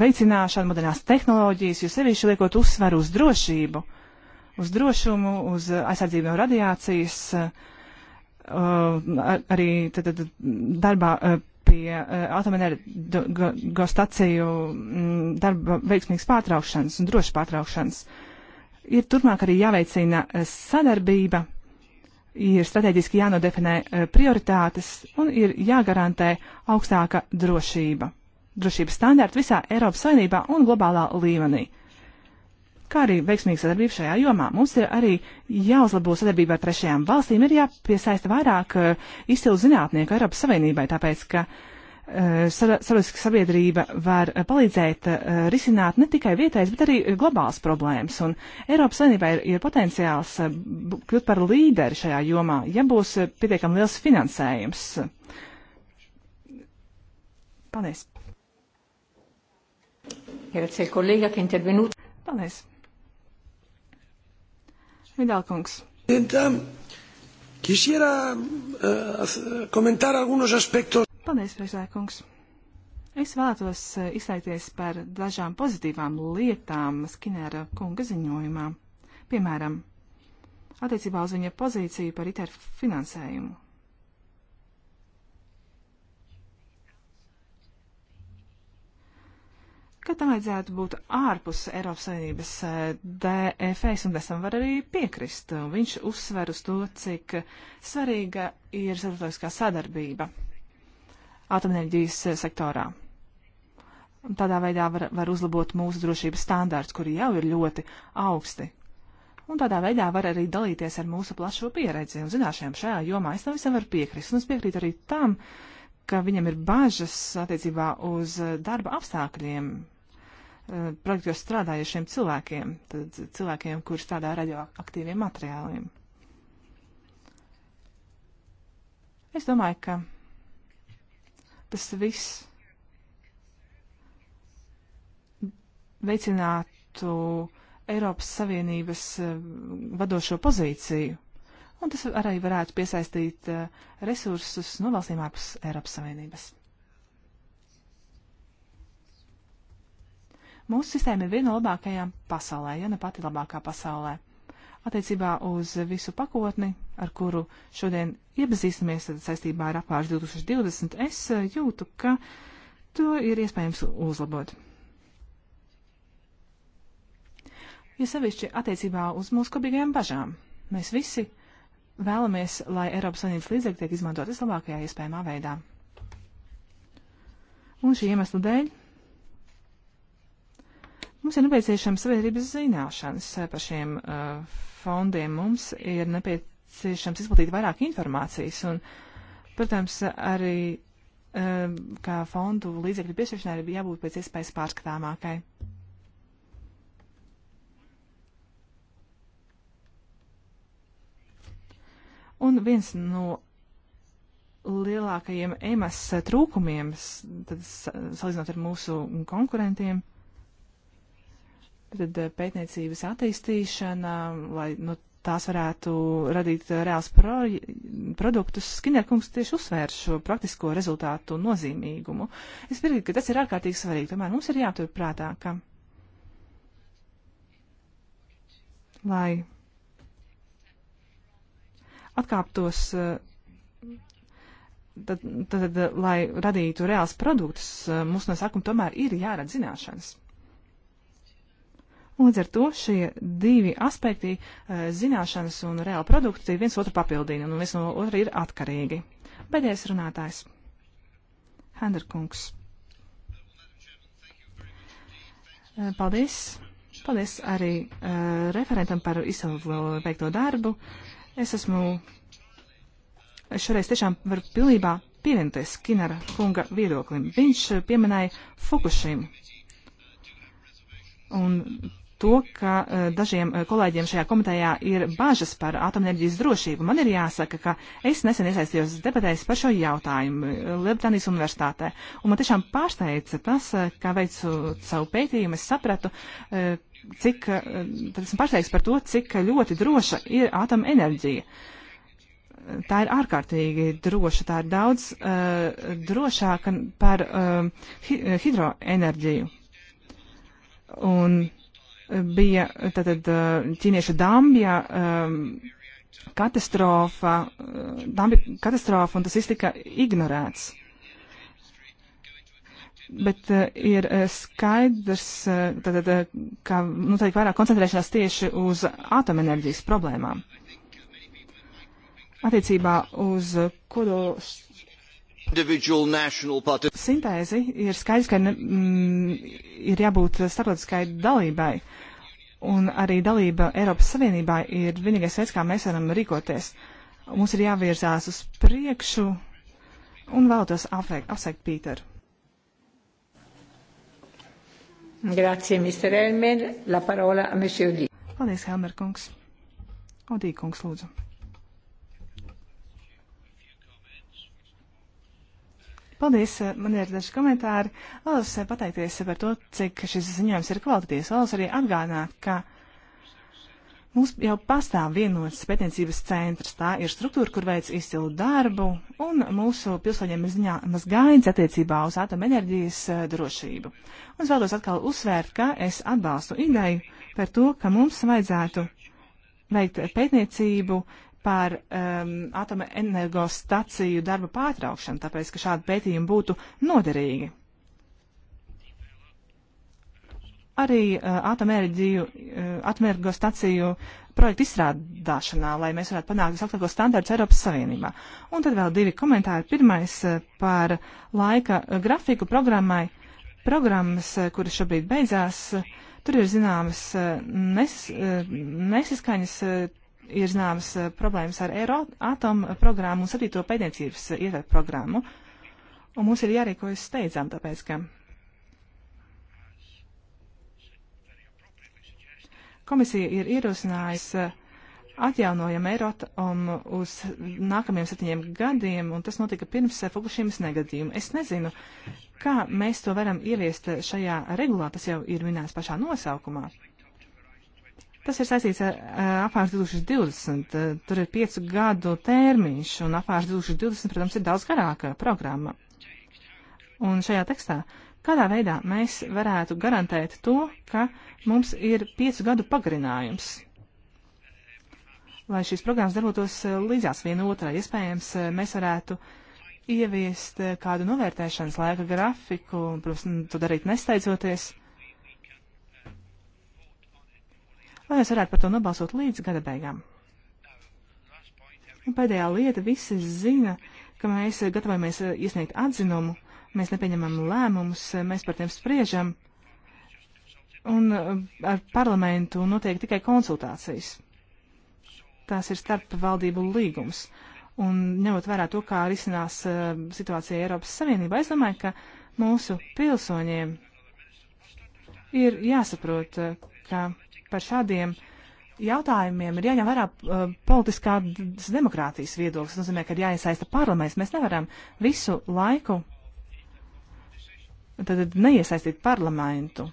veicināšanu, modernās tehnoloģijas, jo sevišķi liekot uzsvērt uzsveru uz drošību, uz drošumu, uz aizsardzību no radiācijas, ar, arī tad, tad, darbā pie atomenergo staciju darba veiksmīgas pārtraukšanas un drošas pārtraukšanas. Ir turpmāk arī jāveicina sadarbība ir strateģiski jānodefinē prioritātes un ir jāgarantē augstāka drošība. Drošības standārti visā Eiropas Savienībā un globālā līmenī kā arī veiksmīga sadarbība šajā jomā. Mums ir arī jāuzlabo sadarbība ar trešajām valstīm, ir jāpiesaista vairāk eh, izcilu zinātnieku Eiropas Savienībai, tāpēc ka eh, sabiedriska sabiedrība var eh, palīdzēt risināt ne tikai vietējas, bet arī globālas problēmas. Un Eiropas Savienībā ir, ir potenciāls kļūt par līderi šajā jomā, ja būs pietiekami liels finansējums. Paldies! Grazie, kolēģi, ka intervenūtu. Paldies! Vidalkungs. Eh, Paldies, priekšsēkungs. Es vēlētos eh, izteikties par dažām pozitīvām lietām Skinēra kunga ziņojumā. Piemēram, attiecībā uz viņa pozīciju par ITER finansējumu. ka tam vajadzētu būt ārpus Eiropas Savienības eh, DFS, un esam var arī piekrist. Viņš uzsver uz to, cik svarīga ir starptautiskā sadarbība atomenerģijas eh, sektorā. Tādā veidā var, var uzlabot mūsu drošības standārts, kuri jau ir ļoti augsti. Un tādā veidā var arī dalīties ar mūsu plašo pieredzi un zināšanām šajā jomā. Es tam visam varu piekrist, un es piekrītu arī tam, ka viņam ir bažas attiecībā uz eh, darba apstākļiem Eh, projektos strādājušiem cilvēkiem, tad cilvēkiem, kuri strādā ar radioaktīviem materiāliem. Es domāju, ka tas viss veicinātu Eiropas Savienības eh, vadošo pozīciju, un tas arī varētu piesaistīt eh, resursus no valstīm ārpus Eiropas Savienības. Mūsu sistēma ir viena no labākajām pasaulē, ja ne pati labākā pasaulē. Attiecībā uz visu pakotni, ar kuru šodien iepazīstamies saistībā ar apvārš 2020, es eh, jūtu, ka to ir iespējams uzlabot. Ja sevišķi attiecībā uz mūsu kopīgajām bažām, mēs visi vēlamies, lai Eiropas Savienības līdzekļi tiek izmantot vislabākajā iespējamā veidā. Un šī iemesla dēļ Mums ir nepieciešams sabiedrības zināšanas eh, par šiem uh, fondiem. Mums ir nepieciešams izplatīt vairāk informācijas un, protams, arī uh, kā fondu līdzekļu piešķiršanai ir jābūt pēc iespējas pārskatāmākai. Un viens no lielākajiem emas trūkumiem, tad salīdzinot ar mūsu konkurentiem, tad eh, pētniecības attīstīšana, lai nu, tās varētu radīt eh, reāls pro, produktus. Skinnerkungs tieši uzsvēr šo praktisko rezultātu nozīmīgumu. Es piekrītu, ka tas ir ārkārtīgi svarīgi. Tomēr mums ir jātur prātā, ka lai atkāptos, eh, tad, tad, tad lai radītu reāls produktus, mums no sākuma tomēr ir jāredz zināšanas. Un līdz ar to šie divi aspekti, eh, zināšanas un reāla produkti, viens otru papildina un viens no otra ir atkarīgi. Pēdējais runātājs - Henderkungs. Eh, paldies! Paldies arī uh, referentam par izcilu veikto darbu. Es esmu es šoreiz tiešām varu pilnībā pievienoties Kinara kunga viedoklim. Viņš pieminēja Fukušimu. Un to, ka e, dažiem e, kolēģiem šajā komitejā ir bažas par atomenerģijas drošību. Man ir jāsaka, ka es nesen iesaistījos debatēs par šo jautājumu e, Lielbritānijas universitātē. Un man tiešām pārsteidza tas, kā veicu savu pētījumu, es sapratu, cik, tad esmu pārsteigts par to, cik ļoti droša ir atomenerģija tā ir ārkārtīgi droša, tā ir daudz uh, drošāka par uh, hidroenerģiju. Un bija tātad uh, ķīniešu dambja um, katastrofa, uh, dambja katastrofa, un tas viss tika ignorēts. Bet uh, ir uh, skaidrs, tātad, ka nu, tā ir vairāk koncentrēšanās tieši uz atomenerģijas problēmām. Attiecībā uz kodols Sintēzi ir skaidrs, ka ne, mm, ir jābūt starptautiskai dalībai. Un arī dalība Eiropas Savienībā ir vienīgais veids, kā mēs varam rīkoties. Mums ir jāvirzās uz priekšu un vēlētos apsveikt Pīteru. Grazie, Mr. Elmer. La parola a Monsieur Odī. Paldies, Helmer kungs. Odī kungs, lūdzu. Paldies, eh, man ir daži komentāri. Vēlos eh, pateikties par to, cik šis ziņojums ir kvalitatīvs. Vēlos arī atgādināt, ka mums jau pastāv vienots pētniecības centrs. Tā ir struktūra, kur veic izcilu darbu, un mūsu pilsoņiem ir ziņā maz gains attiecībā uz atomenerģijas eh, drošību. Un es vēlos atkal uzsvērt, ka es atbalstu ideju par to, ka mums vajadzētu veikt pētniecību par um, atomenergostaciju darba pārtraukšanu, tāpēc, ka šādi pētījumi būtu noderīgi. Arī uh, atomenerģiju, uh, atomenergostaciju projektu izstrādāšanā, lai mēs varētu panākt visaugstākos standartus Eiropas Savienībā. Un tad vēl divi komentāri. Pirmais uh, par laika uh, grafiku programmai. Programmas, uh, kuras šobrīd beidzās, uh, tur ir zināmas uh, nes, uh, nesaskaņas. Uh, ir zināmas eh, problēmas ar Eiroatom programmu un 7. pētniecības eh, ietveru programmu. Un mums ir jārīkojas steidzām, tāpēc, ka komisija ir ierosinājusi eh, atjaunojam Eirotom uz nākamajiem septiņiem gadiem, un tas notika pirms Fukushimas negadījuma. Es nezinu, kā mēs to varam ieviest šajā regulā, tas jau ir minēts pašā nosaukumā. Tas ir saistīts ar apmērs 2020. Tur ir piecu gadu termiņš, un apmērs 2020, protams, ir daudz garāka programma. Un šajā tekstā, kādā veidā mēs varētu garantēt to, ka mums ir piecu gadu pagarinājums, lai šīs programmas darbotos līdzās viena otrai, iespējams, mēs varētu ieviest kādu novērtēšanas laika grafiku, un, protams, to darīt nesteidzoties lai mēs varētu par to nobalsot līdz gada beigām. Un pēdējā lieta - visi zina, ka mēs gatavojamies eh, iesniegt atzinumu, mēs nepieņemam lēmumus, eh, mēs par tiem spriežam, un eh, ar parlamentu notiek tikai konsultācijas. Tās ir starp valdību līgums. Un ņemot vērā to, kā risinās uh, situācija Eiropas Savienībā, es domāju, ka mūsu pilsoņiem ir jāsaprot, ka par šādiem jautājumiem ir jāņem vērā uh, politiskās demokrātijas viedoklis. Tas nozīmē, ka ir jāiesaista parlaments. Mēs nevaram visu laiku tad neiesaistīt parlamentu.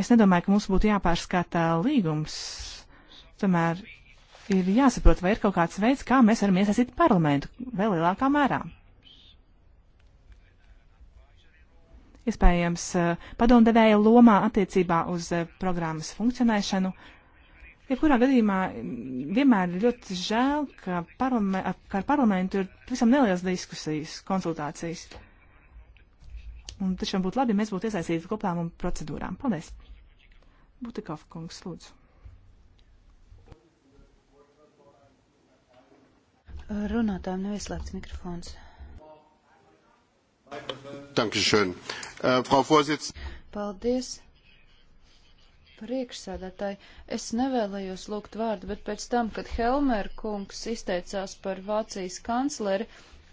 Es nedomāju, ka mums būtu jāpārskata līgums. Tomēr ir jāsaprot, vai ir kaut kāds veids, kā mēs varam iesaistīt parlamentu vēl lielākā mērā. iespējams eh, padomdevēja lomā attiecībā uz eh, programmas funkcionēšanu. Jebkurā gadījumā vienmēr ir ļoti žēl, ka, parlamē, ka ar parlamentu ir visam nelielas diskusijas, konsultācijas. Un tiešām būtu labi, ja mēs būtu iesaistīti koplām un procedūrām. Paldies! Butikov kungs, lūdzu. Runātājiem neieslēgts mikrofons. Dankeschön. Uh, Frau Vorsitz. Paldies. Priekšsēdētāji, es nevēlējos lūgt vārdu, bet pēc tam, kad Helmer kungs izteicās par Vācijas kancleri,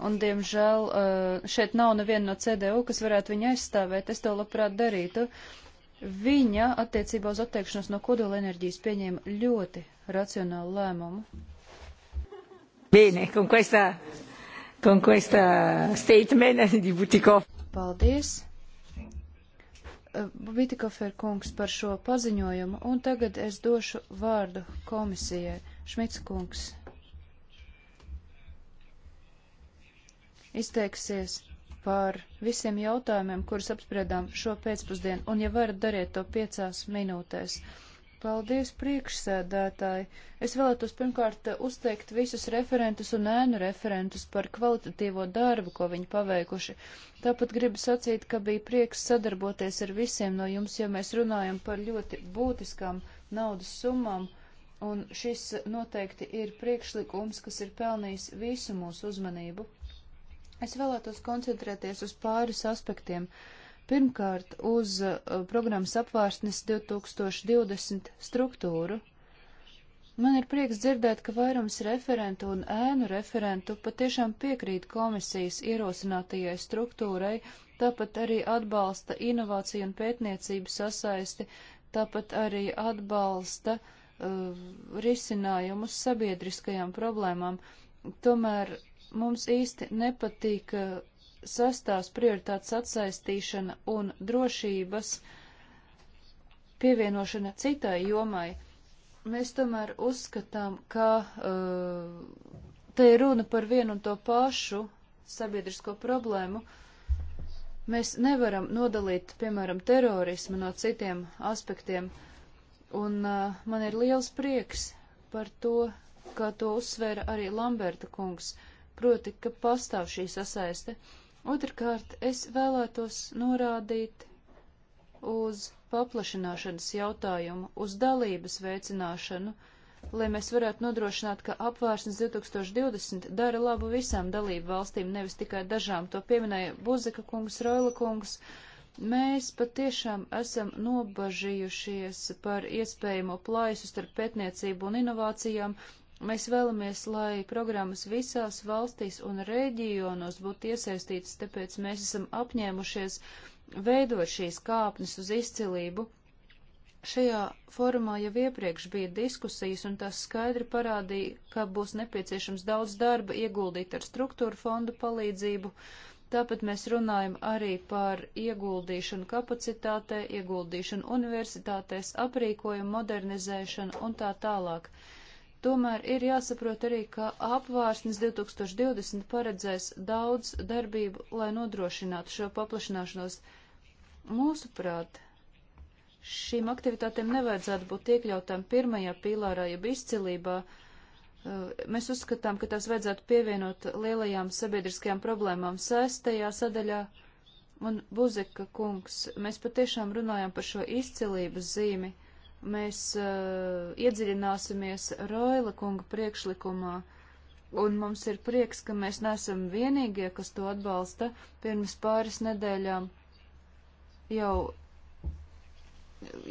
un, diemžēl, eh, šeit nav neviena no CDU, kas varētu viņu aizstāvēt, es to labprāt darītu, viņa attiecībā uz atteikšanos no kodola enerģijas pieņēma ļoti racionālu lēmumu. Bene, con questa con questa statement di Butikoff. Paldies. Eh, Bitikofer kungs par šo paziņojumu, un tagad es došu vārdu komisijai. Šmits kungs izteiksies par visiem jautājumiem, kurus apspriedām šo pēcpusdienu, un ja varat dariet to piecās minūtēs. Paldies, priekšsēdētāji! Es vēlētos pirmkārt uzteikt visus referentus un ēnu referentus par kvalitatīvo darbu, ko viņi paveikuši. Tāpat gribu sacīt, ka bija prieks sadarboties ar visiem no jums, ja mēs runājam par ļoti būtiskām naudas summām, un šis noteikti ir priekšlikums, kas ir pelnījis visu mūsu uzmanību. Es vēlētos koncentrēties uz pāris aspektiem. Uh, Pirmkārt, uz uh, programmas apvārsnes 2020 struktūru. Man ir prieks dzirdēt, ka vairums referentu un ēnu referentu patiešām piekrīt komisijas ierosinātajai struktūrai, tāpat arī atbalsta inovāciju un pētniecību sasaisti, tāpat arī atbalsta uh, risinājumus sabiedriskajām problēmām. Tomēr mums īsti nepatīk uh, sastās prioritātes atsaistīšana un drošības pievienošana citai jomai. Mēs tomēr uzskatām, ka uh, te ir runa par vienu un to pašu sabiedrisko problēmu. Mēs nevaram nodalīt, piemēram, terorismu no citiem aspektiem, un uh, man ir liels prieks par to, kā to uzsvēra arī Lamberta kungs, proti, ka pastāv šī sasaiste. Uh, Otrkārt, es vēlētos norādīt uz paplašināšanas jautājumu, uz dalības veicināšanu, lai mēs varētu nodrošināt, ka apvārsnes 2020 dara labu visām dalību valstīm, nevis tikai dažām. To pieminēja Buzeka kungs, Roila kungs. Mēs patiešām esam nobažījušies par iespējamo plaisu starp pētniecību un inovācijām, Mēs vēlamies, lai programmas visās valstīs un reģionos būtu iesaistītas, tāpēc mēs esam apņēmušies veidot šīs kāpnes uz izcilību. Šajā formā jau iepriekš bija diskusijas, un tās skaidri parādīja, ka būs nepieciešams daudz darba ieguldīt ar struktūra fondu palīdzību, Tāpat mēs runājam arī par ieguldīšanu kapacitātē, ieguldīšanu universitātēs, aprīkojumu modernizēšanu un tā tālāk. Tomēr ir jāsaprot arī, ka apvārsnes 2020 paredzēs daudz darbību, lai nodrošinātu šo paplašināšanos. Mūsuprāt, šīm aktivitātēm nevajadzētu būt iekļautām pirmajā pīlārā, jeb izcilībā. Eh, mēs uzskatām, ka tās vajadzētu pievienot lielajām sabiedriskajām problēmām sestajā sadaļā. Un Buzeka kungs, mēs patiešām runājam par šo izcilības zīmi mēs uh, iedziļināsimies Roila kunga priekšlikumā, un mums ir prieks, ka mēs nesam vienīgie, kas to atbalsta. Pirms pāris nedēļām jau,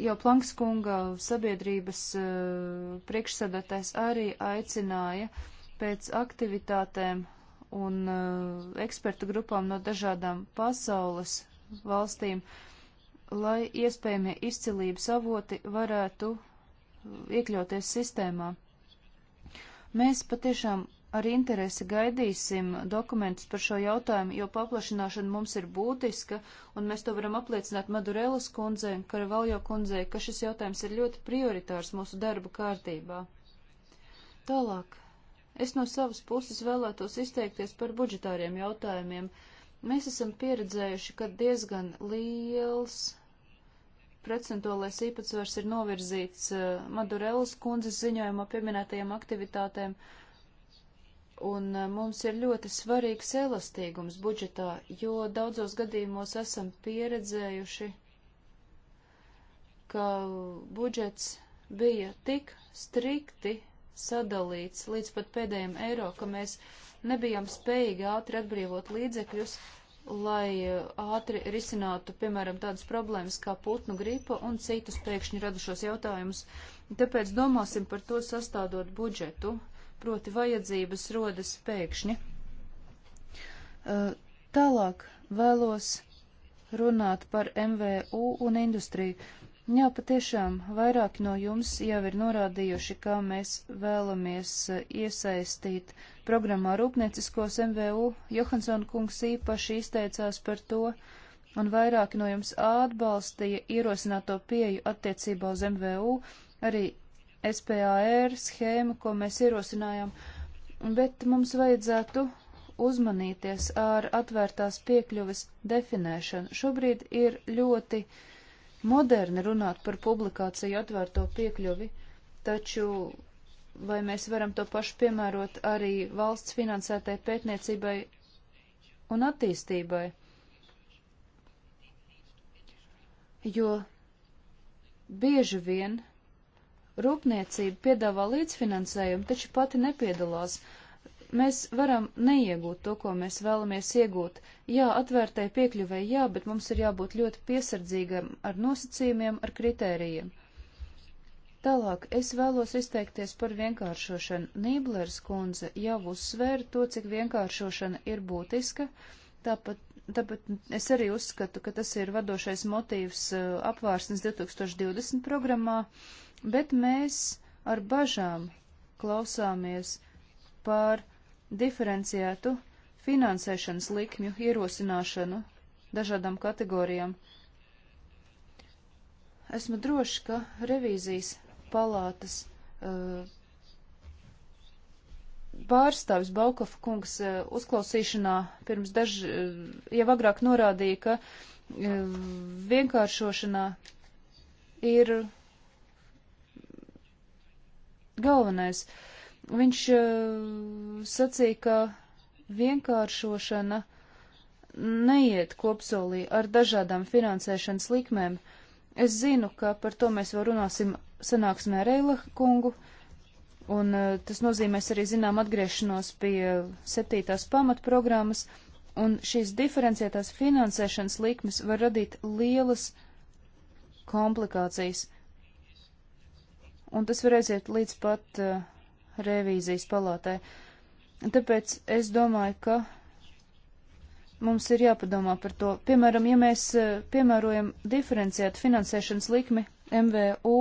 jau Planks kunga sabiedrības uh, eh, priekšsadatais arī aicināja pēc aktivitātēm un uh, ekspertu grupām no dažādām pasaules valstīm uh, lai iespējamie izcilības avoti varētu uh, iekļauties sistēmā. Mēs patiešām ar interesi gaidīsim dokumentus par šo jautājumu, jo paplašināšana mums ir būtiska, un mēs to varam apliecināt Madurelas kundzei un Karavaljo kundzei, ka šis jautājums ir ļoti prioritārs mūsu darba kārtībā. Tālāk. Es no savas puses vēlētos izteikties par budžetāriem jautājumiem. Mēs esam pieredzējuši, ka diezgan liels procentuālais īpatsvars ir novirzīts uh, eh, Madurelas kundzes ziņojumā pieminētajām aktivitātēm, un uh, mums ir ļoti svarīgs elastīgums budžetā, jo daudzos gadījumos esam pieredzējuši, ka budžets bija tik strikti sadalīts līdz pat pēdējiem eiro, ka mēs nebijām spējīgi ātri atbrīvot līdzekļus, uh, lai e, ātri risinātu, piemēram, tādas problēmas kā putnu gripa un citus pēkšņi radušos jautājumus. Tāpēc domāsim par to sastādot budžetu, proti vajadzības rodas pēkšņi. E, tālāk vēlos runāt par MVU un industriju. Jā, patiešām vairāki no jums jau ir norādījuši, kā mēs vēlamies eh, iesaistīt programmā rūpnieciskos MVU. Johansson kungs īpaši izteicās par to, un vairāki no jums atbalstīja ierosināto pieju attiecībā uz MVU, arī SPAR schēmu, ko mēs ierosinājām, bet mums vajadzētu uzmanīties ar atvērtās piekļuves definēšanu. Šobrīd ir ļoti uh, moderni runāt par publikāciju atvērto piekļuvi, taču vai mēs varam to pašu piemērot arī valsts finansētai pētniecībai un attīstībai? Jo bieži vien rūpniecība piedāvā līdzfinansējumu, taču pati nepiedalās. Uh, mēs varam neiegūt to, ko mēs vēlamies iegūt. Jā, atvērtai piekļuvēji, jā, bet mums ir jābūt ļoti piesardzīgam ar nosacījumiem, ar kritērijiem. Tālāk es vēlos izteikties par vienkāršošanu. Nīblers kundze jau uzsvēra to, cik vienkāršošana ir būtiska, tāpat, tāpat es arī uzskatu, ka tas ir vadošais motīvs uh, apvārsnes 2020 programmā, bet mēs ar bažām klausāmies par diferenciētu finansēšanas likmju ierosināšanu dažādām kategorijām. Esmu droši, ka revīzijas palātas uh, pārstāvis Balkova kungs uh, uzklausīšanā pirms daž, uh, jau agrāk norādīja, ka uh, vienkāršošanā ir galvenais. Uh, Viņš eh, sacīja, ka vienkāršošana neiet kopsolī ar dažādām finansēšanas likmēm. Es zinu, ka par to mēs vēl runāsim sanāksmē ar Eila kungu, un eh, tas nozīmēs arī zinām atgriešanos pie septītās pamatprogrammas, un šīs diferenciētās finansēšanas likmes var radīt lielas komplikācijas. Un tas var aiziet līdz pat uh, revīzijas palātē. Tāpēc es domāju, ka mums ir jāpadomā par to. Piemēram, ja mēs eh, piemērojam diferenciētu finansēšanas likmi MVU,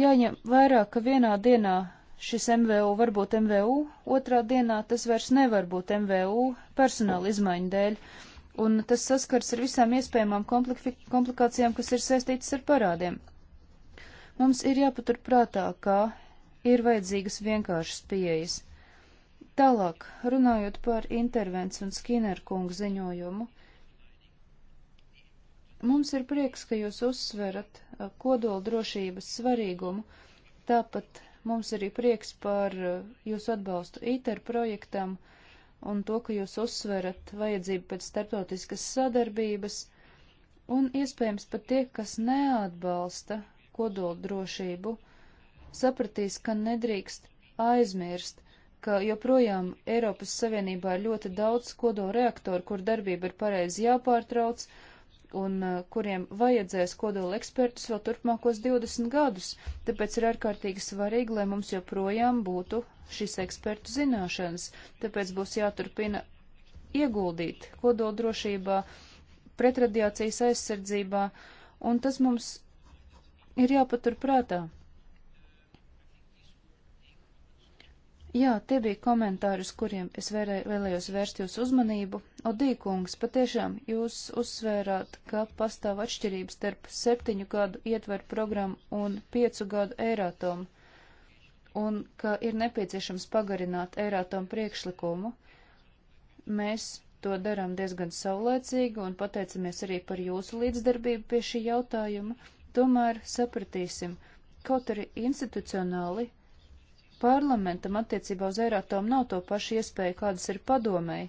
jāņem vērā, ka vienā dienā šis MVU var būt MVU, otrā dienā tas vairs nevar būt MVU personāla izmaiņu dēļ un tas saskars ar visām iespējamām komplikācijām, kas ir saistītas ar parādiem. Mums ir jāpaturprātā, ka ir vajadzīgas vienkāršas pieejas. Tālāk, runājot par intervents un Skinnerkungu ziņojumu, mums ir prieks, ka jūs uzsverat uh, kodola drošības svarīgumu, tāpat mums arī prieks par uh, jūsu atbalstu ITER projektam un to, ka jūs uzsverat vajadzību pēc starptautiskas sadarbības, un iespējams pat tie, kas neatbalsta kodoldrošību, sapratīs, ka nedrīkst aizmirst, ka joprojām Eiropas Savienībā ir ļoti daudz kodolreaktoru, kur darbība ir pareizi jāpārtrauc un uh, kuriem vajadzēs kodola ekspertus vēl turpmākos 20 gadus, tāpēc ir ārkārtīgi svarīgi, lai mums joprojām būtu šīs ekspertu zināšanas, tāpēc būs jāturpina ieguldīt kodoldrošībā, pretradiācijas aizsardzībā, un tas mums ir jāpatur prātā. Jā, tie bija komentāri, uz kuriem es vērē, vēlējos vērst jūsu uzmanību. Odīkungs, patiešām jūs uzsvērāt, ka pastāv atšķirības starp septiņu gadu ietveru programmu un piecu gadu eirātomu, un ka ir nepieciešams pagarināt eirātomu priekšlikumu. Mēs to darām diezgan saulēcīgi un pateicamies arī par jūsu līdzdarbību pie šī jautājuma, tomēr sapratīsim, kaut arī institucionāli parlamentam attiecībā uz Eiratomu nav to pašu iespēju, kādas ir padomēji.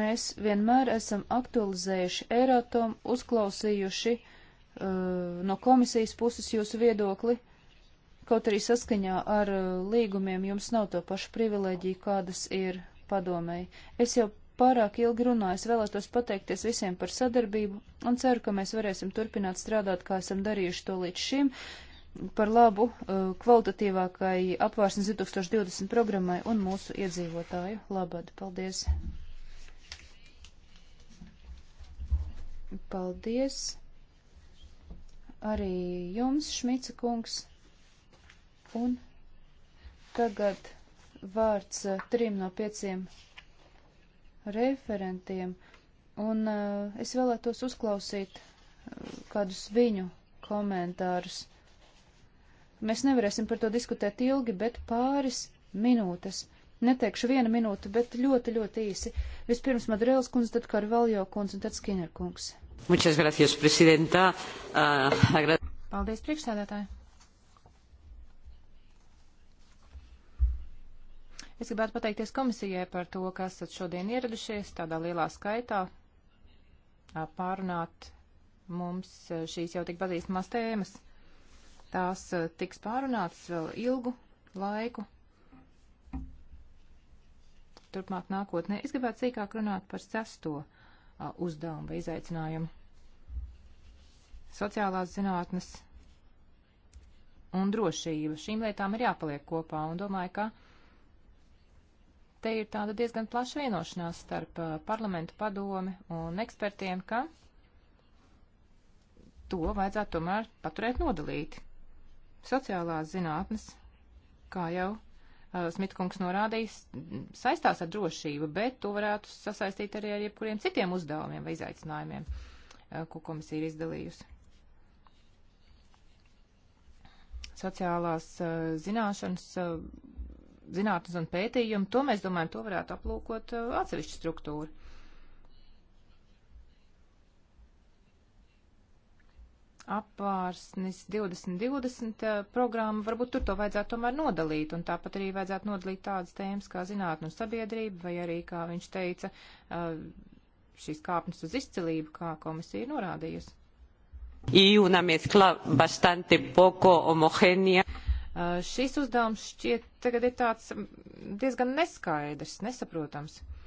Mēs vienmēr esam aktualizējuši Eiratomu, uzklausījuši uh, no komisijas puses jūsu viedokli, kaut arī saskaņā ar uh, līgumiem jums nav to pašu privilēģiju, kādas ir padomēji. Es jau pārāk ilgi runājis, vēlētos pateikties visiem par sadarbību un ceru, ka mēs varēsim turpināt strādāt, kā esam darījuši to līdz šim, par labu uh, kvalitatīvākai apvārsnes 2020 programmai un mūsu iedzīvotāju labad. Paldies! Paldies arī jums, Šmica kungs. Un tagad vārds uh, trim no pieciem referentiem. Un uh, es vēlētos uzklausīt uh, kādus viņu komentārus. Mēs nevarēsim par to diskutēt ilgi, bet pāris minūtes. Neteikšu vienu minūtu, bet ļoti, ļoti īsi. Vispirms Madrēls kundze, tad Karvaljo kundze un tad Skinner kungs. Muchas gracias, presidenta. Uh, agra... Paldies, priekšstādātāji. Es gribētu pateikties komisijai par to, ka esat šodien ieradušies tādā lielā skaitā pārunāt mums šīs jau tik pazīstamās tēmas. Tās eh, tiks pārunātas vēl ilgu laiku. Turpmāk nākotnē es gribētu sīkāk runāt par sesto eh, uzdevumu vai izaicinājumu. Sociālās zinātnes un drošība. Šīm lietām ir jāpaliek kopā un domāju, ka te ir tāda diezgan plaša vienošanās starp eh, parlamentu padomi un ekspertiem, ka to vajadzētu tomēr paturēt nodalīti. Sociālās zinātnes, kā jau uh, Smitkungs norādījis, saistās ar drošību, bet to varētu sasaistīt arī ar jebkuriem citiem uzdevumiem vai izaicinājumiem, uh, ko komisija ir izdalījusi. Sociālās uh, zināšanas, uh, zinātnes un pētījumi, to mēs domājam, to varētu aplūkot uh, atsevišķu struktūru. apvārsnis 2020 eh, programmu, varbūt tur to vajadzētu tomēr nodalīt, un tāpat arī vajadzētu nodalīt tādas tēmas kā zinātne un sabiedrība, vai arī, kā viņš teica, eh, šīs kāpnes uz izcilību, kā komisija ir norādījusi. Y una mezcla bastante poco homogénea. Eh, šis uzdevums šķiet tagad ir tāds diezgan neskaidrs, nesaprotams. Uh,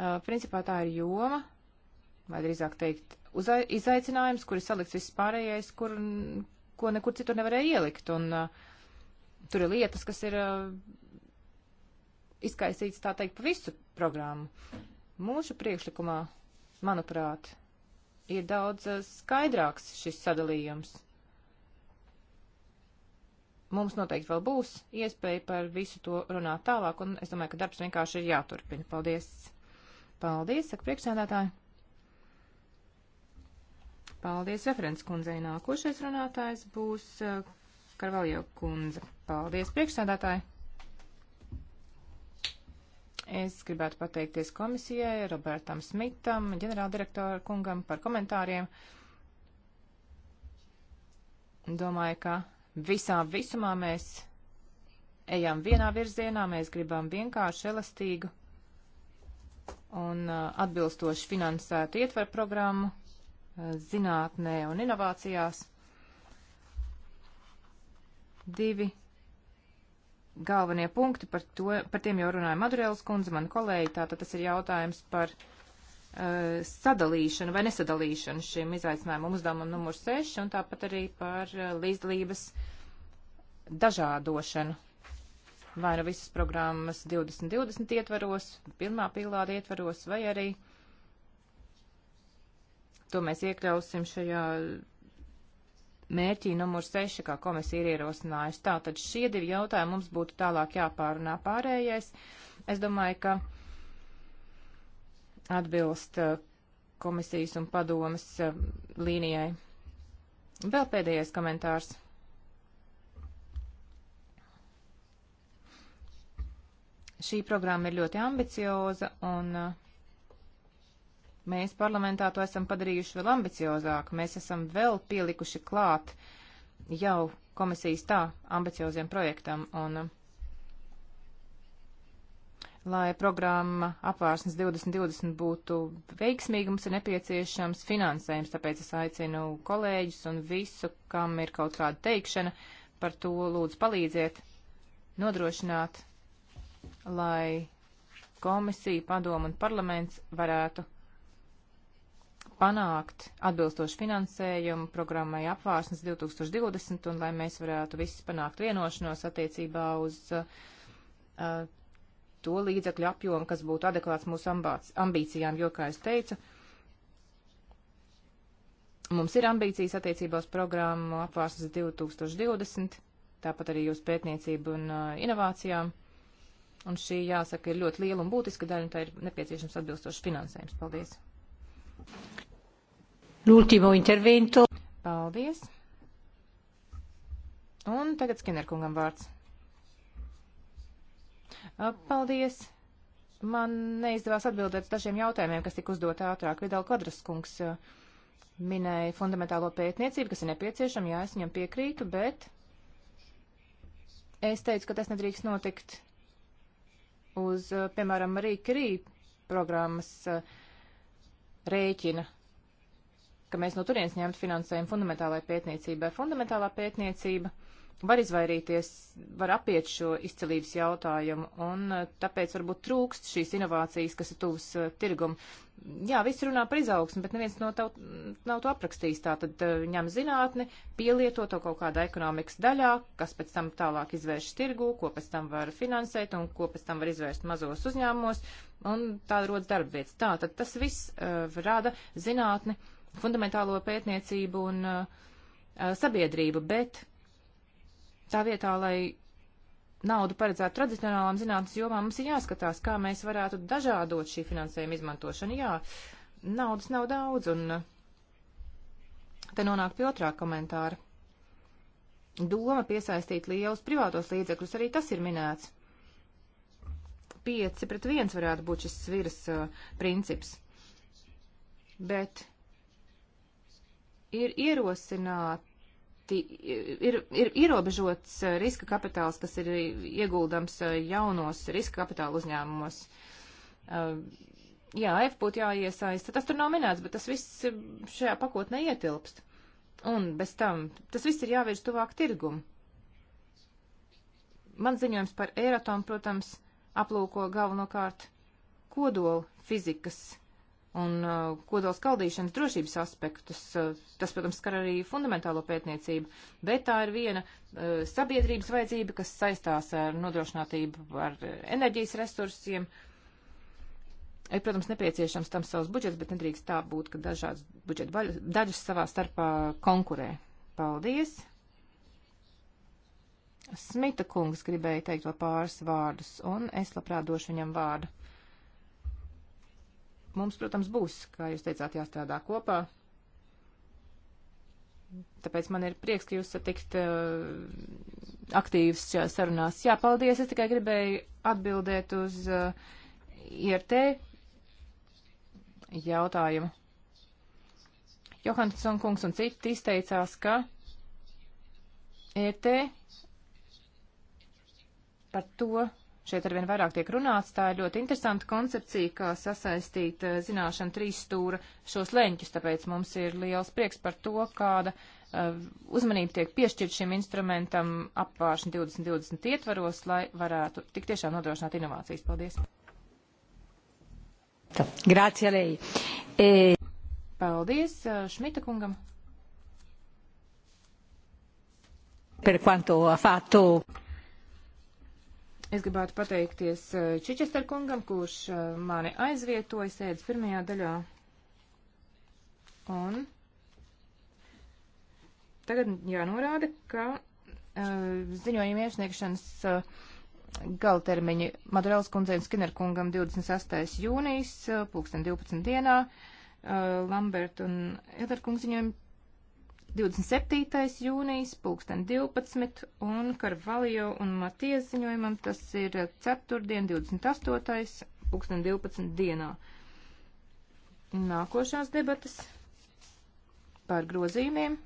Uh, principā tā ir joma, vai drīzāk teikt, uzai, izaicinājums, kur ir salikts viss pārējais, kur, ko nekur citur nevarēja ielikt. Un uh, tur ir lietas, kas ir uh, izkaisīts, tā teikt, pa visu programmu. Mūsu priekšlikumā, manuprāt, ir daudz uh, skaidrāks šis sadalījums. Mums noteikti vēl būs iespēja par visu to runāt tālāk, un es domāju, ka darbs vienkārši ir jāturpina. Paldies! Paldies, saka priekšsēdētāji. Paldies, referents kundzei. Nākošais runātājs būs eh, Karvaljo kundze. Paldies, priekšsēdētāji. Es gribētu pateikties komisijai, Robertam Smitam, ģenerāldirektora kungam par komentāriem. Domāju, ka visā visumā mēs ejam vienā virzienā, mēs gribam vienkārši elastīgu un uh, atbilstoši finansētu ietveru programmu uh, zinātnē un inovācijās. Divi galvenie punkti, par, to, par tiem jau runāja Madurēlas kundze, man kolēģi, tātad tas ir jautājums par uh, sadalīšanu vai nesadalīšanu šim izaicinājumam uzdevumam numur 6 un tāpat arī par uh, līdzdalības dažādošanu vai nu visas programmas 2020 ietvaros, pirmā pīlāra ietvaros, vai arī to mēs iekļausim šajā mērķī numur 6, kā komisija ir ierosinājusi. Tātad šie divi jautājumi mums būtu tālāk jāpārunā pārējais. Es domāju, ka atbilst eh, komisijas un padomas eh, līnijai. Vēl pēdējais komentārs. Šī programma ir ļoti ambicioza un uh, mēs parlamentā to esam padarījuši vēl ambiciozāk. Mēs esam vēl pielikuši klāt jau komisijas tā ambicioziem projektam un uh, lai programma apvārsnes 2020 būtu veiksmīga, mums ir nepieciešams finansējums, tāpēc es aicinu kolēģus un visu, kam ir kaut kāda teikšana, par to lūdzu palīdziet nodrošināt lai komisija, padoma un parlaments varētu panākt atbilstošu finansējumu programmai apvārsnes 2020 un lai mēs varētu visi panākt vienošanos attiecībā uz uh, to līdzekļu apjomu, kas būtu adekvāts mūsu ambāc, ambīcijām, jo, kā es teicu, mums ir ambīcijas attiecībā uz programmu apvārsnes 2020, tāpat arī uz pētniecību un uh, inovācijām. Uh, Un šī, jāsaka, ir ļoti liela un būtiska daļa, un tā ir nepieciešams atbilstošs finansējums. Paldies. L'ultimo intervento. Paldies. Un tagad Skinnerkungam vārds. Paldies. Man neizdevās atbildēt dažiem jautājumiem, kas tika uzdot ātrāk. Vidal Kvadraskungs minēja fundamentālo pētniecību, kas ir nepieciešama, jā, es viņam piekrītu, bet es teicu, ka tas nedrīkst notikt uz, eh, piemēram, arī Krī programmas eh, rēķina, ka mēs no turienes ņemtu finansējumu fundamentālajai pētniecībai. Fundamentālā pētniecība. Uh, var izvairīties, var apiet šo izcelības jautājumu, un eh, tāpēc varbūt trūkst šīs inovācijas, kas ir tuvas uh, tirgum. Jā, viss runā par izaugsmu, bet neviens no tev nav to aprakstījis. Tā tad uh, eh, ņem zinātni, pielieto to kaut kādā ekonomikas daļā, kas pēc tam tālāk izvērš tirgu, ko pēc tam var finansēt un ko pēc tam var izvērst mazos uzņēmumos, un tā rodas darba vietas. Tā tad tas viss uh, rada zinātni, fundamentālo pētniecību un uh, sabiedrību, bet Tā vietā, lai naudu paredzētu tradicionālām zinātnes jomām, mums ir jāskatās, kā mēs varētu dažādot šī finansējuma izmantošanu. Jā, naudas nav daudz, un uh, te nonāk pie otrā komentāra. Doma piesaistīt lielus privātos līdzekļus, arī tas ir minēts. 5 pret 1 varētu būt šis sviras uh, princips. Bet ir ierosināt ļoti, ir, ir ierobežots eh, riska kapitāls, kas ir ieguldams eh, jaunos riska kapitāla uzņēmumos. Eh, jā, F būtu jāiesaista. Tas tur nav minēts, bet tas viss šajā pakotnē ietilpst. Un bez tam tas viss ir jāvērš tuvāk tirgumu. Man ziņojums par Eiratomu, protams, aplūko galvenokārt kodola fizikas un uh, kodols kaldīšanas drošības aspektus. Uh, tas, protams, skar arī fundamentālo pētniecību, bet tā ir viena uh, sabiedrības vajadzība, kas saistās ar nodrošinātību ar enerģijas resursiem. Ir, protams, nepieciešams tam savs budžets, bet nedrīkst tā būt, ka dažādas budžeta daļas savā starpā konkurē. Paldies! Smita kungs gribēja teikt vēl pāris vārdus, un es labprāt došu viņam vārdu mums, protams, būs, kā jūs teicāt, jāstrādā kopā. Tāpēc man ir prieks, ka jūs esat tik uh, eh, aktīvs šajā sarunās. Jā, paldies. Es tikai gribēju atbildēt uz uh, eh, IRT jautājumu. Johansson kungs un citi izteicās, ka IRT par to šeit arvien vairāk tiek runāts. Tā ir ļoti interesanta koncepcija, kā sasaistīt eh, zināšanu trīs stūra šos leņķus, tāpēc mums ir liels prieks par to, kāda eh, uzmanība tiek piešķirt šim instrumentam apvāršana 2020 ietvaros, lai varētu tik tiešām nodrošināt inovācijas. Paldies! Grācija Lei. E... Paldies eh, Šmita kungam. Per quanto ha fatto. Es gribētu pateikties eh, Čičester kungam, kurš eh, mani aizvietoja sēdes pirmajā daļā. Un tagad jānorāda, ka uh, ziņojuma iesniegšanas uh, galtermiņi Madurēlas kundzei un Skinner kungam 28. jūnijas, uh, 2012. dienā, uh, Lambert un Edar kungs ziņojumi 27. jūnijas, pulksten 12, un Karvalijo un Matijas ziņojumam tas ir ceturtdien, 28. pulksten 12 dienā. Nākošās debatas par grozījumiem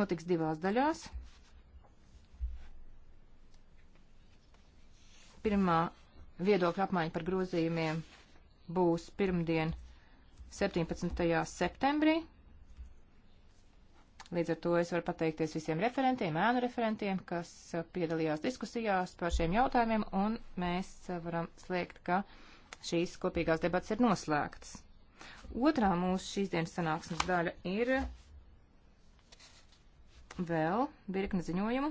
notiks divās daļās. Pirmā viedokļa apmaiņa par grozījumiem būs pirmdien 17. septembrī Līdz ar to es varu pateikties visiem referentiem, ēnu referentiem, kas eh, piedalījās diskusijās par šiem jautājumiem, un mēs eh, varam slēgt, ka šīs kopīgās debats ir noslēgtas. Otrā mūsu šīs dienas sanāksmes daļa ir vēl virkne ziņojumu,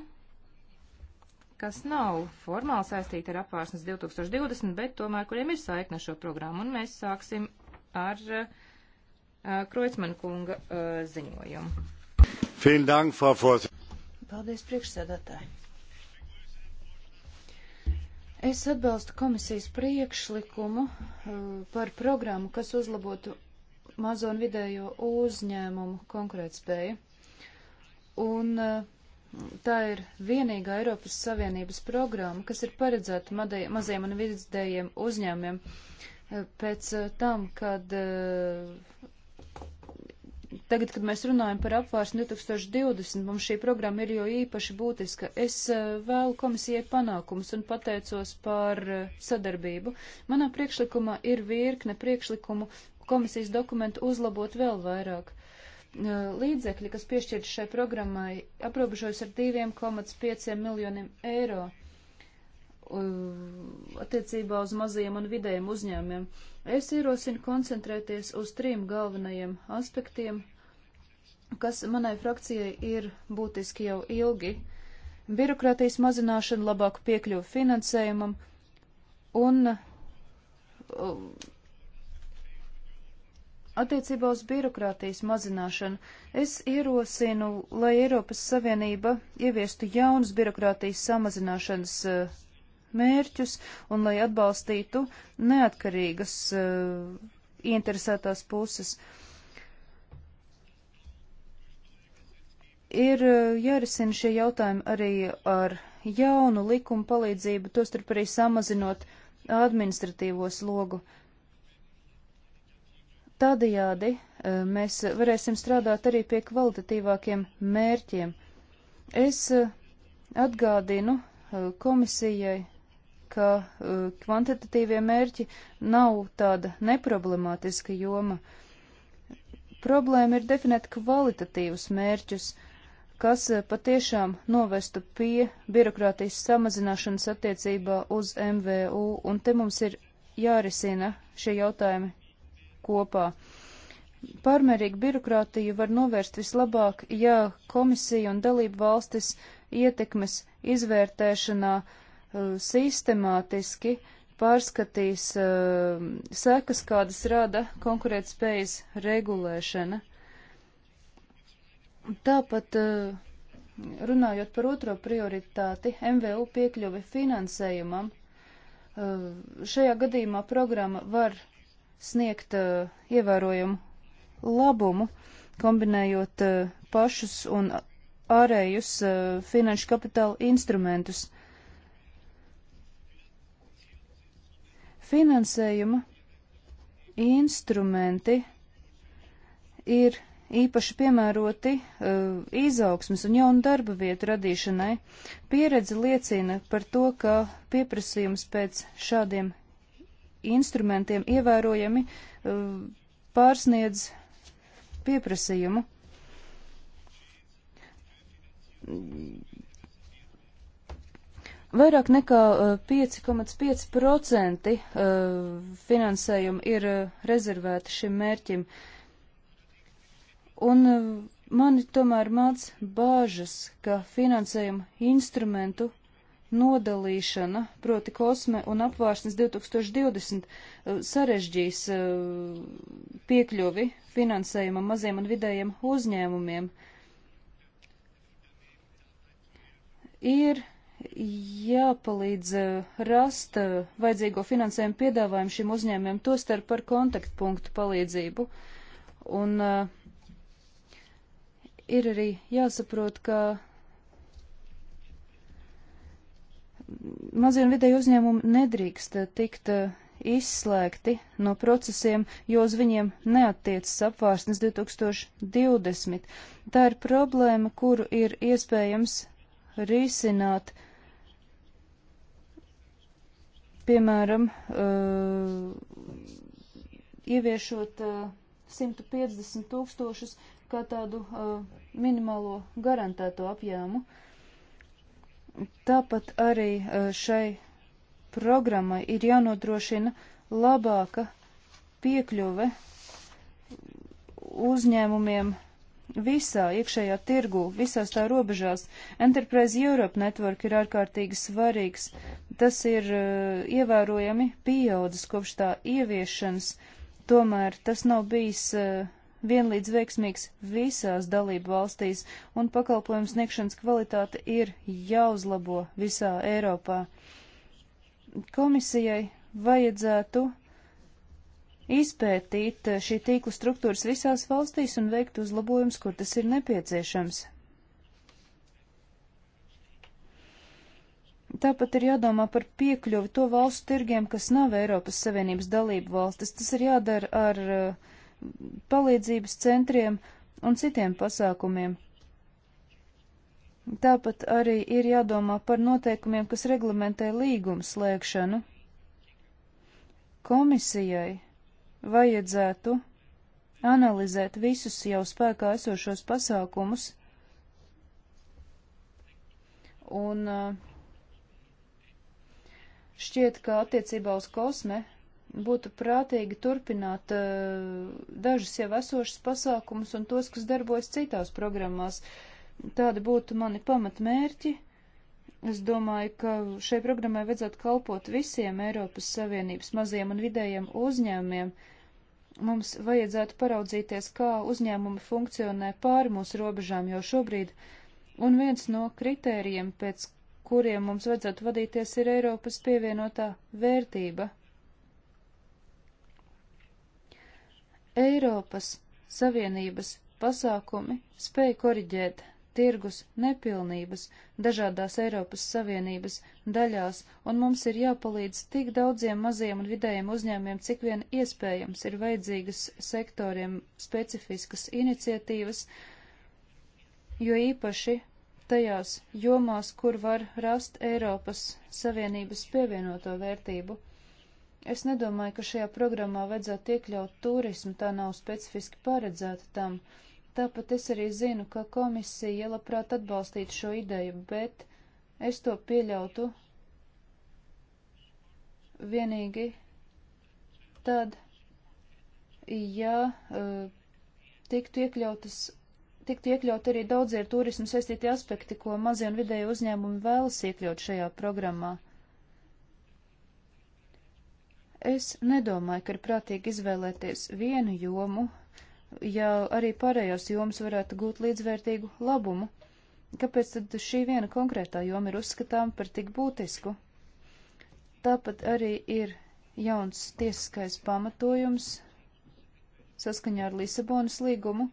kas nav formāli saistīti ar apvārsnes 2020, bet tomēr kuriem ir saikna šo programmu. Un mēs sāksim ar uh, Kreutzmann kunga uh, ziņojumu. Dank, Frau Paldies, priekšsēdētāji. Es atbalstu komisijas priekšlikumu uh, par programmu, kas uzlabotu mazo un vidējo uzņēmumu konkurētspēju. Un uh, tā ir vienīgā Eiropas Savienības programma, kas ir paredzēta mazajiem un vidējiem uzņēmumiem uh, pēc tam, kad Tagad, kad mēs runājam par apvārsni 2020, mums šī programma ir jau īpaši būtiska. Es eh, vēlu komisijai panākumus un pateicos par eh, sadarbību. Manā priekšlikumā ir virkne priekšlikumu komisijas dokumentu uzlabot vēl vairāk. Eh, līdzekļi, kas piešķirti šai programmai, aprobežojas ar 2,5 miljoniem eiro attiecībā uz mazajiem un vidējiem uzņēmiem. Es ierosinu koncentrēties uz trim galvenajiem aspektiem kas manai frakcijai ir būtiski jau ilgi - birokrātijas mazināšana, labāku piekļuvu finansējumam un um, attiecībā uz birokrātijas mazināšanu. Es ierosinu, lai Eiropas Savienība ieviestu jaunus birokrātijas samazināšanas uh, mērķus un lai atbalstītu neatkarīgas uh, interesētās puses. Uh, Ir e, jārisina šie jautājumi arī ar jaunu likumu palīdzību, tostarp arī samazinot administratīvo slogu. Tādējādi e, mēs varēsim strādāt arī pie kvalitatīvākiem mērķiem. Es e, atgādinu komisijai, ka kvantitatīvie mērķi nav tāda neproblemātiska joma. Problēma ir definēt kvalitatīvus mērķus. Uh, kas eh, patiešām novestu pie birokrātijas samazināšanas attiecībā uz MVU, un te mums ir jārisina šie jautājumi kopā. Pārmērīgu birokrātiju var novērst vislabāk, ja komisija un dalību valstis ietekmes izvērtēšanā uh, sistemātiski pārskatīs uh, sekas, kādas rada konkurētspējas regulēšana. Uh, Tāpat eh, runājot par otro prioritāti, MVU piekļuvi finansējumam, eh, šajā gadījumā programma var sniegt eh, ievērojumu labumu, kombinējot pašus un ārējus finanšu kapitāla instrumentus. Finansējuma instrumenti ir īpaši piemēroti uh, izaugsmas un jaunu darba vietu radīšanai. Pieredze liecina par to, ka pieprasījums pēc šādiem instrumentiem ievērojami uh, pārsniedz pieprasījumu. Vairāk nekā 5,5% e, finansējumu ir rezervēti šim mērķim. Uh, Un eh, mani tomēr māc bāžas, ka finansējuma instrumentu nodalīšana, proti kosme un apvārsnes 2020, eh, sarežģīs eh, piekļuvi finansējumam maziem un vidējiem uzņēmumiem. Ir jāpalīdz rast vajadzīgo finansējumu piedāvājumu šim uzņēmumiem, tostarp par kontaktpunktu palīdzību. Un ir arī jāsaprot, ka mazie un vidēji uzņēmumi nedrīkst tikt eh, izslēgti no procesiem, jo uz viņiem neatiecas apvārsnes 2020. Tā ir problēma, kuru ir iespējams risināt, piemēram, uh, ieviešot uh, eh, 150 tūkstošus kā tādu uh, minimālo garantēto apjēmu. Tāpat arī uh, šai programmai ir jānodrošina labāka piekļuve uzņēmumiem visā iekšējā tirgu, visās tā robežās. Enterprise Europe Network ir ārkārtīgi svarīgs. Tas ir uh, ievērojami pieaudzis kopš tā ieviešanas, tomēr tas nav bijis uh, vienlīdz veiksmīgs visās dalību valstīs, un pakalpojumu sniegšanas kvalitāte ir jāuzlabo visā Eiropā. Komisijai vajadzētu izpētīt šī tīkla struktūras visās valstīs un veikt uzlabojumus, kur tas ir nepieciešams. Tāpat ir jādomā par piekļuvi to valstu tirgiem, kas nav Eiropas Savienības dalību valstis. Tas ir jādara ar uh, palīdzības centriem un citiem pasākumiem. Tāpat arī ir jādomā par noteikumiem, kas reglamentē līgumu slēgšanu. Komisijai vajadzētu analizēt visus jau spēkā esošos pasākumus un eh, šķiet, ka attiecībā uz kosme būtu prātīgi turpināt uh, dažus jau esošus pasākumus un tos, kas darbojas citās programmās. Tādi būtu mani pamatmērķi. Es domāju, ka šai programmai vajadzētu kalpot visiem Eiropas Savienības maziem un vidējiem uzņēmumiem. Mums vajadzētu paraudzīties, kā uzņēmumi funkcionē pāri mūsu robežām jau šobrīd, un viens no kritērijiem, pēc kuriem mums vajadzētu vadīties, ir Eiropas pievienotā vērtība – Eiropas Savienības pasākumi spēj koriģēt tirgus nepilnības dažādās Eiropas Savienības daļās, un mums ir jāpalīdz tik daudziem maziem un vidējiem uzņēmiem, cik vien iespējams ir vajadzīgas sektoriem specifiskas iniciatīvas, jo īpaši tajās jomās, kur var rast Eiropas Savienības pievienoto vērtību. Es nedomāju, ka šajā programmā vajadzētu iekļaut turismu, tā nav specifiski paredzēta tam. Tāpat es arī zinu, ka komisija labprāt atbalstītu šo ideju, bet es to pieļautu vienīgi tad, ja uh, tiktu iekļautas. Tiktu iekļaut arī daudzi ar turismu saistīti aspekti, ko mazie un vidēji uzņēmumi vēlas iekļaut šajā programmā. Es nedomāju, ka ir prātīgi izvēlēties vienu jomu, ja arī pārējās jomas varētu gūt līdzvērtīgu labumu. Kāpēc tad šī viena konkrētā joma ir uzskatām par tik būtisku? Tāpat arī ir jauns tiesiskais pamatojums saskaņā ar Lisabonas līgumu,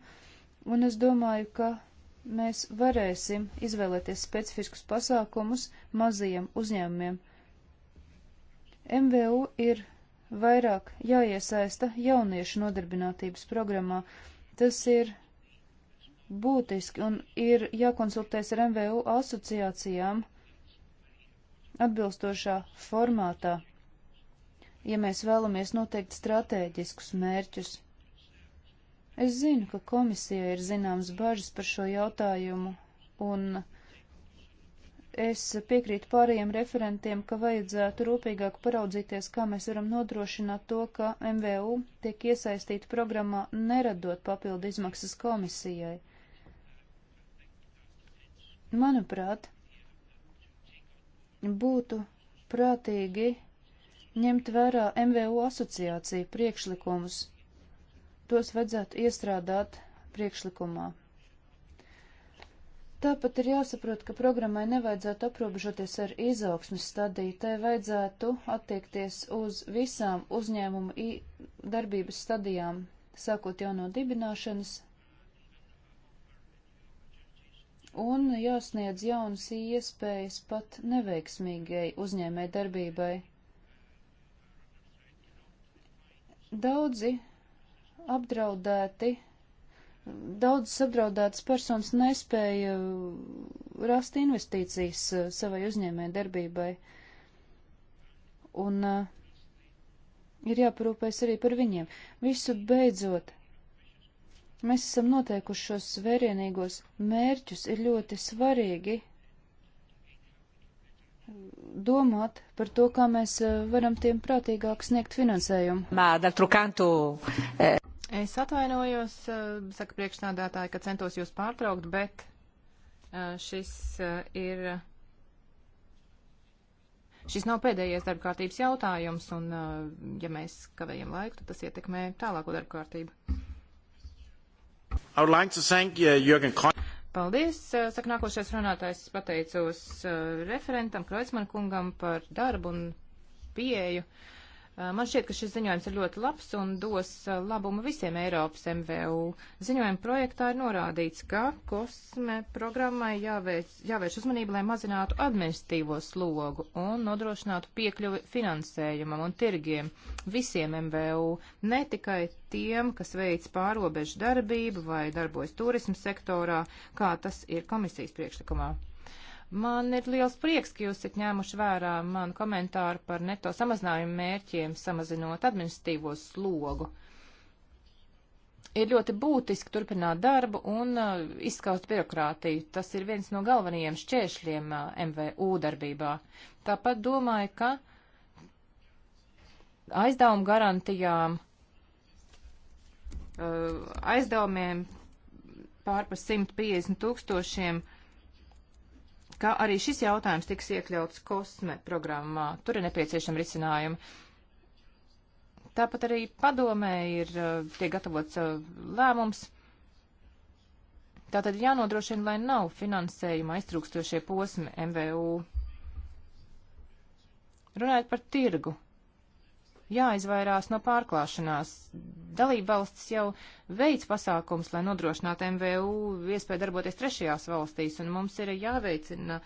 un es domāju, ka mēs varēsim izvēlēties specifiskus pasākumus mazajiem uzņēmumiem. MVU ir vairāk jāiesaista jauniešu nodarbinātības programmā. Tas ir būtiski un ir jākonsultēs ar MVU asociācijām atbilstošā formātā, ja mēs vēlamies noteikt stratēģiskus mērķus. Es zinu, ka komisija ir zināms bažas par šo jautājumu un Es piekrītu pārējiem referentiem, ka vajadzētu rūpīgāk paraudzīties, kā mēs varam nodrošināt to, ka MVU tiek iesaistīta programmā, neradot papildu izmaksas komisijai. Manuprāt, būtu prātīgi ņemt vērā MVU asociāciju priekšlikumus. Tos vajadzētu iestrādāt priekšlikumā. Tāpat ir jāsaprot, ka programmai nevajadzētu aprobežoties ar izaugsmes stadiju, tai vajadzētu attiekties uz visām uzņēmumu darbības stadijām, sākot jau no dibināšanas, un jāsniedz jaunas iespējas pat neveiksmīgai uzņēmē darbībai. Daudzi apdraudēti Daudzas apdraudētas personas nespēja rast investīcijas uh, savai uzņēmē darbībai. Un uh, ir jāparūpēs arī par viņiem. Visu beidzot, mēs esam noteikuši šos vērienīgos mērķus, ir ļoti svarīgi domāt par to, kā mēs uh, varam tiem prātīgāk sniegt finansējumu. Mā, Es atvainojos, eh, saka priekšnādātāji, ka centos jūs pārtraukt, bet eh, šis eh, ir. Šis nav pēdējais darba kārtības jautājums, un, ja mēs kavējam laiku, tad tas ietekmē tālāko darba kārtību. Like thank, uh, Paldies, saka nākošais runātājs, es pateicos uh, referentam Kreuzman kungam par darbu un pieeju. Uh, Eh, man šķiet, ka šis ziņojums ir ļoti labs un dos eh, labumu visiem Eiropas MVU. Ziņojuma projektā ir norādīts, ka kosme programmai jāvērš, jāvērš uzmanību, lai mazinātu administratīvo slogu un nodrošinātu piekļuvi finansējumam un tirgiem visiem MVU, ne tikai tiem, kas veic pārobežu darbību vai darbojas turismu sektorā, kā tas ir komisijas priekšlikumā. Man ir liels prieks, ka jūs esat ņēmuši vērā manu komentāru par neto samazinājumu mērķiem, samazinot administratīvo slogu. Ir ļoti būtiski turpināt darbu un uh, izskaust birokrātiju. Tas ir viens no galvenajiem šķēršļiem uh, MVU darbībā. Tāpat domāju, ka aizdevumu garantijām, uh, aizdevumiem pārpa 150 tūkstošiem ka arī šis jautājums tiks iekļauts kosme programmā. Tur ir nepieciešama risinājuma. Tāpat arī padomē ir uh, tiek gatavots uh, lēmums. Tātad jānodrošina, lai nav finansējuma aiztrūkstošie posmi MVU. Runājot par tirgu, jāizvairās no pārklāšanās. Dalība valsts jau veic pasākums, lai nodrošinātu MVU iespēju darboties trešajās valstīs, un mums ir jāveicina uh,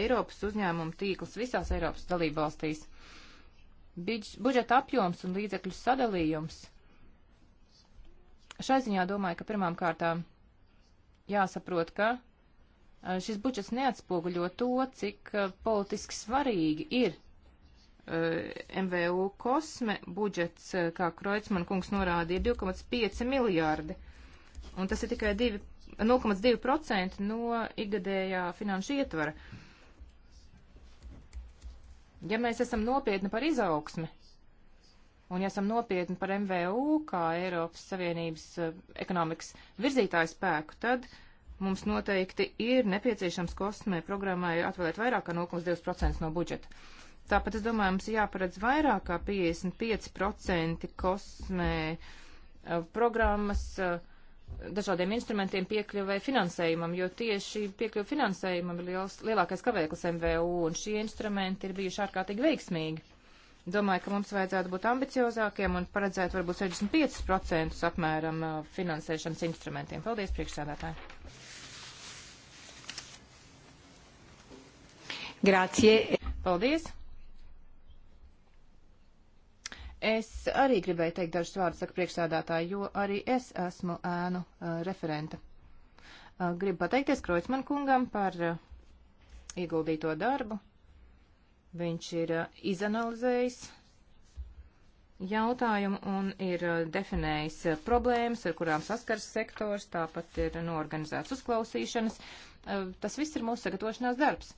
Eiropas uzņēmumu tīkls visās Eiropas dalība valstīs. Biģ, budžeta apjoms un līdzekļu sadalījums. Šai ziņā domāju, ka pirmām kārtām jāsaprot, ka uh, šis budžets neatspoguļo to, cik uh, politiski svarīgi ir Eh, MVU kosme budžets, eh, kā Kreutzmann kungs norāda, ir 2,5 miljārdi. Un tas ir tikai 0,2% no ikgadējā finanšu ietvara. Ja mēs esam nopietni par izaugsmi, un ja esam nopietni par MVU kā Eiropas Savienības eh, ekonomikas virzītāju spēku, tad mums noteikti ir nepieciešams kosmē programmai atvēlēt vairāk kā 0,2% no budžeta. Uh, Tāpat es domāju, mums jāparedz vairāk kā 55% kosmē eh, programmas eh, dažādiem instrumentiem piekļuvai finansējumam, jo tieši piekļuva finansējumam ir liels, lielākais kavēklis MVU, un šie instrumenti ir bijuši ārkārtīgi veiksmīgi. Domāju, ka mums vajadzētu būt ambiciozākiem un paredzēt varbūt 65% apmēram eh, finansēšanas instrumentiem. Paldies, priekšsēdētāji! Grācie! Paldies! Es arī gribēju teikt dažus vārdus, saka priekšsādātāji, jo arī es esmu ēnu uh, referenta. Uh, gribu pateikties Kreutzmann kungam par uh, ieguldīto darbu. Viņš ir izanalizējis jautājumu un ir definējis problēmas, ar kurām saskars sektors, tāpat ir norganizēts uzklausīšanas. Tas viss ir mūsu sagatavošanās darbs.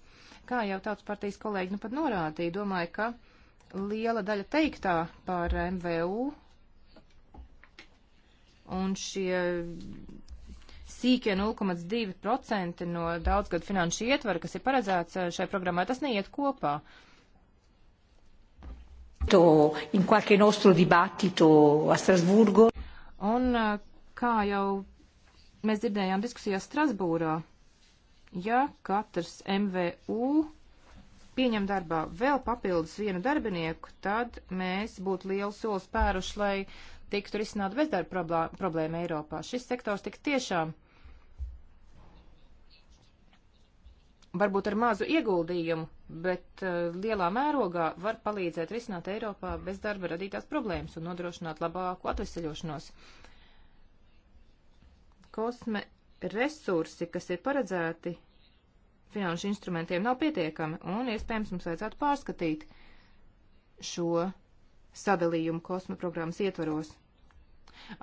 Kā jau tautas partijas kolēģi nu pat norādīja, domāju, ka liela daļa teiktā par MVU un šie sīkie 0,2% no daudzgadu finanšu ietvara, kas ir paredzēts eh, šai programmai, tas neiet kopā. To, in qualche nostro dibattito a Strasburgo. Un eh, kā jau mēs dzirdējām diskusijā Strasbūrā, ja katrs MVU pieņem darbā vēl papildus vienu darbinieku, tad mēs būtu lielu soli spēruši, lai tiktu risināt bezdarba problēma Eiropā. Šis sektors tik tiešām varbūt ar mazu ieguldījumu, bet uh, lielā mērogā var palīdzēt risināt Eiropā bezdarba radītās problēmas un nodrošināt labāku atveseļošanos. Kosme resursi, kas ir paredzēti finanšu instrumentiem nav pietiekami, un iespējams mums vajadzētu pārskatīt šo sadalījumu kosma programmas ietvaros.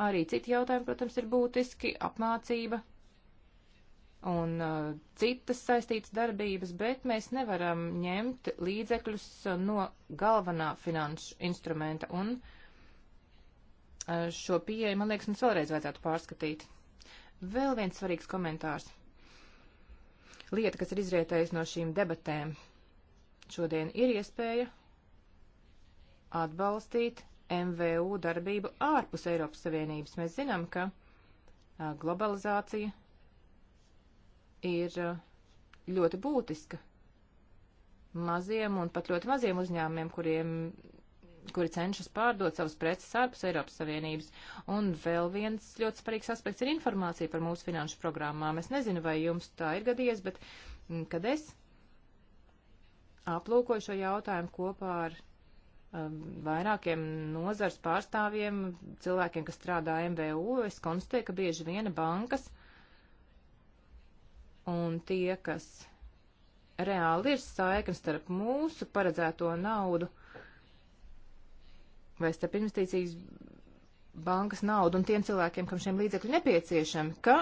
Arī citi jautājumi, protams, ir būtiski - apmācība un uh, citas saistītas darbības, bet mēs nevaram ņemt līdzekļus uh, no galvenā finanšu instrumenta, un uh, šo pieeju, man liekas, mums vēlreiz vajadzētu pārskatīt. Vēl viens svarīgs komentārs lieta, kas ir izrietējusi no šīm debatēm. Šodien ir iespēja atbalstīt MVU darbību ārpus Eiropas Savienības. Mēs zinām, ka globalizācija ir ļoti būtiska maziem un pat ļoti maziem uzņēmumiem, kuriem kuri cenšas pārdot savus preces ārpus Eiropas Savienības. Un vēl viens ļoti svarīgs aspekts ir informācija par mūsu finanšu programmām. Es nezinu, vai jums tā ir gadījies, bet mm, kad es aplūkoju šo jautājumu kopā ar um, vairākiem nozars pārstāvjiem, cilvēkiem, kas strādā MVU, es konstatēju, ka bieži viena bankas un tie, kas reāli ir saikni starp mūsu paredzēto naudu vai starp investīcijas bankas naudu un tiem cilvēkiem, kam šiem līdzekļi nepieciešami, ka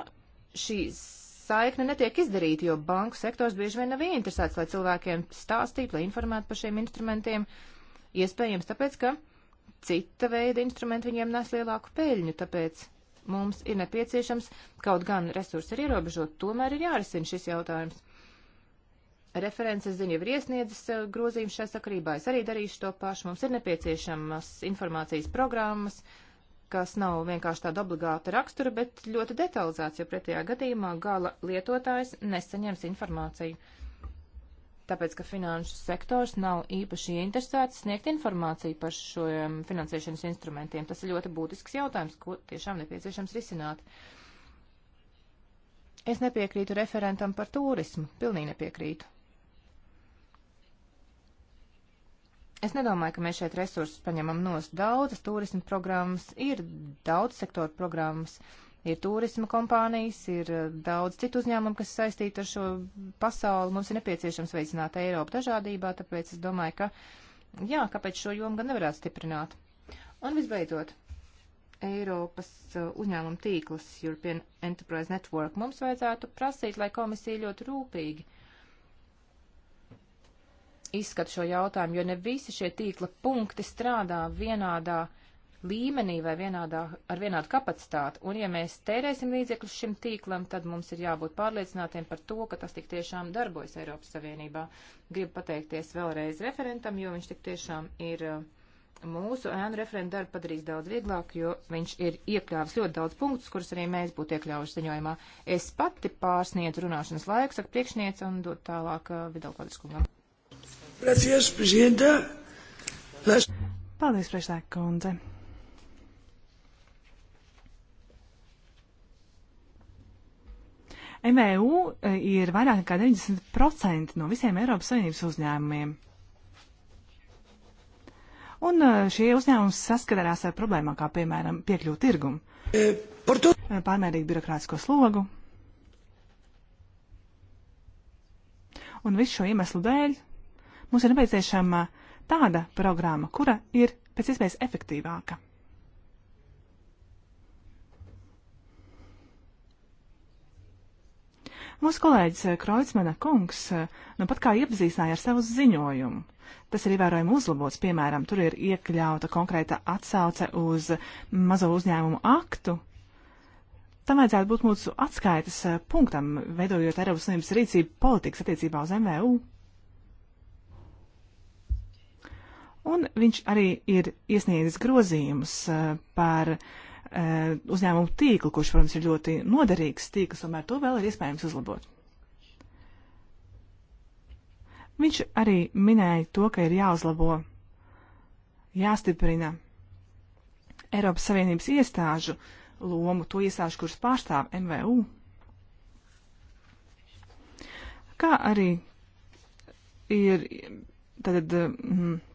šī saikne netiek izdarīta, jo banku sektors bieži vien nav ieinteresēts, lai cilvēkiem stāstītu, lai informētu par šiem instrumentiem. Iespējams, tāpēc, ka cita veida instrumenti viņiem nes lielāku peļņu, tāpēc mums ir nepieciešams, kaut gan resursi ir ierobežot, tomēr ir jārisina šis jautājums. Referents, es zinu, jau ir iesniedzis eh, grozījumus šajā sakarībā. Es arī darīšu to pašu. Mums ir nepieciešamas informācijas programmas, kas nav vienkārši tāda obligāta rakstura, bet ļoti detalizēts, jo pretējā gadījumā gala lietotājs nesaņems informāciju. Tāpēc, ka finanšu sektors nav īpaši interesēts sniegt informāciju par šiem finansēšanas instrumentiem. Tas ir ļoti būtisks jautājums, ko tiešām nepieciešams risināt. Es nepiekrītu referentam par turismu, pilnīgi nepiekrītu. Es nedomāju, ka mēs šeit resursus paņemam nost. Daudzas turisma programmas ir, daudz sektoru programmas ir turisma kompānijas, ir eh, daudz citu uzņēmumu, kas saistīti ar šo pasauli. Mums ir nepieciešams veicināt Eiropu dažādībā, tāpēc es domāju, ka, jā, kāpēc šo jomu gan nevarētu stiprināt. Un visbeidzot, Eiropas eh, uzņēmuma tīkls, European Enterprise Network, mums vajadzētu prasīt, lai komisija ļoti rūpīgi izskata šo jautājumu, jo ne visi šie tīkla punkti strādā vienādā līmenī vai vienādā, ar vienādu kapacitāti. Un ja mēs tērēsim līdzekļus šim tīklam, tad mums ir jābūt pārliecinātiem par to, ka tas tik tiešām darbojas Eiropas Savienībā. Gribu pateikties vēlreiz referentam, jo viņš tik tiešām ir uh, mūsu ēnu referenta darbu padarīs daudz vieglāk, jo viņš ir iekļāvis ļoti daudz punktus, kurus arī mēs būtu iekļāvuši ziņojumā. Es pati pārsniedzu runāšanas laiku, saka priekšniece, un dod tālāk uh, Vidalkotiskungam. Gracias, prezidenta. Las... Paldies, priekšsēdētāja kundze. MVU e, ir vairāk nekā 90% no visiem Eiropas Savienības uzņēmumiem. Un e, šie uzņēmumi saskarās ar problēmām, kā piemēram piekļūt tirgumu, eh, e, to... pārmērīgu birokrātisko slogu. Un visu šo iemeslu dēļ Mums ir nepieciešama tāda programma, kura ir pēc iespējas efektīvāka. Mūsu kolēģis Kreutzmana kungs eh, nu pat kā iepazīstināja ar savu ziņojumu. Tas ir ievērojami uzlabots, piemēram, tur ir iekļauta konkrēta atsauce uz mazo uzņēmumu aktu. Tam vajadzētu būt mūsu atskaites eh, punktam, veidojot Eiropas Savienības rīcību politikas attiecībā uz MVU. un viņš arī ir iesniedzis grozījumus eh, par eh, uzņēmumu tīklu, kurš, protams, ir ļoti noderīgs tīkls, tomēr to vēl ir iespējams uzlabot. Viņš arī minēja to, ka ir jāuzlabo, jāstiprina Eiropas Savienības iestāžu lomu, to iestāžu, kuras pārstāv MVU, kā arī ir tātad. Mm, eh,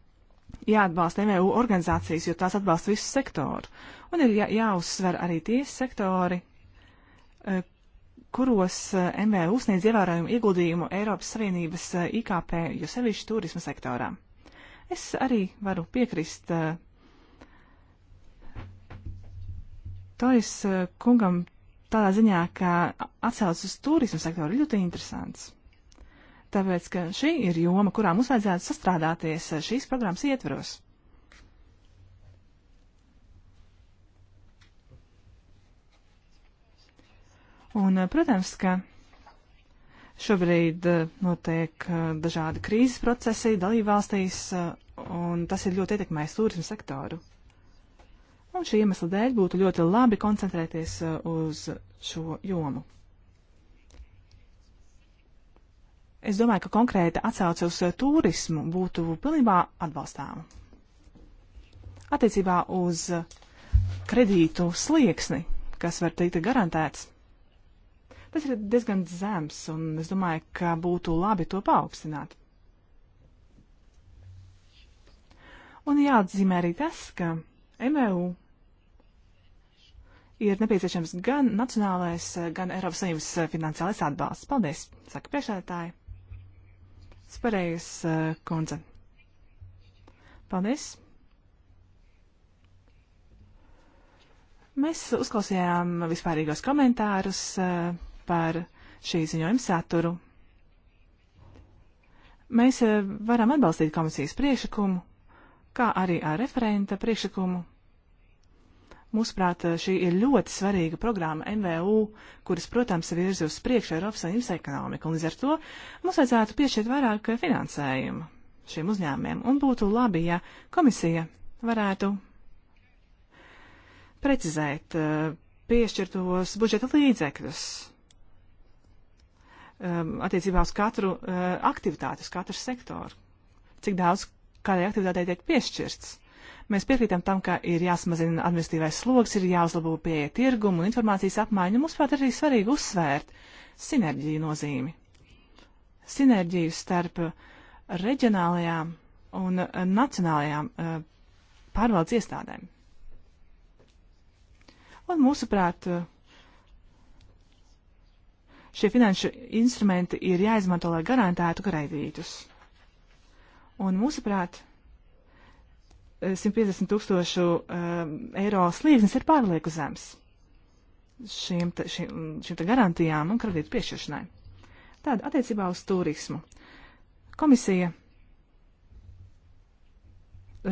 jāatbalsta MVU organizācijas, jo tās atbalsta visu sektoru. Un ir jā, jāuzsver arī tie sektori, eh, kuros eh, MVU sniedz ievērojumu ieguldījumu Eiropas Savienības eh, IKP, jo sevišķi turisma sektorā. Es arī varu piekrist Toris kungam tādā ziņā, ka atsauces uz turismu sektoru ļoti interesants tāpēc, ka šī ir joma, kurā mums vajadzētu sastrādāties eh, šīs programmas ietvaros. Un, eh, protams, ka šobrīd eh, notiek dažādi krīzes procesi dalībvalstīs, un tas ir ļoti ietekmējis turismu sektoru. Un šī iemesla dēļ būtu ļoti labi koncentrēties uz šo jomu. Es domāju, ka konkrēta atsauce uz eh, turismu būtu pilnībā atbalstāma. Attiecībā uz eh, kredītu slieksni, kas var teikt garantēts, tas ir diezgan zems, un es domāju, ka būtu labi to paaugstināt. Un jāatzīmē arī tas, ka MEU ir nepieciešams gan nacionālais, gan Eiropas Savienības eh, finansiālais atbalsts. Paldies, saka priekšsēdētāji. Svarējas eh, kundze. Paldies! Mēs uzklausījām vispārīgos komentārus eh, par šī ziņojuma saturu. Mēs eh, varam atbalstīt komisijas priekšlikumu, kā arī ar referenta priekšlikumu. Mūsuprāt, eh, šī ir ļoti svarīga programma MVU, kuras, protams, virza uz priekšu Eiropas Savienības ekonomiku, un līdz ar to mums vajadzētu piešķirt vairāk eh, finansējumu šiem uzņēmumiem, un būtu labi, ja komisija varētu precizēt eh, piešķirtos budžeta līdzekļus attiecībā uz katru aktivitāti, uz katru sektoru, cik daudz kādai aktivitātei tiek piešķirts Mēs piekrītam tam, ka ir jāsamazina administratīvais sloks, ir jāuzlabo pieeja tirgumu un informācijas apmaiņu. Mums pat arī svarīgi uzsvērt sinerģiju nozīmi. Sinerģiju starp reģionālajām un nacionālajām eh, pārvaldes iestādēm. Un mūsuprāt, eh, šie finanšu instrumenti ir jāizmanto, lai garantētu kredītus. Un mūsuprāt, 150 tūkstošu um, eiro slieksnis ir pārlieku zems šīm, te, šīm, šīm te garantijām un kredītu piešķiršanai. Tāda attiecībā uz turismu. Komisija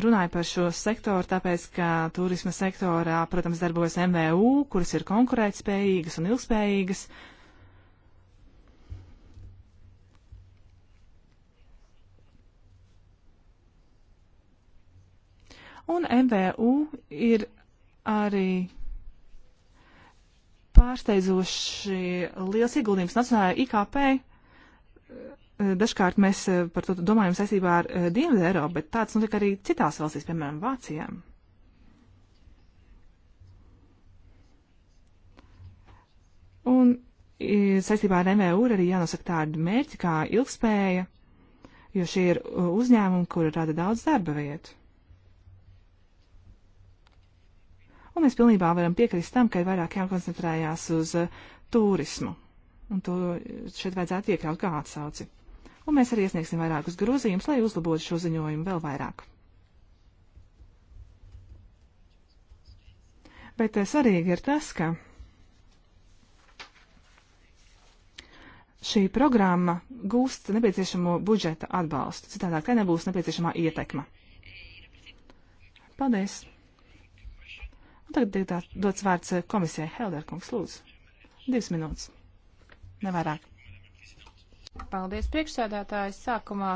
runāja par šo sektoru, tāpēc, ka turisma sektorā, protams, darbojas MVU, kuras ir konkurētspējīgas un ilgspējīgas. Uh, Un MVU ir arī pārsteidzoši liels ieguldījums nacionālajā IKP. Eh, dažkārt mēs eh, par to domājam saistībā ar eh, Dienvidu Eiropu, bet tāds notiek arī citās valstīs, piemēram, Vācijā. Un saistībā ar MVU ir arī jānosaka tādi mērķi kā ilgspēja, jo šie ir uzņēmumi, kuri rada daudz darba vietu. Un mēs pilnībā varam piekrist tam, ka ir vairāk jākoncentrējās uz eh, turismu. Un to šeit vajadzētu iekļaut kā atsauci. Un mēs arī iesniegsim vairākus grozījumus, lai uzlabotu šo ziņojumu vēl vairāk. Bet eh, svarīgi ir tas, ka šī programma gūst nepieciešamo budžeta atbalstu. Citādāk, tai nebūs nepieciešamā ietekma. Paldies! Un tagad ir tā, dots vārds eh, komisijai. Helder kungs, lūdzu. Divas minūtes. Nevairāk. Paldies, priekšsēdētājs. Sākumā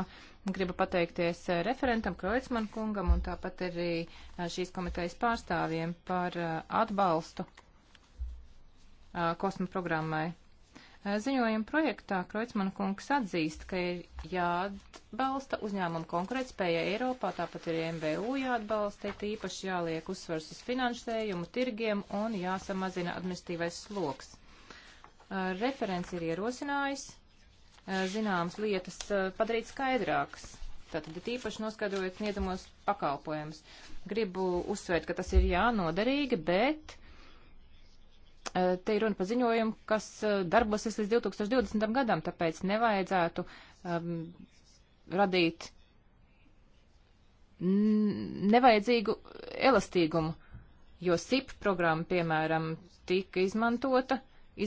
gribu pateikties eh, referentam Kroicman kungam un tāpat arī eh, šīs komitejas pārstāvjiem par atbalstu kosmu programmai Ziņojuma projektā Kreutzmann kungs atzīst, ka ir jāatbalsta uzņēmumu konkurētspēja Eiropā, tāpat ir MVU jāatbalsta, ir īpaši jāliek uzsvars uz finansējumu, tirgiem un jāsamazina administratīvais sloks. Referents ir ierosinājis zināmas lietas padarīt skaidrākas. Tātad ir īpaši noskaidrojot sniedzamos pakalpojumus. Gribu uzsvērt, ka tas ir jānoderīgi, bet Eh, te ir runa par ziņojumu, kas eh, darbosies līdz 2020. gadam, tāpēc nevajadzētu um, radīt nevajadzīgu elastīgumu, jo SIP programma, piemēram, tika izmantota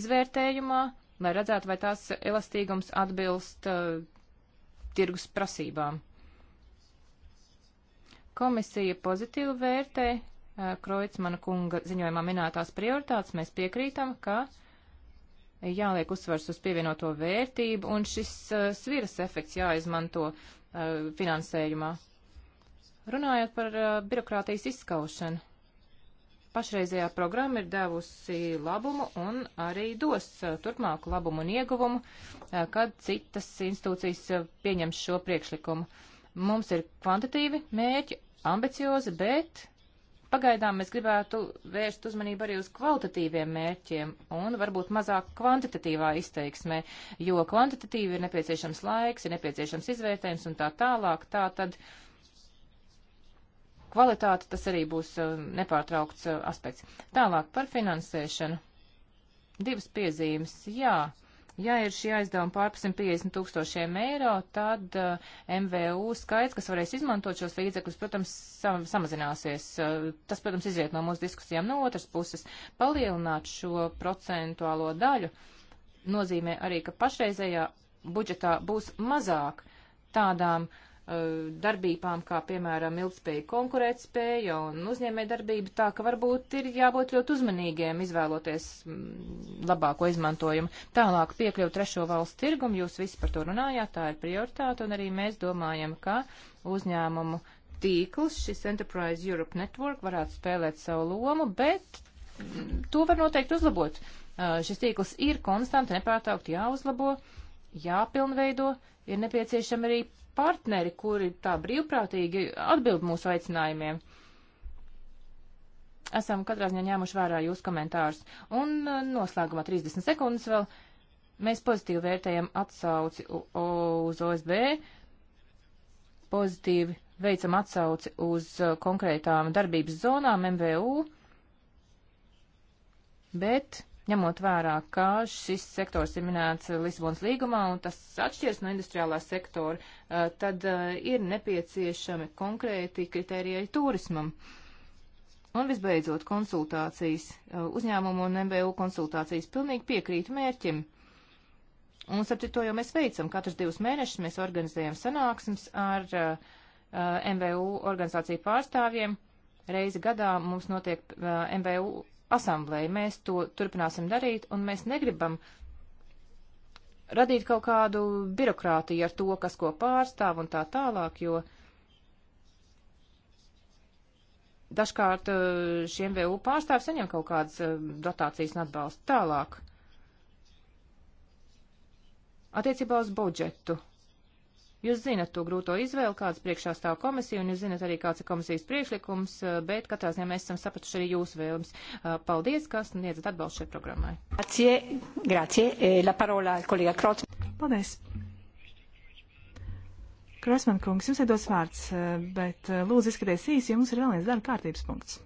izvērtējumā, lai redzētu, vai tās elastīgums atbilst uh, tirgus prasībām. Komisija pozitīvi vērtē Eh, Kreutzmana kunga ziņojumā minētās prioritātes, mēs piekrītam, ka jāliek uzsvars uz pievienoto vērtību un šis eh, sviras efekts jāizmanto eh, finansējumā. Runājot par birokrātijas izskaušanu, pašreizējā programma ir devusi labumu un arī dos turpmāku labumu un ieguvumu, kad citas institūcijas pieņems šo priekšlikumu. Mums ir kvantitīvi mērķi, ambiciozi, bet Pagaidām mēs gribētu vērst uzmanību arī uz kvalitatīviem mērķiem un varbūt mazāk kvantitatīvā izteiksmē, jo kvantitatīvi ir nepieciešams laiks, ir nepieciešams izvērtējums un tā tālāk. Tā tad kvalitāte tas arī būs eh, nepārtraukts eh, aspekts. Tālāk par finansēšanu. Divas piezīmes. Jā. Uh, Ja ir šī aizdevuma pār 150 tūkstošiem eiro, tad uh, eh, MVU skaits, kas varēs izmantot šos līdzekļus, protams, sam samazināsies. Uh, tas, protams, iziet no mūsu diskusijām. No otras puses, palielināt šo procentuālo daļu nozīmē arī, ka pašreizējā budžetā būs mazāk tādām uh, Uh, darbībām, kā piemēram ilgspēja konkurētspēja un uzņēmē darbība, tā ka varbūt ir jābūt ļoti uzmanīgiem izvēloties mm, labāko izmantojumu. Tālāk piekļuvu trešo valstu tirgumu, jūs visi par to runājāt, tā ir prioritāte un arī mēs domājam, ka uzņēmumu tīkls, šis Enterprise Europe Network varētu spēlēt savu lomu, bet mm, to var noteikti uzlabot. Uh, šis tīkls ir konstanti, nepārtraukti jāuzlabo, jāpilnveido, ir nepieciešama arī partneri, kuri tā brīvprātīgi atbild mūsu aicinājumiem. Esam katrā ziņā ņēmuši vērā jūsu komentārus. Un uh, noslēgumā 30 sekundes vēl. Mēs pozitīvi vērtējam atsauci uz OSB, pozitīvi veicam atsauci uz uh, konkrētām darbības zonām MVU, bet ņemot vērā, ka šis sektors ir minēts Lisabonas līgumā un tas atšķirs no industriālā sektora, eh, tad eh, ir nepieciešami konkrēti kritērijai turismam. Un visbeidzot, konsultācijas, eh, uzņēmumu un MBU konsultācijas pilnīgi piekrīt mērķim. Un, starp citu, to jau mēs veicam. Katrs divus mēnešus mēs organizējam sanāksmes ar uh, MBU organizāciju pārstāvjiem. Reizi gadā mums notiek uh, MBU asamblēju. Mēs to turpināsim darīt, un mēs negribam radīt kaut kādu birokrātiju ar to, kas ko pārstāv un tā tālāk, jo dažkārt uh, šiem VU pārstāvi saņem kaut kādas uh, dotācijas un atbalstu tālāk. Attiecībā uz budžetu Jūs zinat to grūto izvēli, kāds priekšā stāv komisija, un jūs zinat arī, kāds ir komisijas priekšlikums, eh, bet katrā ziņā mēs esam sapratuši arī jūsu vēlmes. Eh, paldies, kas sniedzat atbalstu šai programmai. Grazie, grazie. Eh, la parola al kolēga Krots. Paldies. Krosman kungs, jums ir dos vārds, bet lūdzu izskaties īsi, jo mums ir vēl viens darba kārtības punkts.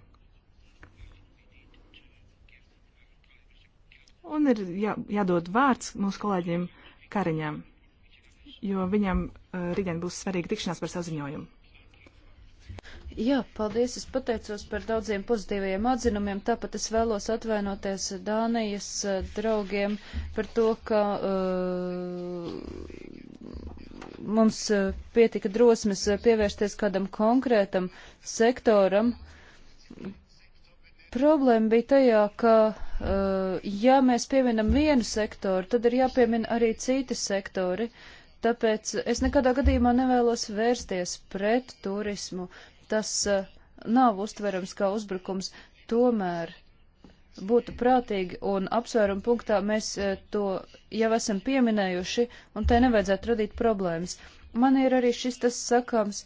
Un ir jā, jādod vārds mūsu kolēģim Kariņam jo viņam uh, rītdien būs svarīga tikšanās par savu ziņojumu. Jā, paldies. Es pateicos par daudziem pozitīvajiem atzinumiem. Tāpat es vēlos atvainoties Dānijas eh, draugiem par to, ka uh, mums pietika drosmes pievērsties kādam konkrētam sektoram. Problēma bija tajā, ka, uh, ja mēs pieminam vienu sektoru, tad ir jāpiemina arī citi sektori. Uh, Tāpēc es nekādā gadījumā nevēlos vērsties pret turismu. Tas uh, nav uztverams kā uzbrukums. Tomēr būtu prātīgi un apsvērumu punktā mēs eh, to jau esam pieminējuši, un tai nevajadzētu radīt problēmas. Man ir arī šis tas sakāms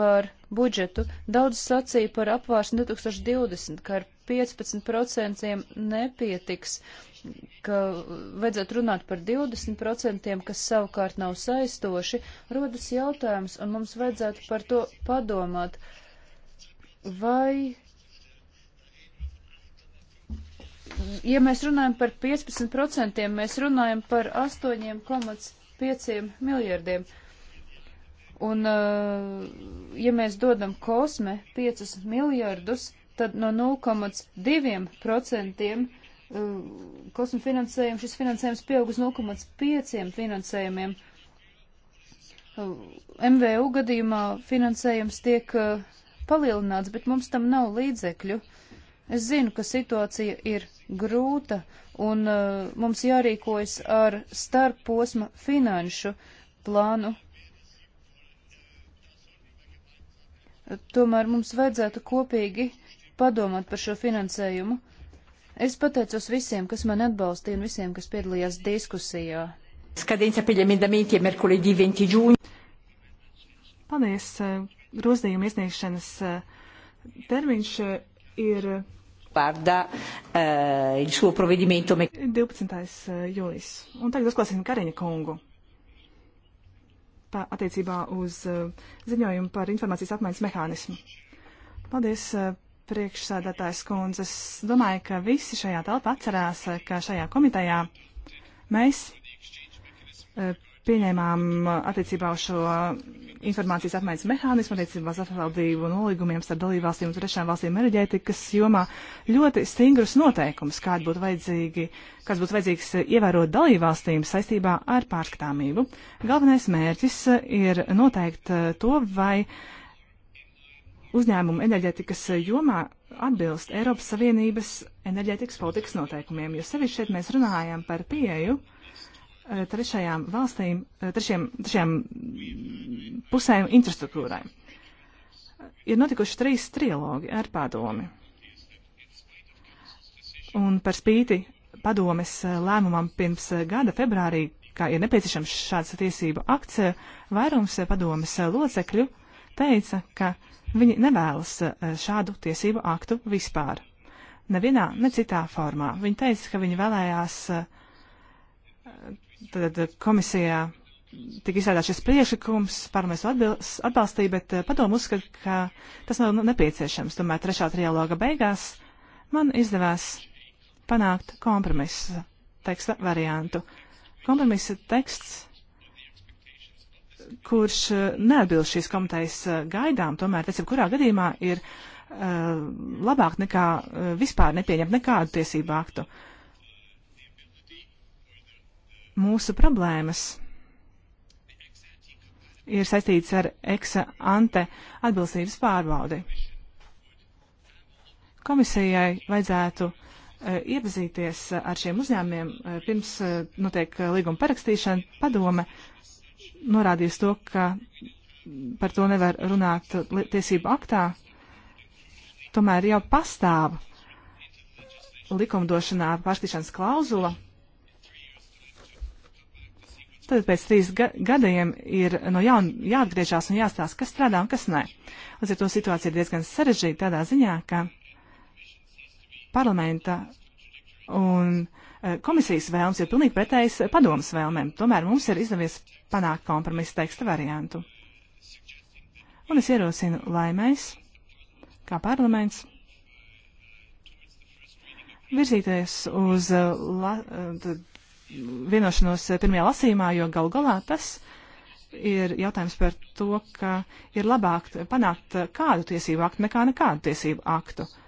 par budžetu. Daudz sacīja par apvārsni 2020, ka ar 15% nepietiks. Uh, ka vajadzētu runāt par 20%, kas savukārt nav saistoši, rodas jautājums, un mums vajadzētu par to padomāt, vai ja mēs runājam par 15%, mēs runājam par 8,5 miljardiem. Un, eh, ja mēs dodam kosme 5 miljardus, tad no 0,2% Ehm, kosmu finansējumu. Šis finansējums pieaug uz 0,5 finansējumiem. MVU ehm, gadījumā finansējums tiek eh, palielināts, bet mums tam nav līdzekļu. Es zinu, ka situācija ir grūta un uh, mums jārīkojas ar starp posma finanšu plānu. Tomēr mums vajadzētu kopīgi padomāt par šo finansējumu. Uh, Es pateicos visiem, kas man atbalstīja un visiem, kas piedalījās diskusijā. Skatīns apie emendamenti merkuledī 20 jūņu. Paldies. Eh, grozījuma iesniegšanas eh, termiņš eh, ir riguarda eh, il suo provvedimento. 12. jūlijas. Un tagad uzklāsim Kariņa kungu. Tā attiecībā uz ziņojumu par informācijas apmaiņas mehānismu. Paldies, priekšsēdētājs kundzes. Domāju, ka visi šajā telpā atcerās, ka šajā komitejā mēs e, pieņēmām attiecībā uz šo informācijas apmaiņas mehānismu, attiecībā uz atbildību nolīgumiem starp dalībvalstīm un trešām valstīm enerģētikas jomā ļoti stingrus noteikumus, kāds būtu, vajadzīgi, kāds būtu vajadzīgs ievērot dalībvalstīm saistībā ar pārskatāmību. Galvenais mērķis ir noteikt to, vai uh, uzņēmumu enerģētikas jomā atbilst Eiropas Savienības enerģētikas politikas noteikumiem, jo sevišķi šeit mēs runājam par pieeju eh, trešajām valstīm, eh, trešajām, trešajām pusēm infrastruktūrai. Ir notikuši trīs trilogi ar padomi. Un par spīti padomes eh, lēmumam pirms gada februārī, kā ir nepieciešams šāds tiesību akts, vairums padomes locekļu teica, ka uh, Viņi nevēlas eh, šādu tiesību aktu vispār. Nevienā, ne citā formā. Viņi teica, ka viņi vēlējās eh, tad komisijā tika izstrādāts šis priekšlikums, pārmēs atbalstīja, bet eh, padomu uzskata, ka tas nav nepieciešams. Tomēr trešā trialoga beigās man izdevās panākt kompromisa teksta variantu. Kompromisa teksts kurš eh, neatbilst šīs komitejas eh, gaidām, tomēr tas jebkurā gadījumā ir uh, labāk nekā uh, vispār nepieņemt nekādu tiesību aktu. Mūsu problēmas ir saistīts ar eksa ante atbilstības pārbaudi. Komisijai vajadzētu uh, iepazīties ar šiem uzņēmumiem pirms notiek līguma parakstīšana padome norādījusi to, ka par to nevar runāt tiesību aktā, tomēr jau pastāv likumdošanā pārskatīšanas klauzula. Tad pēc trīs ga gadiem ir no jauna jāatgriežās un jāstāsta, kas strādā un kas nē. Līdz ar to situācija ir diezgan sarežģīta tādā ziņā, ka parlamenta un uh, Eh, komisijas vēlms ir pilnīgi pretējs padomas vēlmēm. Tomēr mums ir izdevies panākt kompromisa teksta variantu. Un es ierosinu, lai mēs, kā parlaments, virzīties uz eh, la, eh, vienošanos pirmajā lasīmā, jo gal galā tas ir jautājums par to, ka ir labāk panākt kādu tiesību aktu nekā nekādu tiesību aktu. Uh,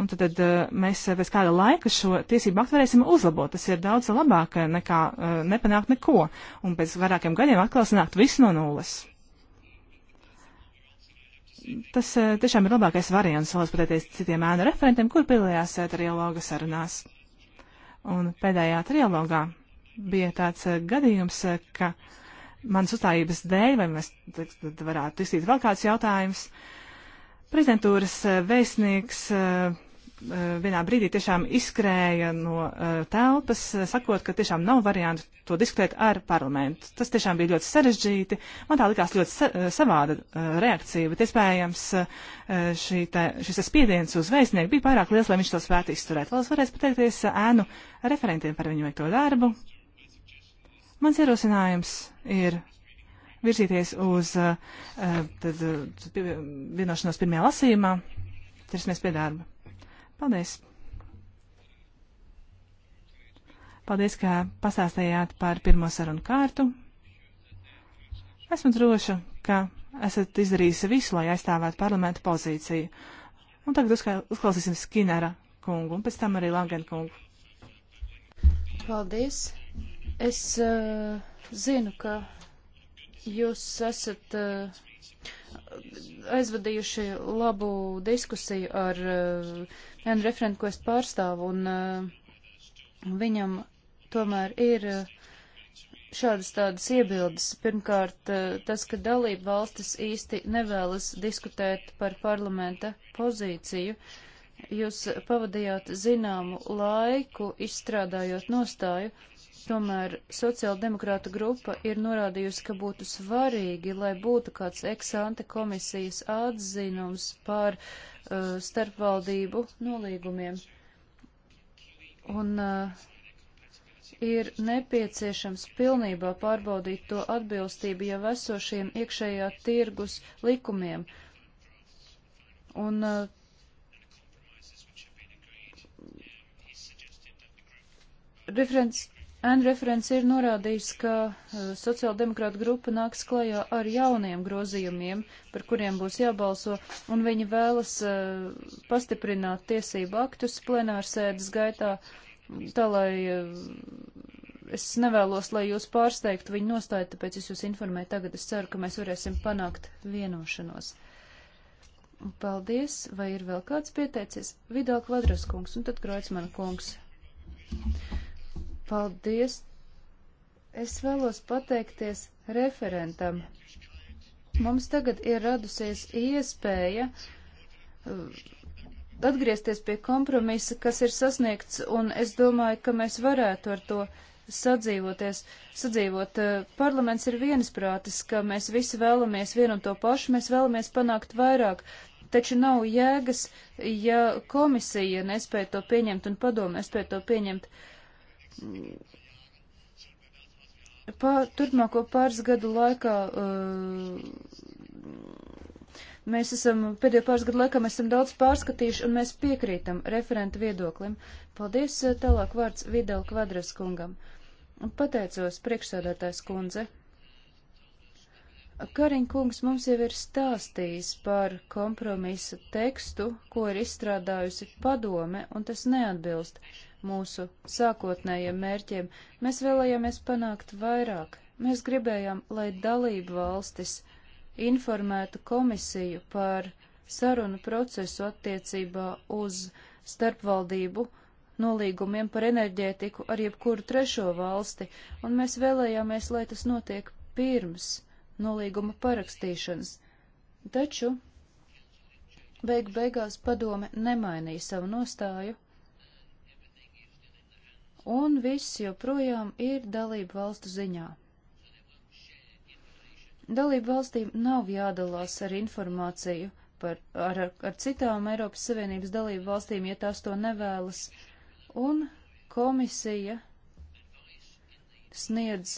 Un tad, tad eh, mēs eh, bez kāda laika šo tiesību aktu varēsim uzlabot. Tas ir daudz labāk eh, nekā uh, nepanākt neko. Un pēc vairākiem gadiem atkal sanākt viss no nulles. Tas uh, tiešām ir labākais variants, vēlos pateikties citiem ēnu referentiem, kur piedalījās uh, trialoga sarunās. Un pēdējā trialogā bija tāds uh, gadījums, uh, ka manas uzstājības dēļ, vai mēs tad, tad varētu izsīt vēl kāds jautājums, uh, Prezidentūras eh, vēstnieks eh, eh, vienā brīdī tiešām izskrēja no telpas, sakot, ka tiešām nav variantu to diskutēt ar parlamentu. Tas tiešām bija ļoti sarežģīti. Man tā likās ļoti sa savāda reakcija, bet iespējams te, šis spiediens uz vēstnieku bija pārāk liels, lai viņš to spētu izturēt. Vēl es varēšu pateikties ēnu referentiem par viņu veikto darbu. Mans ierosinājums ir virzīties uz uh, uh, tad, uh, vienošanos pirmajā lasījumā. Ķersimies pie darba. Paldies! Paldies, ka pastāstījāt par pirmo sarunu kārtu. Esmu droša, ka esat izdarījis visu, lai aizstāvētu parlamentu pozīciju. Un tagad uzklausīsim Skinera kungu un pēc tam arī Langena kungu. Paldies! Es uh, zinu, ka Jūs esat eh, aizvadījuši labu diskusiju ar eh, vienu referentu, ko es pārstāvu, un eh, viņam tomēr ir šādas tādas iebildes. Pirmkārt, tas, ka dalība valstis īsti nevēlas diskutēt par parlamenta pozīciju. Jūs pavadījāt zināmu laiku, izstrādājot nostāju, uh, Tomēr sociāldemokrāta grupa ir norādījusi, ka būtu svarīgi, lai būtu kāds eksante komisijas atzinums par uh, starpvaldību nolīgumiem. Un uh, ir nepieciešams pilnībā pārbaudīt to atbilstību jau esošiem iekšējā tirgus likumiem. Un, uh, referents Ēn referents ir norādījis, ka uh, sociāldemokrāta grupa nāks klajā ar jauniem grozījumiem, par kuriem būs jābalso, un viņi vēlas uh, pastiprināt tiesību aktus plenārsēdes gaitā, tā lai uh, es nevēlos, lai jūs pārsteigtu viņu nostāju, tāpēc es jūs informēju tagad. Es ceru, ka mēs varēsim panākt vienošanos. Paldies, vai ir vēl kāds pieteicies? Vidāl Kvadraskungs un tad Kroicmana kungs. Paldies! Es vēlos pateikties referentam. Mums tagad ir radusies iespēja uh, atgriezties pie kompromisa, kas ir sasniegts, un es domāju, ka mēs varētu ar to sadzīvoties, sadzīvot. Uh, parlaments ir viensprātis, ka mēs visi vēlamies vienu un to pašu, mēs vēlamies panākt vairāk, taču nav jēgas, ja komisija nespēja to pieņemt un padomu nespēja to pieņemt. Uh, Pār, turpmāko pāris gadu laikā uh, mēs esam, pēdējo pāris gadu laikā mēs esam daudz pārskatījuši un mēs piekrītam referenta viedoklim. Paldies, uh, tālāk vārds Vidal Kvadras kungam. Pateicos, priekšsēdētājs kundze. Kariņ kungs mums jau ir stāstījis par kompromisa tekstu, ko ir izstrādājusi padome, un tas neatbilst mūsu sākotnējiem mērķiem. Mēs vēlējāmies panākt vairāk. Mēs gribējām, lai dalību valstis informētu komisiju par sarunu procesu attiecībā uz starpvaldību nolīgumiem par enerģētiku ar jebkuru trešo valsti, un mēs vēlējāmies, lai tas notiek pirms nolīguma parakstīšanas. Taču beig beigās padome nemainīja savu nostāju, un viss joprojām ir dalību valstu ziņā. Dalību valstīm nav jādalās ar informāciju par, ar, ar, ar citām Eiropas Savienības dalību valstīm, ja tās to nevēlas, un komisija sniedz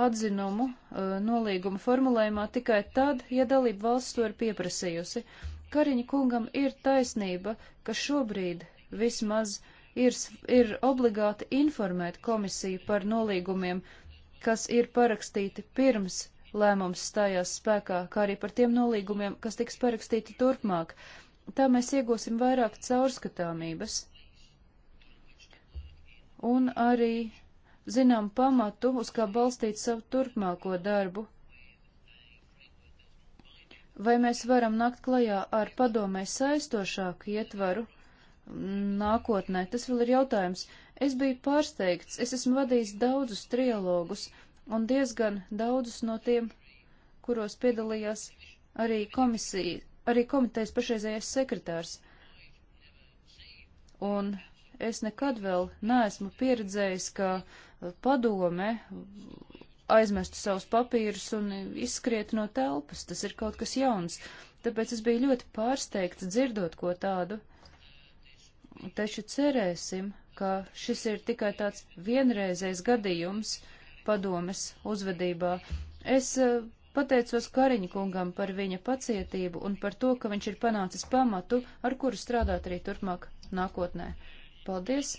atzinumu uh, nolīguma formulējumā tikai tad, ja dalība valsts to ir pieprasījusi. Kariņa kungam ir taisnība, ka šobrīd vismaz uh, ir, ir obligāti informēt komisiju par nolīgumiem, kas ir parakstīti pirms lēmums stājās spēkā, kā arī par tiem nolīgumiem, kas tiks parakstīti turpmāk. Tā mēs iegūsim vairāk caurskatāmības un arī zinām pamatu, uz kā balstīt savu turpmāko darbu. Vai mēs varam nakt klajā ar padomē saistošāku ietvaru? nākotnē, tas vēl ir jautājums. Es biju pārsteigts, es esmu vadījis daudzus trialogus, un diezgan daudzus no tiem, kuros piedalījās arī komisija, arī komitejas pašreizējais sekretārs. Un es nekad vēl neesmu pieredzējis, ka padome aizmestu savus papīrus un izskriet no telpas. Tas ir kaut kas jauns. Tāpēc es biju ļoti pārsteigts dzirdot ko tādu taču cerēsim, ka šis ir tikai tāds vienreizējs gadījums padomes uzvedībā. Es e, pateicos Kariņa kungam par viņa pacietību un par to, ka viņš ir panācis pamatu, ar kuru strādāt arī turpmāk nākotnē. Paldies!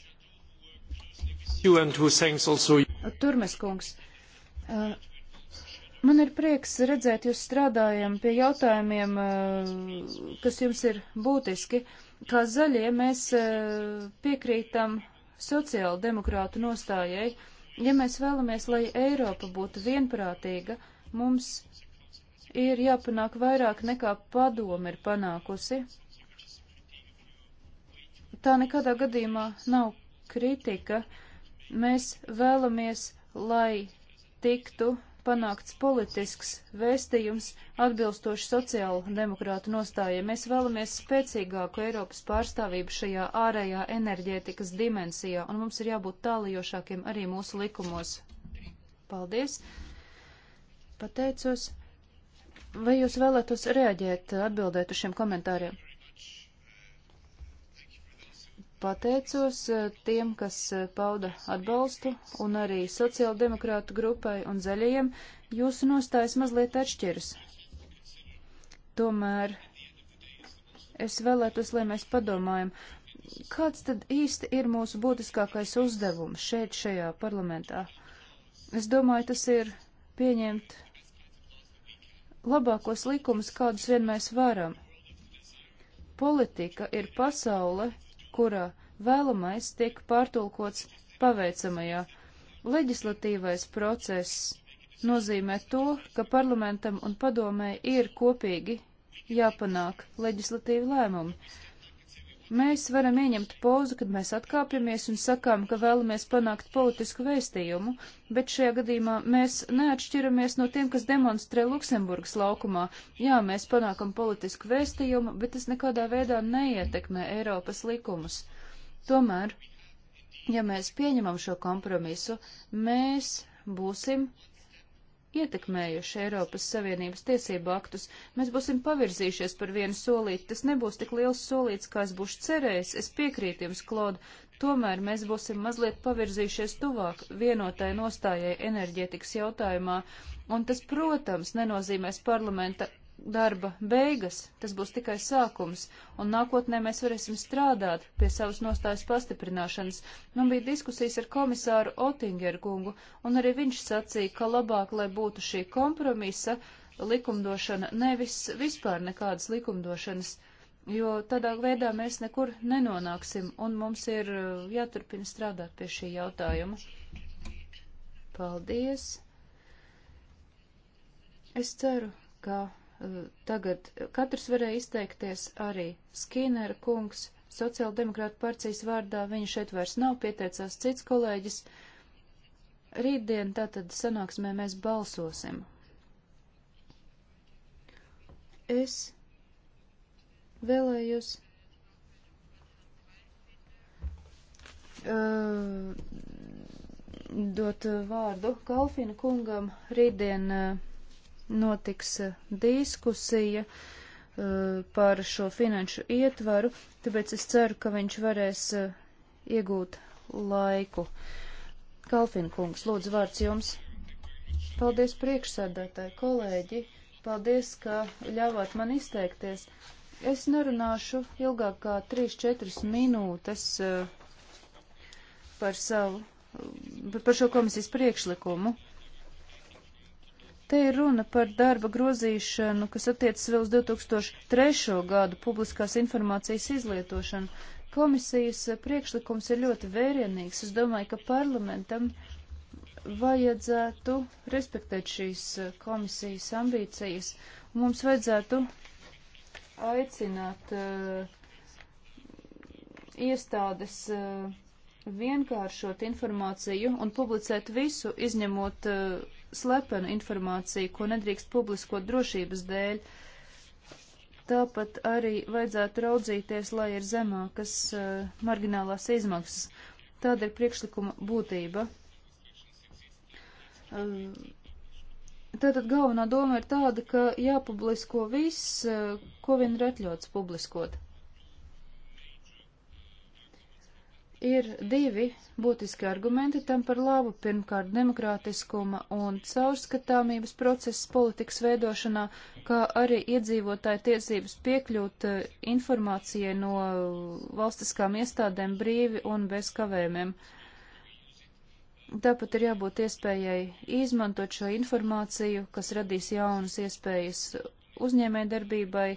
Turmes kungs, e, Man ir prieks redzēt, jūs strādājam pie jautājumiem, eh, kas jums ir būtiski. Kā zaļie mēs eh, piekrītam sociāldemokrātu nostājai. Ja mēs vēlamies, lai Eiropa būtu vienprātīga, mums ir jāpanāk vairāk nekā padome ir panākusi. Tā nekādā gadījumā nav kritika. Mēs vēlamies, lai tiktu panākts politisks vēstījums atbilstoši sociālu demokrātu nostājai. Mēs vēlamies spēcīgāku Eiropas pārstāvību šajā ārējā enerģētikas dimensijā, un mums ir jābūt tālajošākiem arī mūsu likumos. Paldies! Pateicos! Vai jūs vēlētos reaģēt, atbildēt uz šiem komentāriem? pateicos eh, tiem, kas eh, pauda atbalstu, un arī sociāldemokrātu grupai un zaļajiem. Jūsu nostājas mazliet atšķiras. Tomēr es vēlētos, lai mēs padomājam, kāds tad īsti ir mūsu būtiskākais uzdevums šeit, šajā parlamentā? Es domāju, tas ir pieņemt labākos likumus, kādus vien mēs varam. Politika ir pasaule, kurā vēlamais tiek pārtulkots paveicamajā. Leģislatīvais process nozīmē to, ka parlamentam un padomē ir kopīgi jāpanāk leģislatīvi lēmumi. Mēs varam ieņemt pozu, kad mēs atkāpjamies un sakām, ka vēlamies panākt politisku vēstījumu, bet šajā gadījumā mēs neatšķiramies no tiem, kas demonstrē Luksemburgas laukumā. Jā, mēs panākam politisku vēstījumu, bet tas nekādā veidā neietekmē Eiropas likumus. Tomēr, ja mēs pieņemam šo kompromisu, mēs būsim ietekmējuši Eiropas Savienības tiesību aktus. Mēs būsim pavirzījušies par vienu solīti. Tas nebūs tik liels solīts, kā es būšu cerējis. Es piekrītu jums, Klod. Tomēr mēs būsim mazliet pavirzījušies tuvāk vienotai nostājai enerģētikas jautājumā, un tas, protams, nenozīmēs parlamenta darba beigas, tas būs tikai sākums, un nākotnē mēs varēsim strādāt pie savas nostājas pastiprināšanas. Man bija diskusijas ar komisāru Otingeru kungu, un arī viņš sacīja, ka labāk, lai būtu šī kompromisa likumdošana, nevis vispār nekādas likumdošanas, jo tādā veidā mēs nekur nenonāksim, un mums ir uh, jāturpina strādāt pie šī jautājuma. Paldies! Es ceru, ka Tagad katrs varēja izteikties arī Skinner kungs, sociāldemokrāta partijas vārdā, viņa šeit vairs nav, pieteicās cits kolēģis. Rītdien tātad sanāksmē mēs balsosim. Es vēlējos uh, dot vārdu Kalfina kungam rītdien. Uh, notiks eh, diskusija eh, par šo finanšu ietvaru, tāpēc es ceru, ka viņš varēs eh, iegūt laiku. Kalfinkungs, lūdzu, vārds jums. Paldies priekšsēdētāji, kolēģi, paldies, ka ļāvāt man izteikties. Es nerunāšu ilgāk kā 3-4 minūtes par savu, par šo komisijas priekšlikumu. Te ir runa par darba grozīšanu, kas attiecas vēl uz 2003. gadu publiskās informācijas izlietošanu. Komisijas priekšlikums ir ļoti vērienīgs. Es domāju, ka parlamentam vajadzētu respektēt šīs komisijas ambīcijas. Mums vajadzētu aicināt uh, iestādes uh, vienkāršot informāciju un publicēt visu, izņemot uh, slepenu informāciju, ko nedrīkst publiskot drošības dēļ. Tāpat arī vajadzētu raudzīties, lai ir zemākas uh, marginālās izmaksas. Tāda ir priekšlikuma būtība. Uh, tātad galvenā doma ir tāda, ka jāpublisko viss, uh, ko vien ir atļauts publiskot. ir divi būtiski argumenti tam par labu. Pirmkārt, demokrātiskuma un caurskatāmības process politikas veidošanā, kā arī iedzīvotāju tiesības piekļūt eh, informācijai no valstiskām iestādēm brīvi un bez kavējumiem. Tāpat ir jābūt iespējai izmantot šo informāciju, kas radīs jaunas iespējas uzņēmē darbībai,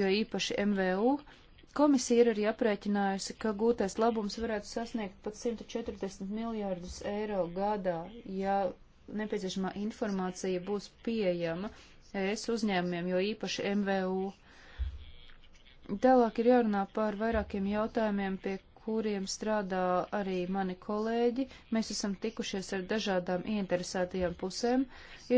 jo īpaši MVU. Uh, Komisija ir arī aprēķinājusi, ka gūtais labums varētu sasniegt pat 140 miljārdus eiro gadā, ja nepieciešamā informācija būs pieejama ES uzņēmumiem, jo īpaši MVU. Tālāk ir jārunā par vairākiem jautājumiem, pie kuriem strādā arī mani kolēģi. Mēs esam tikušies ar dažādām ieinteresētajām pusēm.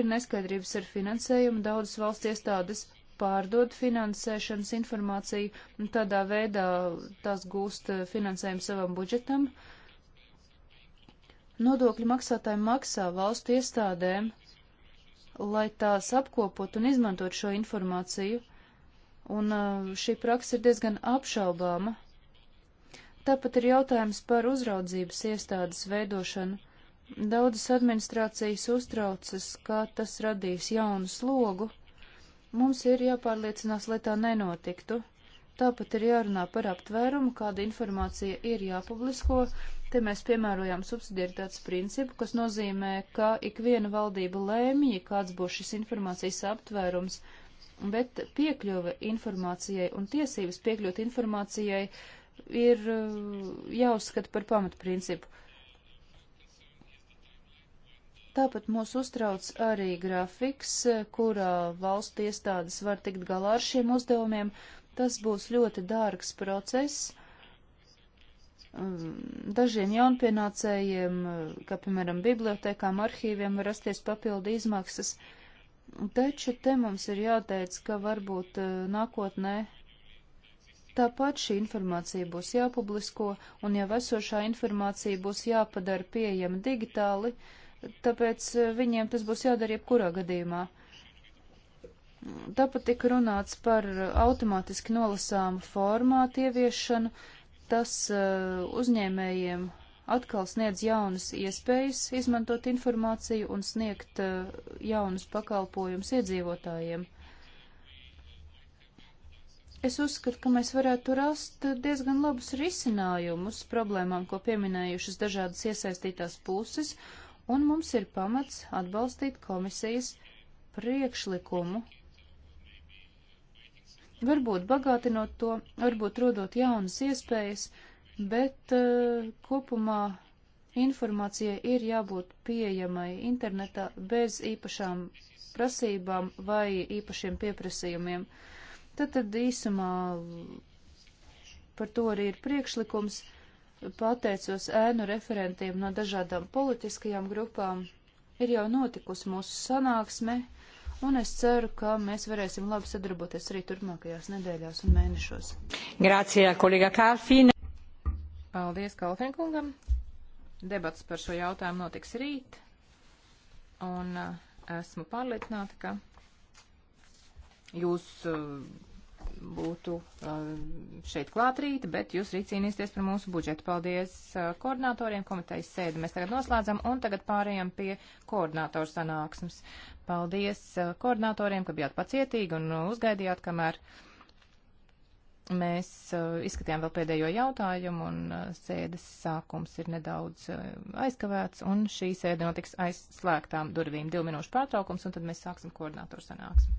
Ir neskaidrības ar finansējumu, daudzas valsts iestādes pārdod finansēšanas informāciju, un tādā veidā tās gūst finansējumu savam budžetam. Nodokļu maksātāji maksā valstu iestādēm, lai tās apkopot un izmantot šo informāciju, un uh, šī praksa ir diezgan apšaubāma. Tāpat ir jautājums par uzraudzības iestādes veidošanu. Daudzas administrācijas uztraucas, kā tas radīs jaunu slogu Mums ir jāpārliecinās, lai tā nenotiktu. Tāpat ir jārunā par aptvērumu, kāda informācija ir jāpublisko. Te mēs piemērojām subsidiaritātes principu, kas nozīmē, ka ikviena valdība lēmīja, kāds būs šis informācijas aptvērums, bet piekļuve informācijai un tiesības piekļūt informācijai ir uh, jāuzskata par pamatprincipu. Tāpat mūs uztrauc arī grafiks, kurā valsts iestādes var tikt galā ar šiem uzdevumiem. Tas būs ļoti dārgs process um, dažiem jaunpienācējiem, kā piemēram bibliotekām, arhīviem, var rasties papildu izmaksas. Taču te mums ir jāteic, ka varbūt uh, nākotnē tāpat šī informācija būs jāpublisko un jau esošā informācija būs jāpadara pieejama digitāli, uh, tāpēc eh, viņiem tas būs jādara jebkurā gadījumā. Tāpat tika runāts par eh, automātiski nolasāmu formātu ieviešanu, tas uh, uzņēmējiem atkal sniedz jaunas iespējas izmantot informāciju un sniegt uh, jaunus pakalpojumus iedzīvotājiem. Es uzskatu, ka mēs varētu rast diezgan labus risinājumus problēmām, ko pieminējušas dažādas iesaistītās puses, uh, un mums ir pamats atbalstīt komisijas priekšlikumu. Varbūt bagātinot to, varbūt rodot jaunas iespējas, bet uh, kopumā informācijai ir jābūt pieejamai internetā bez īpašām prasībām vai īpašiem pieprasījumiem. Tad, tad īsumā par to arī ir priekšlikums. Uh, pateicos ēnu referentiem no dažādām politiskajām grupām. Ir jau notikusi mūsu sanāksme, un es ceru, ka mēs varēsim labi sadarboties arī turpmākajās nedēļās un mēnešos. Grācijā, kolēga Kalfīna. Paldies Kalfinkungam. Debats par šo jautājumu notiks rīt, un uh, esmu pārliecināta, ka jūs uh, būtu um, šeit klāt rīt, bet jūs rīt cīnīsieties par mūsu budžetu. Paldies uh, koordinatoriem, komitejas sēdi mēs tagad noslēdzam un tagad pārējām pie koordinatoru sanāksmes. Paldies uh, koordinatoriem, ka bijāt pacietīgi un uh, uzgaidījāt, kamēr mēs izskatījām vēl pēdējo jautājumu un sēdes sākums ir nedaudz aizkavēts un šī sēde notiks aizslēgtām durvīm. Divu minūšu pārtraukums un tad mēs sāksim koordinatoru sanāksmi.